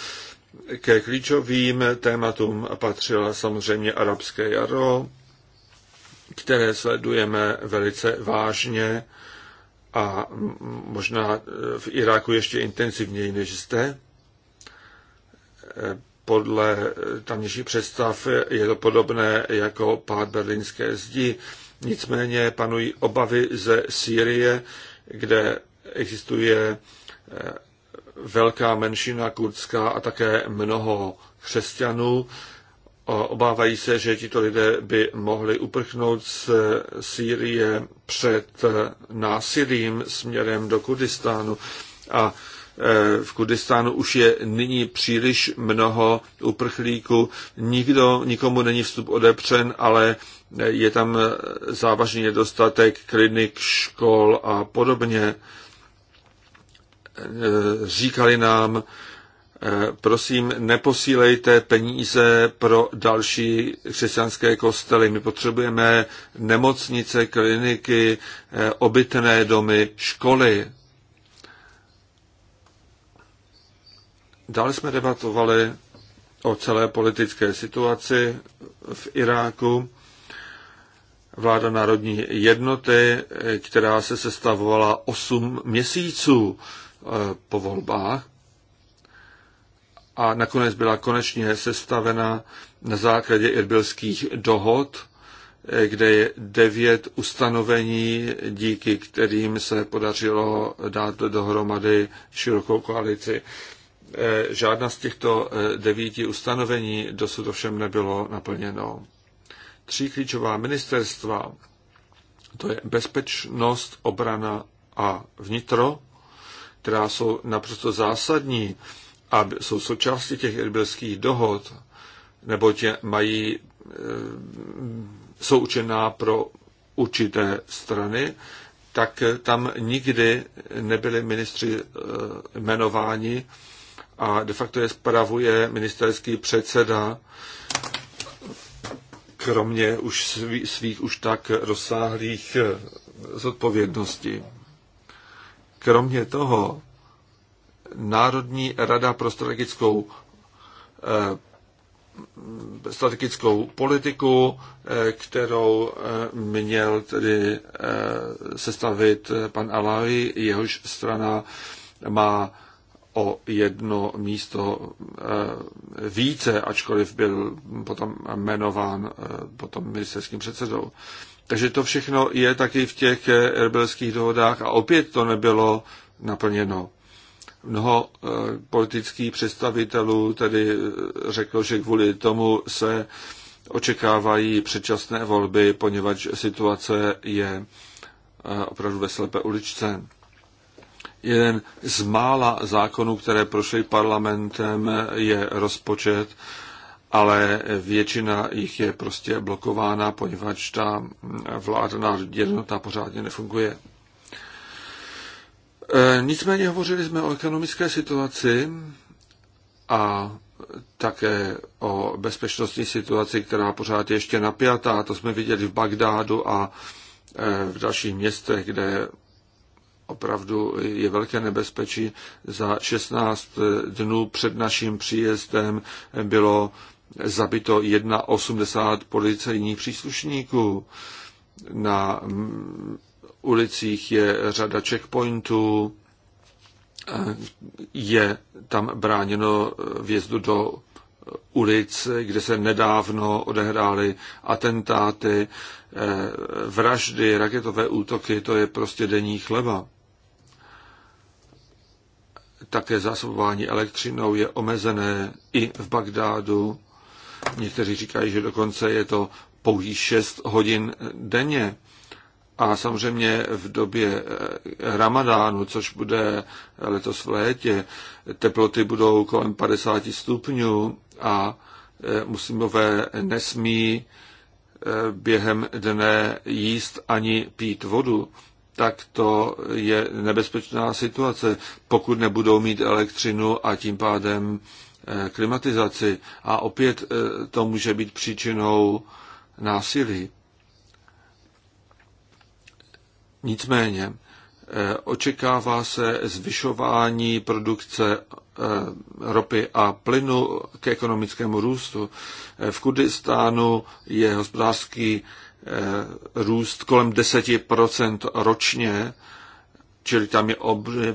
Ke klíčovým tématům patřila samozřejmě arabské jaro, které sledujeme velice vážně a možná e, v Iráku ještě intenzivněji než zde. E, podle tamnějších představ je to podobné jako pád berlínské zdi. Nicméně panují obavy ze Sýrie, kde existuje e, velká menšina kurdská a také mnoho křesťanů, Obávají se, že tito lidé by mohli uprchnout z Sýrie před násilím směrem do Kurdistánu. A e, v Kurdistánu už je nyní příliš mnoho uprchlíků. Nikdo, nikomu není vstup odepřen, ale je tam závažný nedostatek klinik, škol a podobně. E, říkali nám, Eh, prosím, neposílejte peníze pro další křesťanské kostely. My potřebujeme nemocnice, kliniky, eh, obytné domy, školy. Dále jsme debatovali o celé politické situaci v Iráku. Vláda národní jednoty, eh, která se sestavovala 8 měsíců po volbách, a nakonec byla konečně sestavena na základě irbilských dohod, eh, kde je devět ustanovení, díky kterým se podařilo dát dohromady širokou koalici. Eh, žádná z těchto eh, devíti ustanovení dosud ovšem nebylo naplněno. Tří klíčová ministerstva, to je bezpečnost, obrana a vnitro, která jsou naprosto zásadní a jsou součástí těch erbilských dohod, nebo tě mají, e, jsou učená pro určité strany, tak tam nikdy nebyli ministři e, jmenováni a de facto je spravuje ministerský předseda, kromě už svých, svých už tak rozsáhlých e, zodpovědností. Kromě toho Národní rada pro strategickou eh, strategickou politiku, eh, kterou eh, měl tedy sestavit pan Alavi, jehož strana má o jedno místo více, ačkoliv byl potom jmenován potom ministerským předsedou. Takže to všechno je taky v těch erbelských dohodách a opět to nebylo naplněno. Mnoho eh, politických představitelů tedy eh, řeklo, že kvůli tomu se očekávají předčasné volby, poněvadž situace je eh, opravdu ve slepé uličce. Jeden z mála zákonů, které prošly parlamentem, je rozpočet, ale většina jich je prostě blokována, poněvadž ta mm, vládná jednota pořádně nefunguje. E, nicméně hovořili jsme o ekonomické situaci a také o bezpečnostní situaci, která pořád je ještě napjatá. To jsme viděli v Bagdádu a e, v dalších městech, kde opravdu je velké nebezpečí. Za 16 dnů před naším příjezdem bylo zabito 1,80 policejních příslušníků. Na ulicích je řada checkpointů, je tam bráněno vjezdu do ulic, kde se nedávno odehrály atentáty, eh, vraždy, raketové útoky, to je prostě denní chleba. Také zásobování elektřinou je omezené i v Bagdádu. Někteří říkají, že dokonce je to pouhý 6 hodin denně. A samozřejmě v době eh, ramadánu, což bude letos v létě, teploty budou kolem 50 stupňů a eh, muslimové nesmí eh, během dne jíst ani pít vodu, tak to je nebezpečná situace, pokud nebudou mít elektřinu a tím pádem klimatizaci. A opět to může být příčinou násilí. Nicméně eh, očekává se zvyšování produkce eh, ropy a plynu k ekonomickému růstu. Eh, v Kurdistánu je hospodářský růst kolem 10% ročně, čili tam je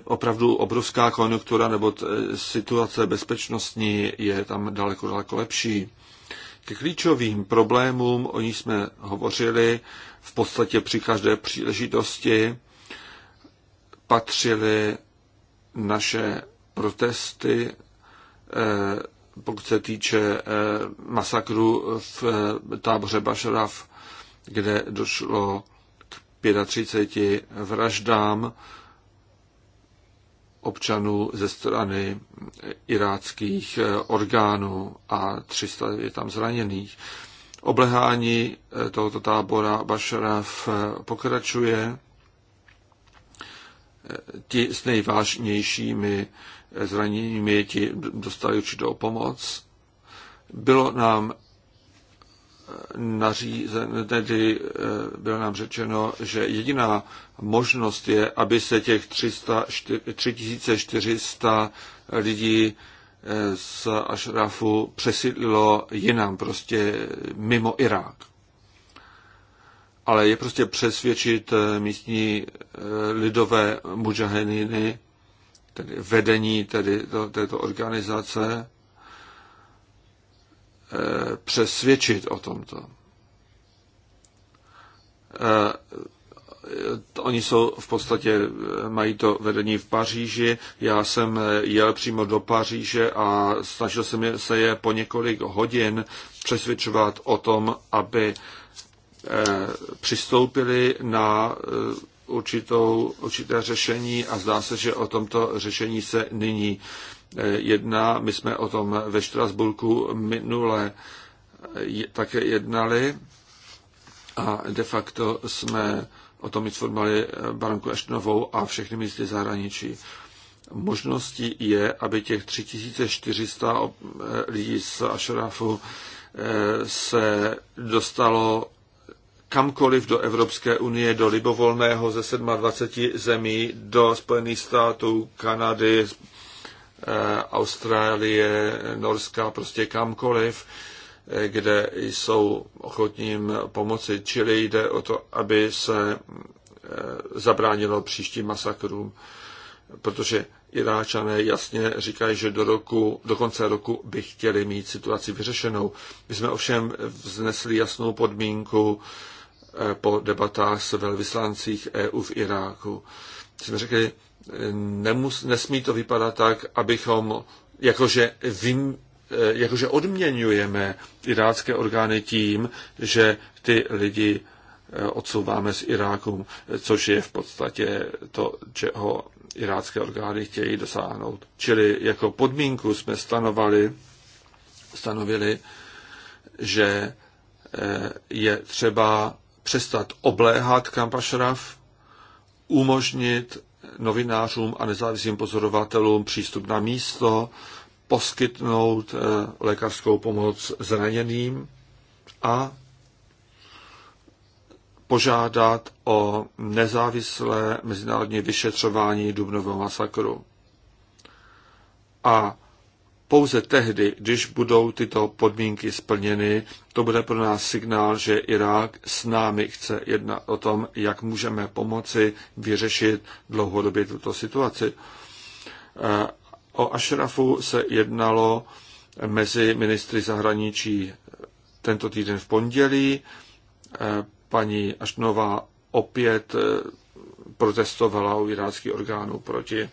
opravdu obrovská konjunktura, nebo situace bezpečnostní je tam daleko, daleko lepší. K klíčovým problémům, o nich jsme hovořili, v podstatě při každé příležitosti patřily naše protesty, eh, pokud se týče eh, masakru v eh, táboře Bašraf, kde došlo k 35 vraždám občanů ze strany iráckých orgánů a 300 je tam zraněných. Oblehání eh, tohoto tábora Bašara eh, pokračuje. Eh, ti s nejvážnějšími zraněními ti dostali určitou pomoc. Bylo nám nařízen, tedy bylo nám řečeno, že jediná možnost je, aby se těch 300, 3400 lidí z Ašrafu přesídlilo jinam, prostě mimo Irák. Ale je prostě přesvědčit eh, místní eh, lidové mujahediny, tedy vedení tedy to, této organizace, eh, přesvědčit o tomto oni jsou v podstatě, mají to vedení v Paříži. Já jsem jel přímo do Paříže a snažil jsem se je po několik hodin přesvědčovat o tom, aby eh, přistoupili na eh, určitou, určité řešení a zdá se, že o tomto řešení se nyní eh, jedná. My jsme o tom ve Štrasburku minule také jednali a de facto jsme o tom informovali eh, baronku Eštnovou a všechny místy zahraničí. Možností je, aby těch 3400 eh, lidí z Ašrafu eh, se dostalo kamkoliv do Evropské unie, do libovolného ze 27 zemí, do Spojených států, Kanady, Austrálie, Norska, prostě kamkoliv kde jsou ochotním pomoci. Čili jde o to, aby se eh, zabránilo příštím masakrům, protože Iráčané jasně říkají, že do, roku, do konce roku by chtěli mít situaci vyřešenou. My jsme ovšem vznesli jasnou podmínku eh, po debatách s velvyslancích EU v Iráku. Jsme řekli, eh, nemus, nesmí to vypadat tak, abychom jakože vím, Eh, jakože odměňujeme irácké orgány tím, že ty lidi eh, odsouváme z Iráku, eh, což je v podstatě to, čeho irácké orgány chtějí dosáhnout. Čili jako podmínku jsme stanovali, stanovili, že je třeba přestat obléhat Kampašraf, umožnit novinářům a nezávislým pozorovatelům přístup na místo, poskytnout eh, lékařskou pomoc zraněným a požádat o nezávislé mezinárodní vyšetřování Dubnového masakru. A pouze tehdy, když budou tyto podmínky splněny, to bude pro nás signál, že Irák s námi chce jednat o tom, jak můžeme pomoci vyřešit dlouhodobě tuto situaci. Eh, O Ašrafu se jednalo mezi ministry zahraničí tento týden v pondělí. Eh, paní Ašnová opět eh, protestovala u iráckých orgánů proti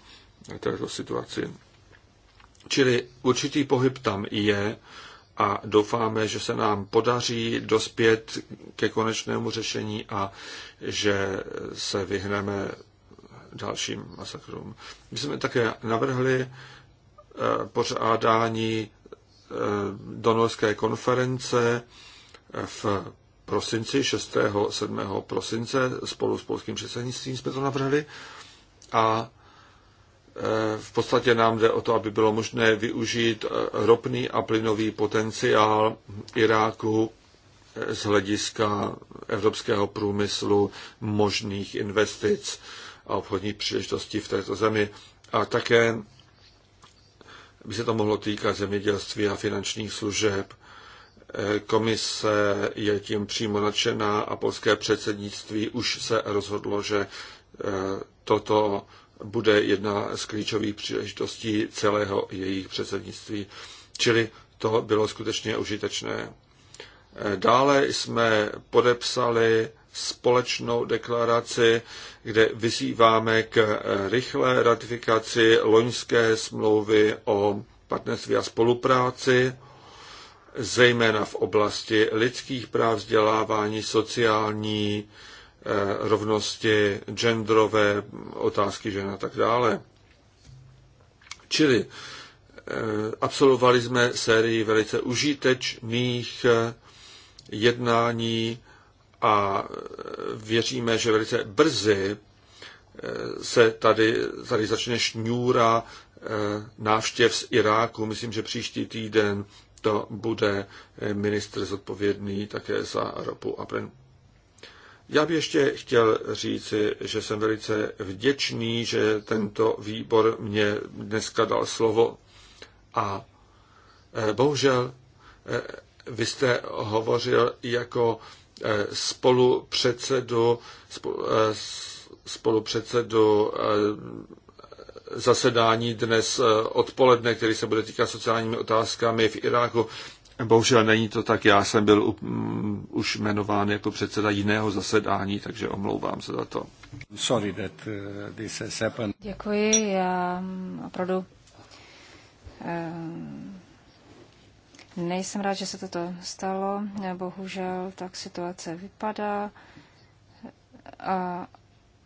této situaci. Čili určitý pohyb tam je a doufáme, že se nám podaří dospět ke konečnému řešení a že se vyhneme dalším masakrům. My jsme také navrhli eh, pořádání eh, donorské konference eh, v prosinci, 6. 7. prosince, spolu s polským předsednictvím jsme to navrhli a v podstatě nám jde o to, aby bylo možné využít ropný a plynový potenciál Iráku z hlediska evropského průmyslu možných investic a obchodní příležitosti v této zemi. A také by se to mohlo týkat zemědělství a finančních služeb. Komise je tím přímo nadšená a polské předsednictví už se rozhodlo, že e, toto bude jedna z klíčových příležitostí celého jejich předsednictví. Čili to bylo skutečně užitečné. E, dále jsme podepsali společnou deklaraci, kde vyzýváme k rychlé ratifikaci loňské smlouvy o partnerství a spolupráci, zejména v oblasti lidských práv, vzdělávání, sociální eh, rovnosti, genderové otázky žen a tak dále. Čili eh, absolvovali jsme sérii velice užitečných eh, jednání a věříme, že velice brzy eh, se tady, tady začne šňůra eh, návštěv z Iráku. Myslím, že příští týden to bude eh, ministr zodpovědný také za ropu a plyn. Já bych ještě chtěl říci, že jsem velice vděčný, že tento výbor mě dneska dal slovo. A bohužel vy jste hovořil jako spolupředsedu, spolupředsedu eh, eh, zasedání dnes eh, odpoledne, který se bude týkat sociálními otázkami v Iráku. Bohužel není to tak, já jsem byl mm, už jmenován jako předseda jiného zasedání, takže omlouvám se za to. Sorry that this has happened. Děkuji, já mm, opravdu Nejsem rád, že se toto stalo. Bohužel tak situace vypadá. A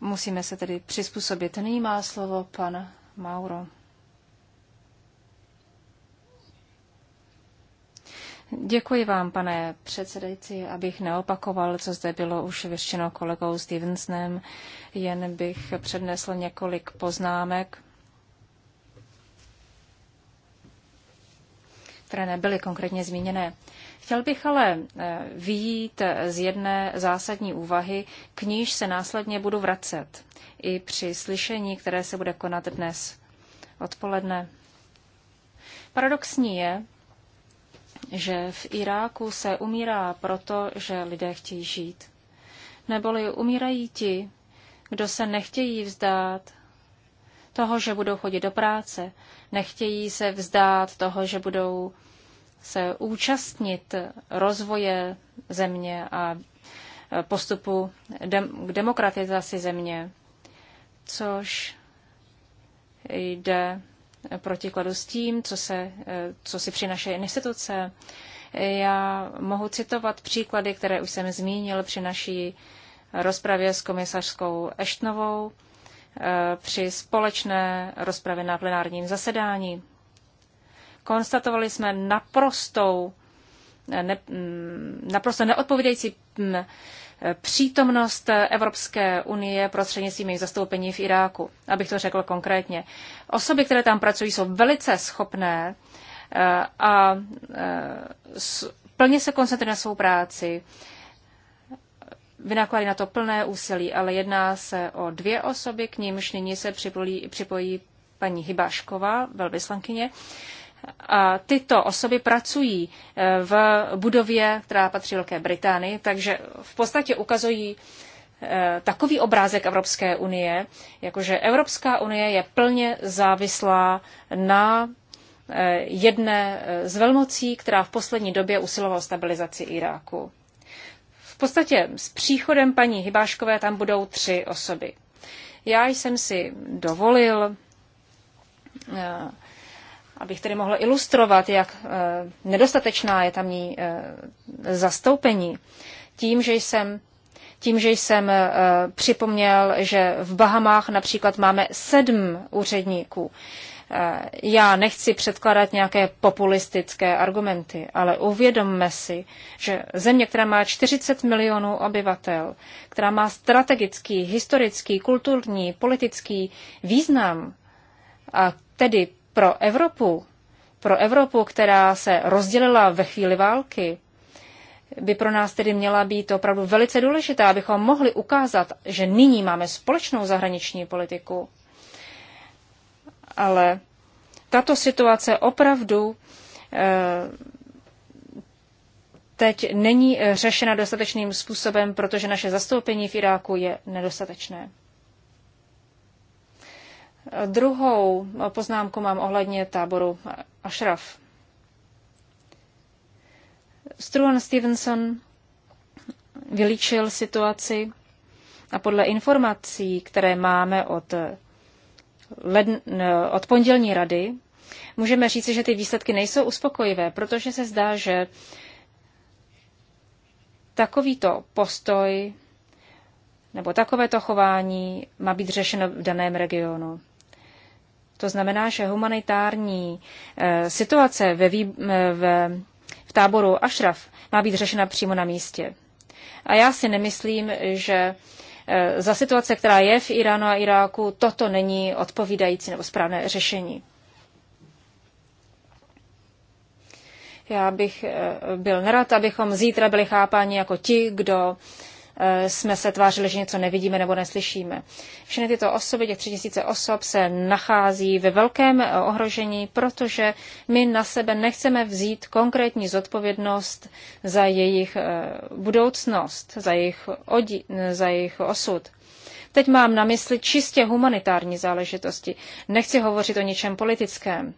musíme se tedy přizpůsobit. Nyní má slovo pan Mauro. Děkuji vám, pane předsedající, abych neopakoval, co zde bylo už vyřčeno kolegou Stevensonem, jen bych přednesl několik poznámek které nebyly konkrétně zmíněné. Chtěl bych ale eh, výjít z jedné zásadní úvahy, k níž se následně budu vracet i při slyšení, které se bude konat dnes odpoledne. Paradoxní je, že v Iráku se umírá proto, že lidé chtějí žít. Neboli umírají ti, kdo se nechtějí vzdát toho, že budou chodit do práce, nechtějí se vzdát toho, že budou se účastnit rozvoje země a postupu dem- k demokratizaci země, což jde protikladu s tím, co, se, co si přinaše instituce. Já mohu citovat příklady, které už jsem zmínil při naší rozpravě s komisařskou Eštnovou, eh, při společné rozpravě na plenárním zasedání konstatovali jsme naprostou, ne, naprosto neodpovědající mm, přítomnost Evropské unie prostřednictvím jejich zastoupení v Iráku, abych to řekl konkrétně. Osoby, které tam pracují, jsou velice schopné eh, a eh, plně se koncentrují na svou práci, vynakladají na to plné úsilí, ale jedná se o dvě osoby, k nímž nyní se připojí, připojí paní Hybášková, velvyslankyně, a tyto osoby pracují eh, v budově, která patří Velké Británii, takže v podstatě ukazují eh, takový obrázek Evropské unie, jakože Evropská unie je plně závislá na eh, jedné z velmocí, která v poslední době usilovala o stabilizaci Iráku. V podstatě s příchodem paní Hybáškové tam budou tři osoby. Já jsem si dovolil abych tedy mohl ilustrovat, jak eh, nedostatečná je tamní eh, zastoupení, tím, že jsem tím, že jsem eh, připomněl, že v Bahamách například máme sedm úředníků. Já nechci předkládat nějaké populistické argumenty, ale uvědomme si, že země, která má 40 milionů obyvatel, která má strategický, historický, kulturní, politický význam, a tedy pro Evropu, pro Evropu, která se rozdělila ve chvíli války, by pro nás tedy měla být opravdu velice důležitá, abychom mohli ukázat, že nyní máme společnou zahraniční politiku. Ale tato situace opravdu eh, teď není eh, řešena dostatečným způsobem, protože naše zastoupení v Iráku je nedostatečné. Druhou poznámku mám ohledně táboru Ashraf. Struan Stevenson vylíčil situaci a podle informací, které máme od, ledn, od pondělní rady, můžeme říci, že ty výsledky nejsou uspokojivé, protože se zdá, že takovýto postoj nebo takovéto chování má být řešeno v daném regionu. To znamená, že humanitární eh, situace ve, vý, eh, v, v táboru Ašraf má být řešena přímo na místě. A já si nemyslím, že eh, za situace, která je v Iránu a Iráku, toto není odpovídající nebo správné řešení. Já bych byl nerad, abychom zítra byli chápáni jako ti, kdo Eh, jsme se tvářili, že něco nevidíme nebo neslyšíme. Všechny tyto osoby, těch 3000 osob, se nachází ve velkém eh, ohrožení, protože my na sebe nechceme vzít konkrétní zodpovědnost za jejich eh, budoucnost, za jejich, odi- za jejich osud. Teď mám na mysli čistě humanitární záležitosti. Nechci hovořit o ničem politickém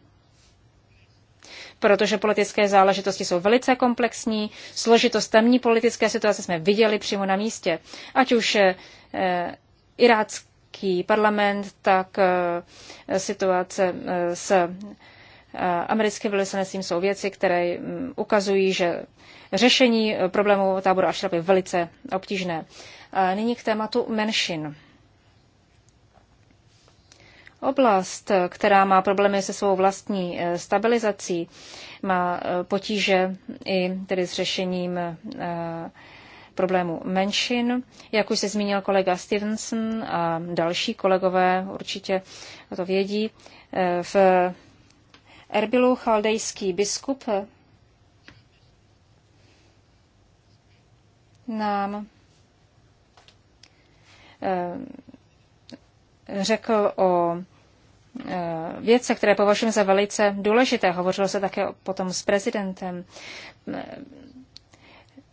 protože politické záležitosti jsou velice komplexní. Složitost temní politické situace jsme viděli přímo na místě. Ať už eh, irácký parlament, tak eh, situace eh, s americkým velvyslanectvím jsou věci, které mm, ukazují, že řešení problému táboru Ašrap je velice obtížné. Nyní k tématu menšin. Oblast, která má problémy se svou vlastní eh, stabilizací, má eh, potíže i tedy s řešením eh, problému menšin. Jak už se zmínil kolega Stevenson a další kolegové určitě to vědí, v Erbilu chaldejský biskup nám řekl o Eh, věce, které považujeme za velice důležité. Hovořilo se také potom s prezidentem. Eh,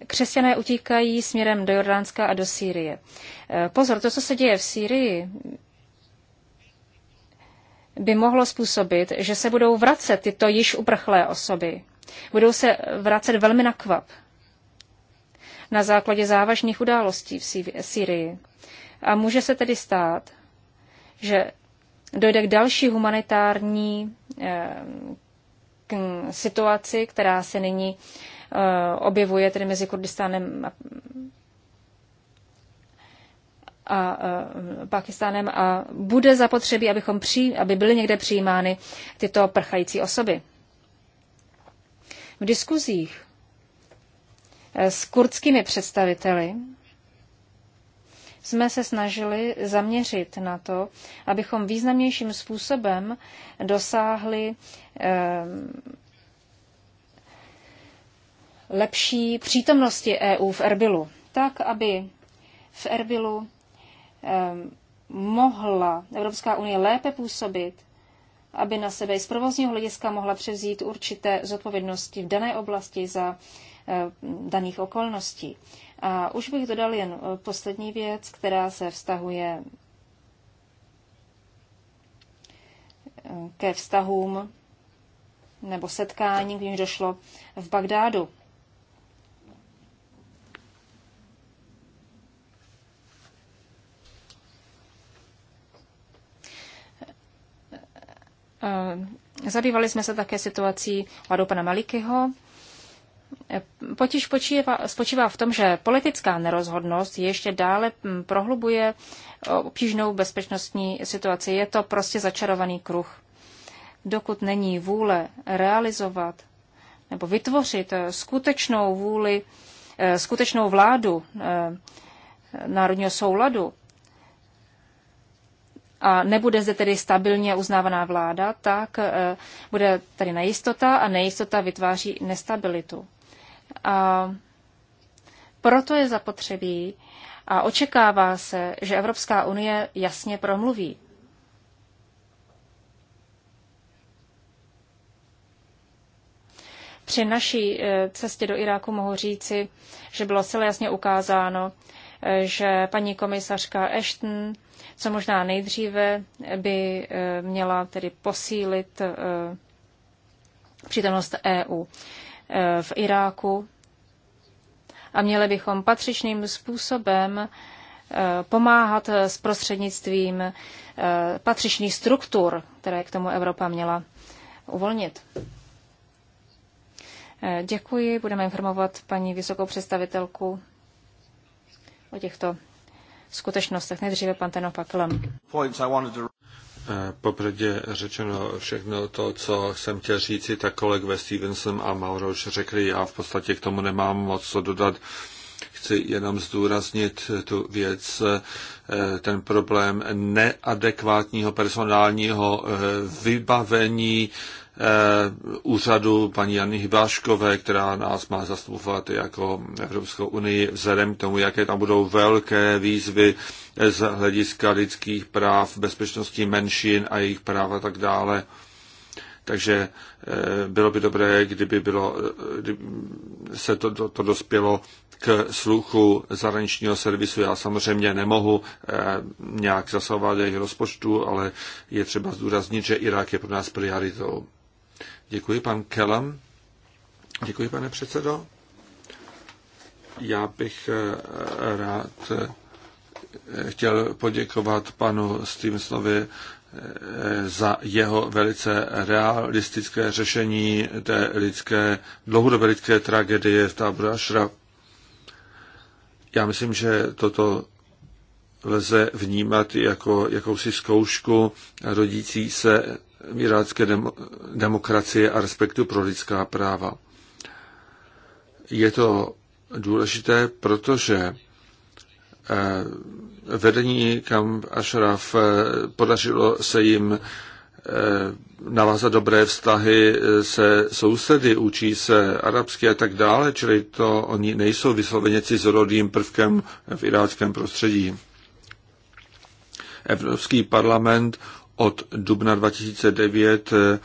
křesťané utíkají směrem do Jordánska a do Sýrie. Eh, pozor, to, co se děje v Sýrii, by mohlo způsobit, že se budou vracet tyto již uprchlé osoby. Budou se vracet velmi nakvap na základě závažných událostí v Sýrii. A může se tedy stát, že dojde k další humanitární eh, situaci, která se nyní eh, objevuje tedy mezi Kurdistánem a eh, Pakistánem a bude zapotřebí, abychom při, aby byly někde přijímány tyto prchající osoby. V diskuzích s kurdskými představiteli jsme se snažili zaměřit na to, abychom významnějším způsobem dosáhli eh, lepší přítomnosti EU v Erbilu, tak aby v Erbilu eh, mohla Evropská unie lépe působit, aby na sebe i z provozního hlediska mohla převzít určité zodpovědnosti v dané oblasti za eh, daných okolností. A už bych dodal jen eh, poslední věc, která se vztahuje eh, ke vztahům nebo setkání, k nímž došlo v Bagdádu. Eh, zabývali jsme se také situací Ladu pana Malikyho, Potíž spočívá, v tom, že politická nerozhodnost ještě dále mm, prohlubuje obtížnou bezpečnostní situaci. Je to prostě začarovaný kruh. Dokud není vůle realizovat nebo vytvořit eh, skutečnou vůli, eh, skutečnou vládu eh, národního souladu, a nebude zde tedy stabilně uznávaná vláda, tak bude tady nejistota a nejistota vytváří nestabilitu. A proto je zapotřebí a očekává se, že Evropská unie jasně promluví. Při naší eh, cestě do Iráku mohu říci, že bylo celé jasně ukázáno, eh, že paní komisařka Ashton co možná nejdříve by eh, měla tedy posílit přítomnost EU v Iráku a měli bychom patřičným způsobem eh, pomáhat s prostřednictvím eh, patřičných struktur, které k tomu Evropa měla uvolnit. Eh, děkuji, budeme informovat paní vysokou představitelku o těchto skutečnostech. Nejdříve pan Tenopaklem. Eh, Popředě řečeno všechno to, co jsem chtěl říci, tak kolegové Stevenson a Mauro už řekli, já v podstatě k tomu nemám moc co dodat. Chci jenom zdůraznit tu věc, eh, ten problém neadekvátního personálního eh, vybavení Eh, úřadu paní Jany Hybáškové, která nás má zastupovat jako Evropskou unii, vzhledem k tomu, jaké tam budou velké výzvy z hlediska lidských práv, bezpečnosti menšin a jejich práv a tak dále. Takže eh, bylo by dobré, kdyby, bylo, eh, kdyby se to, to, to dospělo k sluchu zahraničního servisu. Já samozřejmě nemohu nějak zasahovat jejich rozpočtu, ale je třeba zdůraznit, že Irák je pro nás prioritou. Děkuji, pan Kellam. Děkuji, pane předsedo. Já bych eh, rád eh, chtěl poděkovat panu Stevensonovi eh, za jeho velice realistické řešení té lidské, dlouhodobé lidské tragédie v táboru Ašra. Já myslím, že toto lze vnímat jako jakousi zkoušku rodící se irácké dem- demokracie a respektu pro lidská práva. Je to důležité, protože eh, vedení kam Ashraf eh, podařilo se jim eh, navázat dobré vztahy se sousedy, učí se arabsky a tak dále, čili to oni nejsou vysloveně cizorodým prvkem v iráckém prostředí. Evropský parlament od dubna 2009 eh,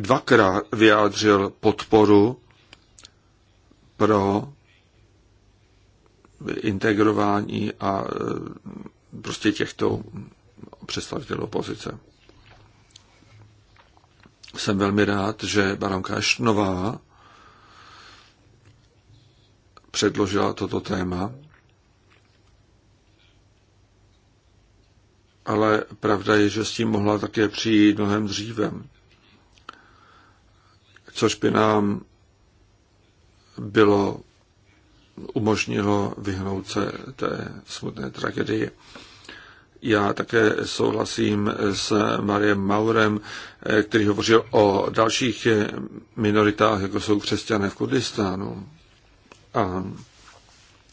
dvakrát vyjádřil podporu pro integrování a eh, prostě těchto představitelů opozice. Jsem velmi rád, že baronka Štnová předložila toto téma ale pravda je, že s tím mohla také přijít mnohem dřívem. což by nám bylo umožnilo vyhnout se té smutné tragedii. Já také souhlasím s Mariem Maurem, který hovořil o dalších minoritách, jako jsou křesťané v Kurdistánu. A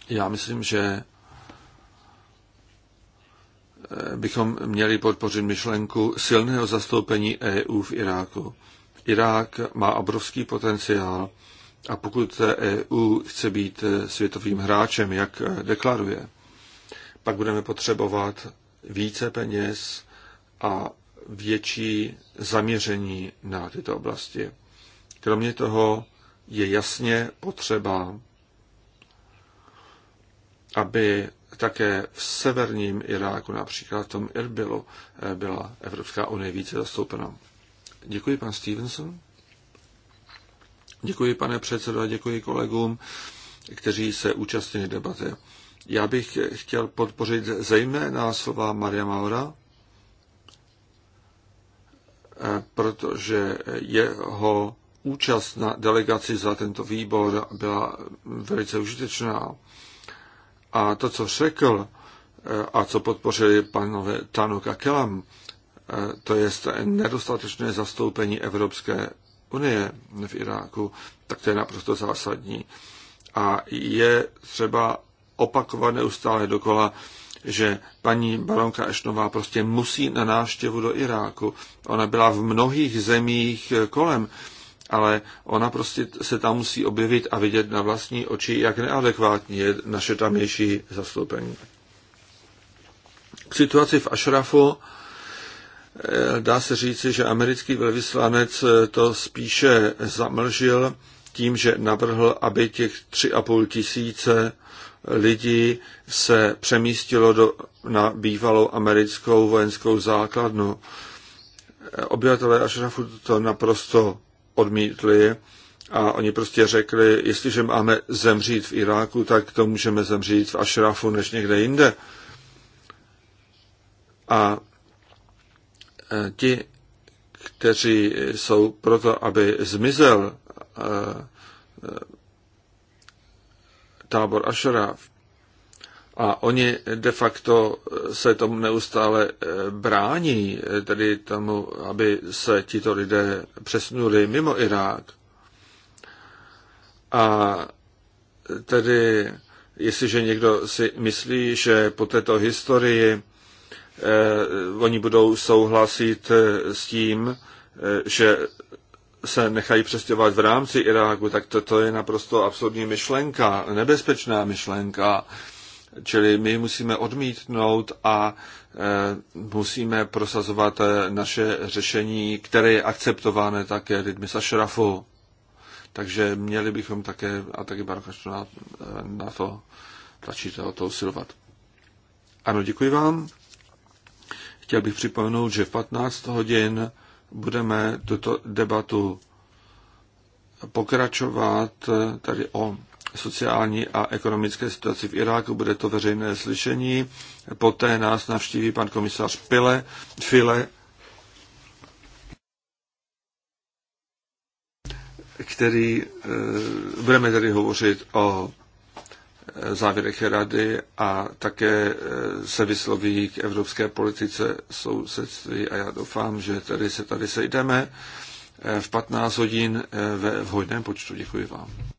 já myslím, že bychom měli podpořit myšlenku silného zastoupení EU v Iráku. Irák má obrovský potenciál a pokud EU chce být světovým hráčem, jak deklaruje, pak budeme potřebovat více peněz a větší zaměření na tyto oblasti. Kromě toho je jasně potřeba, aby také v severním Iráku, například v tom Erbilu, eh, byla Evropská unie více zastoupena. Děkuji, pan Stevenson. Děkuji, pane předsedo, a děkuji kolegům, kteří se účastnili debaty. Já bych chtěl podpořit zejména slova Maria Maura, eh, protože jeho účast na delegaci za tento výbor byla velice užitečná. A to, co řekl eh, a co podpořili panové Tanuk a Kelam, eh, to je nedostatečné zastoupení Evropské unie v Iráku, tak to je naprosto zásadní. A je třeba opakovat neustále dokola, že paní baronka Ešnová prostě musí na návštěvu do Iráku. Ona byla v mnohých zemích eh, kolem ale ona prostě se tam musí objevit a vidět na vlastní oči, jak neadekvátní je naše tamější zastoupení. K situaci v Ašrafu eh, dá se říci, že americký velvyslanec eh, to spíše zamlžil tím, že navrhl, aby těch 3,5 tisíce lidí se přemístilo do, na bývalou americkou vojenskou základnu. Eh, obyvatelé Ašrafu to naprosto odmítli a oni prostě řekli, jestliže máme zemřít v Iráku, tak to můžeme zemřít v Ašrafu než někde jinde. A e, ti, kteří jsou proto, aby zmizel e, e, tábor Ašraf, a oni de facto se tomu neustále eh, brání, eh, tedy tomu, aby se tito lidé přesunuli mimo Irák. A tedy, jestliže někdo si myslí, že po této historii eh, oni budou souhlasit eh, s tím, eh, že se nechají přestěhovat v rámci Iráku, tak to, to je naprosto absurdní myšlenka, nebezpečná myšlenka. Eh, Čili my musíme odmítnout a eh, musíme prosazovat eh, naše řešení, které je akceptováno také lidmi z Ašrafu. Takže měli bychom také, a taky Baruch na, eh, na to tlačit a o to usilovat. Ano, děkuji vám. Chtěl bych připomenout, že v 15 hodin budeme tuto debatu pokračovat tady o sociální a ekonomické situaci v Iráku. Bude to veřejné slyšení. Poté nás navštíví pan komisař Pile, File, který e, budeme tedy hovořit o eh, závěrech rady a také eh, se vysloví k evropské politice sousedství a já doufám, že tady se tady sejdeme v 15 hodin ve vhodném počtu. Děkuji vám.